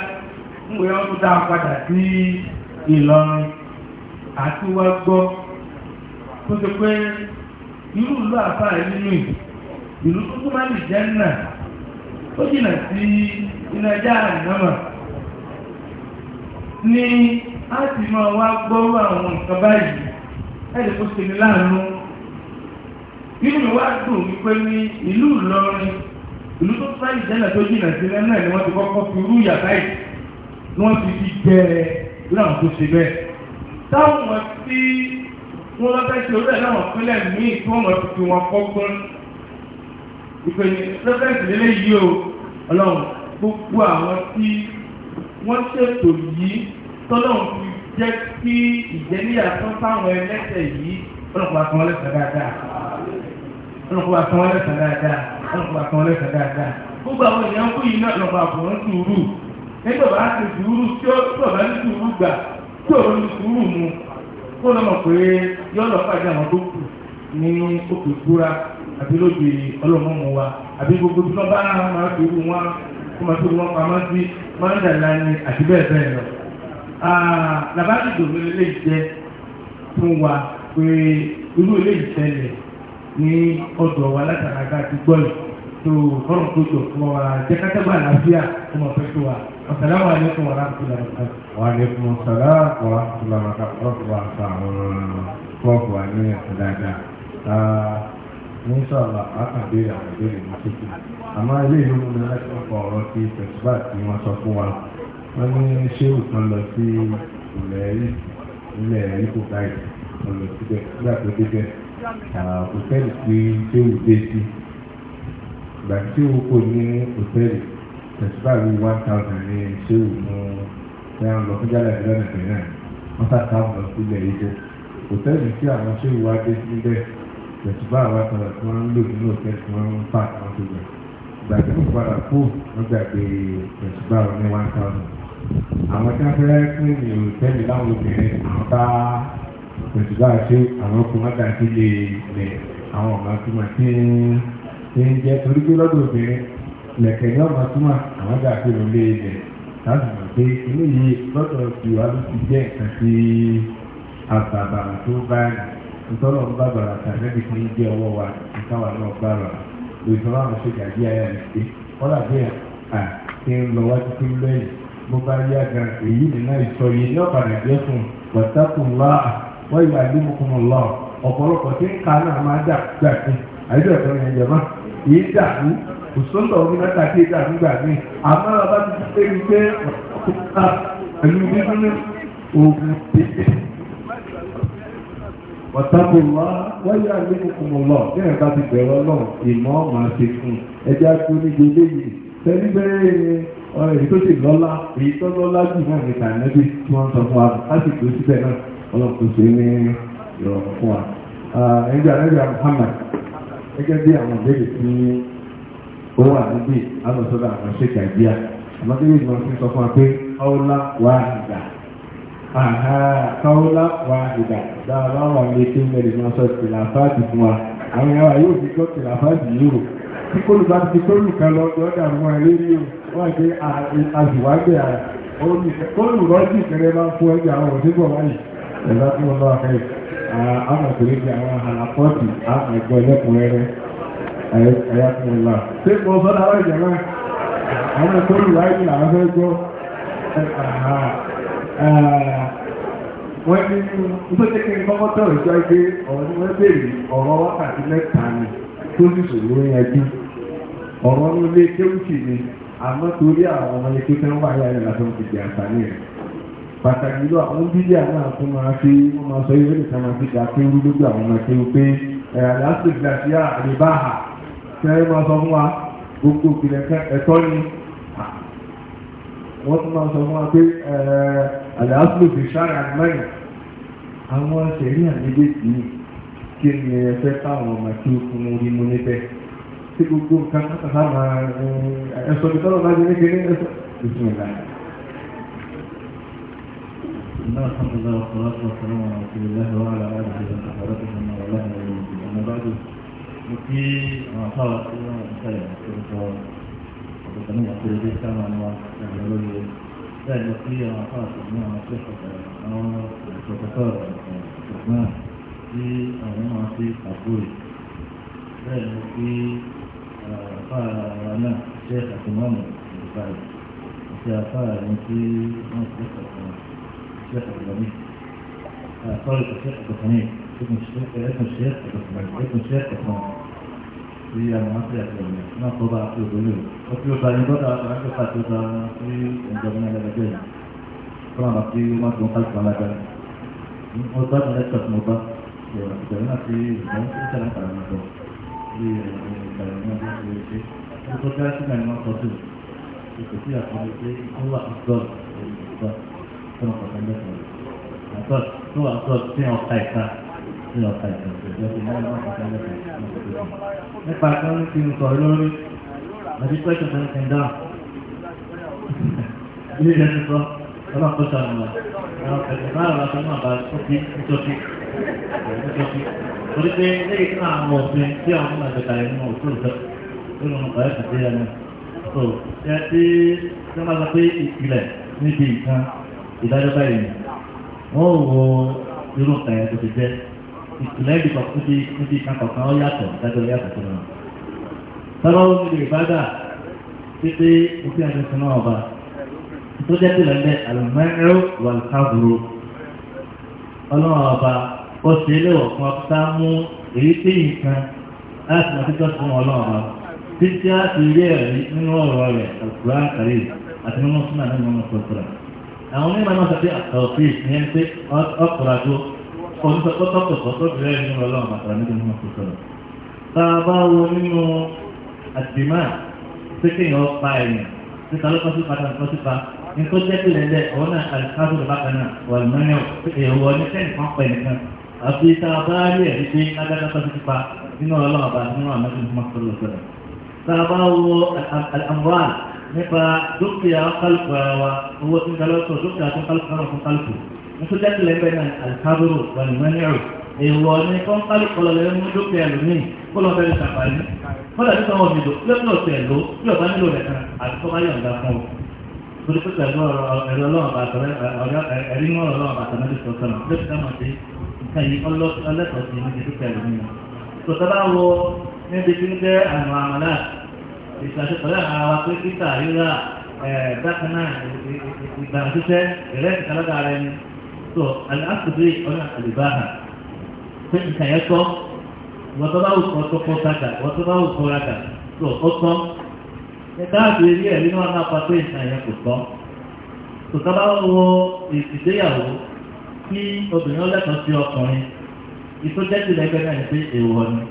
ń wé wọn tó dá padà sí Ìlọrin àti wá gbọ́ tó ṣe pé irú ìlú àfáà nínú ìlú tó tó má lè jẹ́ náà ó jìnà sí iná a ti máa wá gbọ́rú nínú mi wá dùn wípé ní ìlú Ìlọrin ìlú tó fẹ́ ìjẹ́lẹ̀ tó jìnà sí lẹ́nu ẹ̀ ni wọ́n ti kọ́kọ́ fi rú yàtá yìí ni wọ́n ti fi jẹ láwọn tó ṣe bẹ́ẹ̀ táwọn tí wọ́n lọ fẹ́ ṣe orí ẹ̀ láwọn pínlẹ̀ míì tí wọ́n lọ fi fi wọn kọ́gbọ́n ìpè ní rẹ́fẹ́ǹsì lélẹ́ yìí o ọlọ́run gbogbo àwọn tí wọ́n ṣètò yìí tọ́lọ́run fi jẹ́ kí ìjẹ́níyà tó sáwọn ẹlẹ́sẹ̀ yìí ọlọ́pàá kan lẹ́sẹ̀ dáadáa. ọlọ́pàá kan wọlé kan dáadáa ọlọ́pàá kan wọlé kan dáadáa gbogbo àwọn èèyàn kú yìí náà lọ́pàá kò ń sùúrù nígbà bá ti sùúrù tí ó tí bá ní sùúrù gbà tí ó sùúrù mu kó lọ́mọ pé yọ jẹ́ àwọn tó kù ní òkè àbí lóde wa àbí gbogbo tí bá máa fi wù wọn kó máa wọn pamọ́ sí máa ń dàgbà ní àti bẹ́ẹ̀ bẹ́ẹ̀ lọ. làbá ti ní ọ̀dọ̀ wa látara ká ti gbọ́ yìí tó fọ́nà tó jọ fún wa jẹ́kátẹ́gbà àlàáfíà kó máa fẹ́ tó wa ọ̀sálàmù alẹ́kùn wa ráńtìlá rẹ̀. wà á lẹ́kùn ọ̀sálà wa ráńtìlá wa rọ́ọ̀kù wa sọ àwọn fọ́ọ̀kù wa ní ẹ̀sẹ̀ dáadáa. ní sọ̀rọ̀ àkàndé àwọn ìbéèrè ní ṣètò àmọ́ ilé ìlú mi láti ọkọ̀ ọ̀rọ̀ ti fẹ̀sùbà tí wọ́n sọ fún wa wọ́n ní ṣé òkan lọ sí ilẹ̀ ìlú ilẹ̀ ìbùkáì ọ̀lọ́síbẹ̀ nígbà tó débẹ̀ Ah, hòtẹ́ẹ̀lì tí jéwù dé sí ìgbà tí ó kò ní hòtẹ́ẹ̀lì tẹ̀síbáàrí one thousand ní jéwù mú ẹran lọ fún jálẹ̀ lọ́nà ìbẹ̀rẹ̀ wọ́n sàkà lọ sílẹ̀ ìjọ hòtẹ́ẹ̀lì tí àwọn jéwù wá dé síbẹ̀ tẹ̀síbáàrí one thousand tí wọ́n ń lò nínú hòtẹ́ẹ̀lì tí wọ́n ń fà àwọn tó gbà ìgbà tí wọ́n padà kú wọ́n gbàgbé tẹ̀síbáàrí ní one thousand àwọn tí wọ́n fẹ́ pín ní hòtẹ́ẹ̀lì láwọn obìnrin àwọn bá pẹ̀lú bá a ṣe àwọn ọkùnrin àtàkì lè lẹ̀ àwọn ọ̀gá túmọ̀ tí ń jẹ́ torí pé lọ́dọ̀ obìnrin lẹ̀kẹ̀ ní ọ̀gá túmọ̀ àwọn àgbà tó lọ lé ilẹ̀ láti mọ̀ pé ilé yìí lọ́dọ̀ ìwà ló ti jẹ́ nǹkan tí àbàbàrà tó bá ìtọ́lọ̀ ń bàbàrà tàbí kì í jẹ́ ọwọ́ wa ìkáwà náà bàbà lòsàn àwọn ṣe gàdí ayé àìsí wọ́n làbí à kí ń lọ wájú kí ń lẹ́yìn bó bá yá gan èyí nínú ìsọyìn ní ọ̀pàdé jẹ́ fún wàtákùn láà wọ́n yóò àdúmọ̀kùnmọ̀ lọ ọ̀pọ̀lọpọ̀ tí ń ka náà máa dà gbàgbé àyẹ̀dọ̀ ẹ̀kọ́ yẹn jẹ̀ máa yìí dàgbé òṣòlò ní mẹ́ta tí èdè àgbègbè àgbè àmọ́ ọba ti pé ní pé ọ̀pọ̀lọpọ̀ pẹ̀lú nínú oògùn tètè ọ̀tàbọ̀ wá wáyé àgbẹ̀kùnmọ̀ lọ bí ẹ̀ka ti bẹ̀rẹ̀ ọlọ́run ìmọ̀ máa ṣe fún ẹja tó ní gbélé tẹ́lí bẹ́ẹ̀ èyí tó lọ́lá èyí jù náà níta nẹ́bí tí wọ́n sọ fún wa láti tó síbẹ̀ náà ọlọ́kùnṣe ní ìrọ̀rùn fún wa ẹgbẹ́ alẹ́gbẹ́ Muhammad gẹ́gẹ́ bí àwọn ìbéèrè tí ó wà níbí alọ́sọ́dọ̀ àwọn ṣèkà ìbíà àmọ́dé yìí wọ́n ti sọ fún wa pé káwọ́lá wà ìgbà káwọ́lá wà ìgbà dáadáa wà ní ètò ìmẹ̀lẹ̀ máa sọ tìlàfáàdì fún wa àwọn ìyàwó yóò fi gbọ́ tìlàfáàdì yìí rò tí kó lùbá ti tó lù kan lọ lọ́dà àwọn ẹlẹ́rí ẹ̀lọ́tí wọn lọ́wọ́ fẹ́ àwọn ọkùnrin bí àwọn àlàpọ́ọ̀tì àgbẹ̀gbọ́ ẹlẹ́kùnrẹ́rẹ́ ẹ̀yàtúnlá tí kò sọ́dá wọ́n ìjẹ̀mẹ́ àwọn ẹ̀kọ́ ìwáyé àwọn fẹ́ gbọ́ wọ́n ní ìtọ́jẹ́ kí n kọ́kọ́ tọ̀rọ̀ ìjọ ẹgbẹ́ ọ̀rọ̀ wọ́n bèèrè ọ̀rọ̀ wákàtí mẹ́ta ni tó sì ṣòro ń ní ilé kéwùsì ni àmọ́ torí àwọn ọmọ ilé kékeré wà ní ayé àti àwọn òkìkì àǹfààní rẹ̀ pàtàkì lọ àwọn bílíà náà tó máa fi wọ́n máa sọ ìwé nìkan máa fi gbà pé wọ́n lójú àwọn ọmọ ẹ̀kẹ́ pé àlàáfíà gbàṣíà àdébáhà tí wọ́n máa sọ fún wa gbogbo ìpìlẹ̀ ẹ̀tọ́ ni wọ́n tún máa sọ fún wa pé àlàáfíà fi ṣáà àdìmọ́yìn àwọn ṣẹ̀rí àdébẹ̀tì kí ni ẹ fẹ́ ọmọ ẹ̀kẹ́ fún orí mú níbẹ̀ tí gbogbo nǹkan kátàkà máa ẹ̀sọ́ بسم الله الحمد لله والصلاة والسلام على رسول الله وعلى آله وصحبه ومن والاه إلى يوم الدين أما بعد وفي أعطاء الخير الشركاء وبالتنمية الخيرية كما أنواع التكنولوجيا ذلك وفي أعطاء مجموعة نصيحة الأمر وتكرار الرحمن في أنواع في قبول ذلك وفي قال لنا الشيخ عبد المؤمن البخاري وفي أعطاء في نصيحة الشيخ الربيع طالب الشيخ الدخاني اسم الشيخ اسم الشيخ الدخاني اسم الشيخ الدخاني في المناطق الأكاديمية ما تضع في الظلول وفي وقالين تضع عندك قد تضع في انجابنا لبجين فرما في ما تكون قلت على ذلك مضاد من أكثر مضاد وكتابنا في الظلول في سلام على المضاد في البيانات في الشيء وتضع في المناطق الأكاديمية في كثير أحوال الله أفضل fún ọkọ̀ kan lẹ́sìn àtọ́ tó àtọ́ tí wọ́n ka ìka tí wọ́n ka ìka tó jẹ́ pé wọ́n kọ̀ kan lẹ́sìn nípa kan ti ń sọ̀rọ̀ lórí àti pẹ́ẹ́tù kan ti ń dá ilé rẹ̀ ti sọ ọlọ́pọ̀ sàmùlà àwọn ẹ̀sìn báyọ̀ lọ́sọ̀ náà bá tóbi nítòsí nítòsí torí pé lẹ́yìn náà àwọn òfin tí àwọn ọmọ àgbẹ̀ta yẹn mú òtún ìtọ́ nínú ọgbà ẹ̀sìn tí yẹn mú. so ẹ ti sọ́mọ́ sọ pé ìpìlẹ̀ níbi ìkan ìdájọ́ báyìí wọ́n wo irú nǹkan yẹn tó ti jẹ́ ìpìlẹ̀ ìdìbò níbi níbi kankan ó yàtọ̀ ìdájọ́ yàtọ̀ tó náà. sábà ó nílò ìbádà títí òfin àti ìsinmi ọba tó jẹ́ pé lẹ́lẹ́ àlùmọ́ẹ́rù wà lùkàbùrù ọlọ́run ọba ó ṣe é léwọ̀ fún ọkùnrin mú èyí tí nǹkan láti máa títọ́ fún ọlọ́run ọba títí á ti rí ẹ̀rí nínú ọ̀rọ̀ rẹ̀ àkùrá àkàrí àti nínú súnà nínú ọmọ sọ̀tọ̀rọ̀ àwọn mímọ̀ náà sọ pé àtọ̀fí ìyẹn pé ọkùnrin àjò ọdúnṣọ́tọ̀tọ̀ tó bẹ̀rẹ̀ nínú ọlọ́run àtàrà nínú mímọ̀ tó sọ̀rọ̀ tá a bá wo nínú àdìmá pé kéèyàn pa èèyàn níta ló kọ́sí padà pa ní tó jẹ́ pé lẹ́lẹ́ ọ̀hún náà àdìkáṣọ́ bákan náà wà lọ́nà èèwọ̀ ní kẹ́nìkan pẹ̀ nìkan àfi tá a bá rí ẹ̀rí pé lágbàdá kọ́sí pa nínú nípa dúkìá kálùkù ara wa owó tí ń dalọ́tọ̀ dúkìá tó kálùkù náà fún kálùkù nítorí jákèlè ń bẹ náà alikábòrò gbanimẹ́nìrò èèwọ̀ ní kọ́n kálùkù lọ́lẹ̀ mú dúkìá lónìí kó lọ́ bẹ̀rẹ̀ sàfàní kọ́lá nípa wọn mi lò lọ́pọ̀ tẹ̀ ló bí ọba nílò rẹ̀ kan àtúkọ́ bá yọ̀ǹda fún o torí pé pẹ̀lú ẹ̀rọ ọlọ́run bàtàrẹ́ ẹ̀rí mọ́ ọlọ́run bàtàrẹ́ ló sọ sọ́nà lóṣù tó mọ̀ sí nǹkan yìí ọlọ́tọ̀ọ́ sí ní dúkìá lónìí. tòtọ́ bá ìṣàṣepọ̀ láàrin ara wa pé títà rírà bákan náà ìgbàrà ṣiṣẹ́ ìrẹ́ ìkàlọ́dà ara ẹni tó aláṣùgbé ọ̀nà àlùbáhà pé nǹkan yẹn tọ́ wọ́n tó bá wù kọ́ tó kọ́ sága wọ́n tó bá wù kọ́ rága tó ó tọ́ ẹ̀ka àti eré ẹ̀ nínú àwọn apá pé nǹkan yẹn kò tọ́ tó tá bá wọ ìṣìṣẹ́yàwó kí obìnrin ọlẹ́tọ̀ọ́ sí ọkùnrin ìtọ́jẹ́sílẹ̀ ẹgbẹ́ náà pé èèwọ̀ ni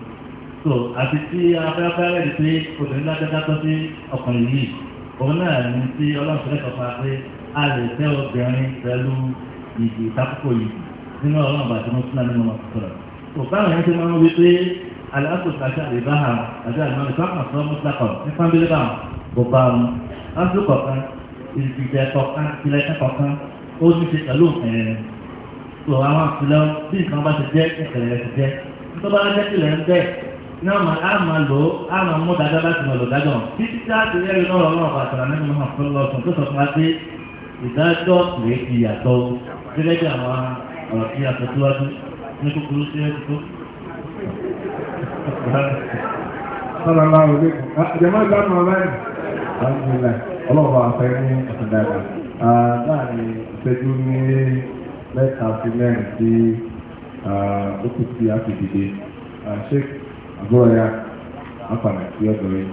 so àti tí afẹ́fẹ́ rẹ̀ di pé obìnrin lágbẹ́dá tó sí ọkùnrin yìí òun náà ní tí ọlọ́run tó lẹ́kọ̀ọ́ fún wa pé a lè fẹ́ obìnrin pẹ̀lú ìdí ìtakùkọ̀ yìí nínú ọlọ́run àbàtí wọn fúnra nínú wọn sọ̀rọ̀ so báwọn yẹn ti máa ń wí pé aláàkó kàṣà lè bá hàn àti àlùmọ́ọ́nì fáwọn sọ mọ́tàkọ̀ ní fáńbílẹ̀ bá kò bá wọn lásìkò kọ̀ọ̀kan ìdìbìjẹ kọ̀ọ̀kan ìlẹ̀kẹ̀ kọ̀ọ̀kan so àwọn àfilọ́ bí nǹkan bá ti jẹ́ ẹ̀kẹ̀rẹ̀ ti jẹ́ ní ọmọ àmà lò àmà mú dájọ́ láti mọ̀ lò dájọ́ títí tí a ti rẹ́ iná ọ̀rọ̀ náà pàtàkì àmì mọ́ hàn fún lọ́sùn tó sọ fún wa pé ìdájọ́ rèé ti yàtọ̀ gẹ́gẹ́ bí àwọn ọ̀rọ̀ tí a sọ síwájú ní kúkúrú sí ẹ̀ tó. Sọ́dọ̀ ńlá òde kan. Àjẹmọ́ ìdáná ọ̀rẹ́ Alhamdulillah, ọlọ́wọ́ afẹ́ ní ọ̀sán dáadáa. Láàárín ìṣẹ́jú ní mẹ́ta sí mẹ́rin sí ó kù sí Sheikh àbúrò ya wọ́n padà sí ọ̀dọ̀ rẹ̀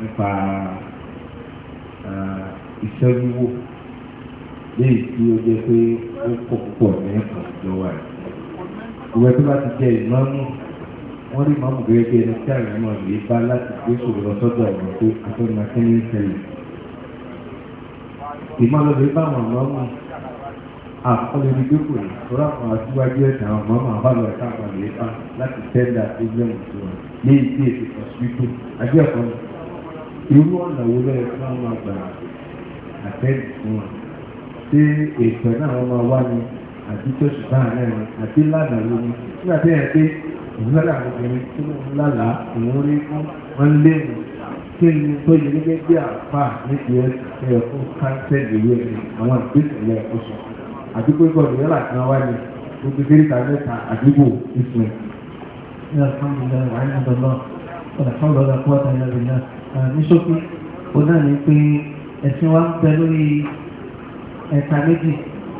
nípa iṣẹ́ wíwò léyìí tí ó jẹ́ pé ó pọ̀ púpọ̀ ní ẹ̀kọ́ ìjọba rẹ̀. ìwé tó bá ti jẹ ìmọ̀ọ́mù wọ́n rí mọ́mù gẹ́gẹ́ bí ẹni tí àwọn ọmọ rẹ̀ bá láti gbé ṣòro lọ sọ́dọ̀ ọ̀rọ̀ pé afẹ́nàkẹ́ ní ìṣẹ̀lẹ̀. ìmọ̀lọ́dẹ bá wọn mọ́mù àkọlẹ̀ ah, ní gbogbo rẹ̀ tọ́lá kan aṣíwájú ẹ̀dá ọmọ máa bá lọ ẹ̀ka àgbà lè fa láti tẹ́lá ẹgbẹ̀rún tó rẹ̀ ní ìdí ètò ọ̀sìnkú àbí ẹ̀kọ́ irú ọ̀nà wo lọ́yẹ fún àwọn àgbà àtẹ́lẹ̀ fún wa ṣé ètò náà wọ́n máa wá ní àti tọ́sí báà náà ni àti lánàá wo ni nígbà tó yẹ gẹ́gẹ́ bí àpá níbi ẹ̀ ẹ̀kọ́ káńsẹ̀lì rẹ̀ àwọn ìgbésẹ̀ yẹ ẹ̀kọ́ sọ̀rọ̀ àdúgbò ìgbọ̀dọ̀ yẹ́là kan wá ní gbogbo ìgbéríta mẹ́ta àdúgbò ìsìn. alhamdulilayi wa rahmatulah alhamdulilayi kó wàtá ilẹ̀ ìlà ní ṣókí ó náà ní pé ẹ̀sìn wa ń bẹ lórí ẹ̀ka méjì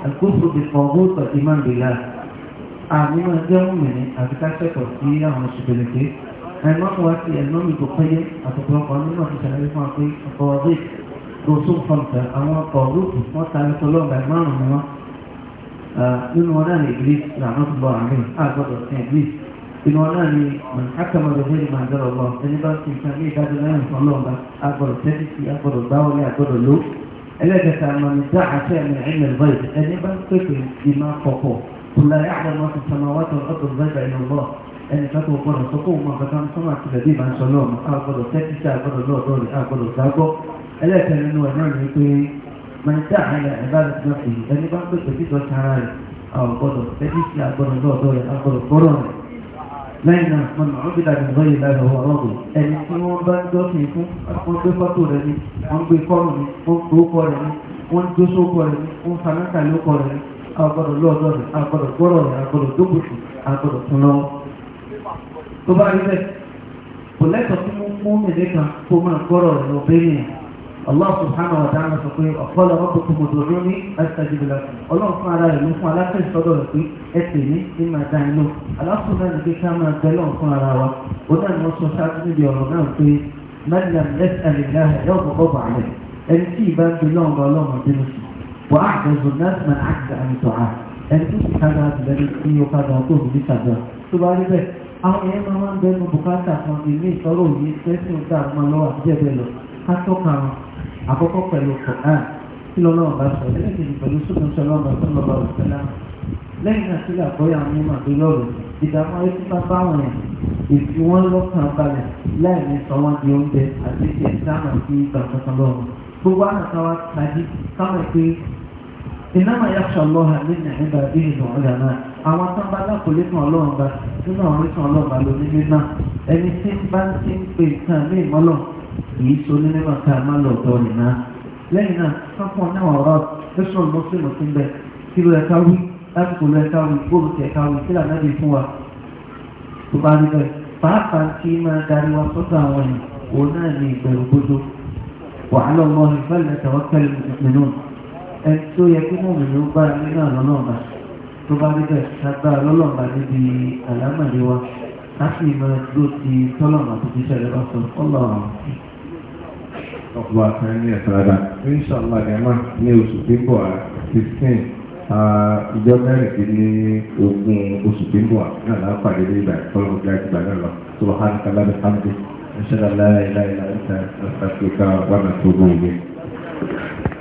àgbófò bí ọgbọ́n tó ti máa ń bèèrè àmì máa jẹ́ òmìnir àti káṣẹ́kọ̀ọ́ sí àwọn ṣùgbẹ̀lẹ̀kẹ́ ẹ̀mọ́ wa ti ẹ̀mọ́ mi kò péye àtọ̀pọ̀lọpọ̀ nínú àti ṣàlàyé fún wa pé ọkọ̀ ọdún gbòsó fọ̀ǹtà àwọn ọkọ̀ ọdún Ah, nínú wọn náà ní iblis làwọn tó bọ àmì àgbọdọ sí iblis nínú wọn náà ní akama lóde ní màdàlọ lọ ẹni bá ti nǹkan ní ìdájọ́ náà nǹkan lọọba àgbọdọ tẹbi sí àgbọdọ gbáwọlé àgbọdọ ló ẹlẹgẹta àmàlẹ dá àṣẹ àmì ẹmẹ báyìí ẹni bá ń pèpè ìmọ àkọ́kọ́ kùlà yà àdàmọ ti sọmọ wàtò ọtò bẹbẹ ẹni lọ ẹni ká tó gbọ́dọ̀ sọ fún ọmọ kankan sọmọ àti bẹbí ìbá ń sọ máa dá àyà ìbára tó ṣe ẹni bá ń pè pé títọ́ sára rẹ̀ àwọn gbọ́dọ̀ tẹ́tí sí agbọ́dọ̀ lọ́dọ̀ rẹ̀ agbọ́dọ̀ gbọ́dọ̀ rẹ̀ lẹ́yìn náà wọn náà wọ́n bílá ìgbọ́ yìí lára ọwọ́ ọ̀gbìn ẹni tí wọ́n bá ń jọ́sìn fún wọ́n gbé fọ́tò rẹ̀ ni wọ́n gbé fọ́ọ̀mù ni wọ́n gbókọ rẹ̀ ni wọ́n jó sókọ rẹ̀ ni wọ́n fanáta lókọ rẹ̀ ni agbọ́dọ̀ lọ́ọ̀dọ̀ rẹ̀ agbọ́dọ̀ gbọ́rọ̀ rẹ̀ agbọ́dọ̀ dókòtò agbọ́dọ̀ tún lọ́wọ́. tó bá rí bẹ́ẹ̀ kò lẹ́tọ̀ọ́ fún mú mú Allah subhanahu wa ta'ala sọ pé ọ̀pọ̀lọ̀ ọ̀pọ̀ tó mọ̀ dòdó ní ẹ̀sìtàjìbì lọ́sùn. Ọlọ́run fún ara ìlú fún aláṣẹ́sì sọ́dọ̀ rẹ̀ pé ẹ̀sẹ̀ ní ní máa dá inú. Aláṣọ náà ní pé ká máa bẹ lọ́run fún ara wa. Ó náà ni wọ́n sọ ṣáájú níbi ọ̀rọ̀ náà pé Mẹ́lẹ̀m ẹ̀sìtàjìbìláhà yóò kọ́kọ́ bà rẹ̀. Ẹni tí ìbá ń bi lọ́run bá ọlọ́run dínú sí. Wà á àgbẹ̀zọ náà máa àgbà àmì tọ̀ha. Ẹni tó sì kága àtìlẹ́yìn tí ó kága tó òbí sàgbà. Tó bá rí bẹ́ẹ̀, àwọn èèyàn máa ń bẹnu bùkátà kan ìní ìsọ̀rọ̀ òní, ìfẹ́ sí ìta àmọ́ lọ́wọ́ àti bẹ́ẹ̀ bẹ́ẹ̀ lọ. Ká tọ́ka wọn àkọ́kọ́ pẹ̀lú kọ̀ọ̀án tí lọ́lọ́wọ́ bá sọ ẹlẹ́kẹ̀ẹ́ pẹ̀lú sọ́dọ̀tọ̀ lọ́wọ́ bá sọ́dọ̀ bá òṣèlá lẹ́yìn náà sílẹ̀ àkọ́yà àwọn onímọ̀ àti lọ́rọ̀ ìdààmú ayé tó bá bá wọn yẹn ìfi wọn lọ́kàn balẹ̀ láìní sọ wọn di oúnjẹ àti ìṣe ìdáná sí ìgbà kankan lọ́rùn gbogbo àwọn kan wá tají káwọn pé ìnáwó ayáṣọ lọ́ha nínú ìgbà bíi ìdùnnú náà àwọn tó ń bá lákòólé fún ọlọ́run bá nínú àwọn orísun ọlọ́run bá lónìí náà ẹni tí ń ti ń pè nǹkan ní ìmọ́lọ́run kìí sóní nígbà tá a máa lọ ọ̀dọ́ rẹ̀ náà lẹ́yìn náà sáfọ̀ náà ọ̀rọ̀ ẹ̀sùn mọ́sílẹ̀ tó ń bẹ kí ló ẹ̀ka wí lásìkò ló ẹ̀ka wí bóòlù tẹ̀ ẹ̀ka wí sílẹ̀ náà lè fún wa tó bá rí bẹ́ẹ̀ pàápàá tí máa darí wa sọ́dọ̀ àwọn yìí òun náà ní ìbẹ̀rù gbódò wàhálà ọmọ ìfẹ́lẹ̀ tẹ̀wọ́ kẹ́lẹ̀ mìíràn ẹ̀ tó yẹ kí mọ̀ mìíràn bá ọkùnrin àti ẹni ẹ̀sàràdà inṣàlá ẹ̀mà ní oṣù tí ń bọ̀ à 15 ìjọ mẹ́rìndín ní ogún oṣù tí ń bọ̀ à náà lápàdé ní ìgbà ìfọlọ́mọ bí àti ìgbà náà lọ tó wà hàn kálá ní sáńdé ẹ̀ṣẹ́ lálẹ́ ìlà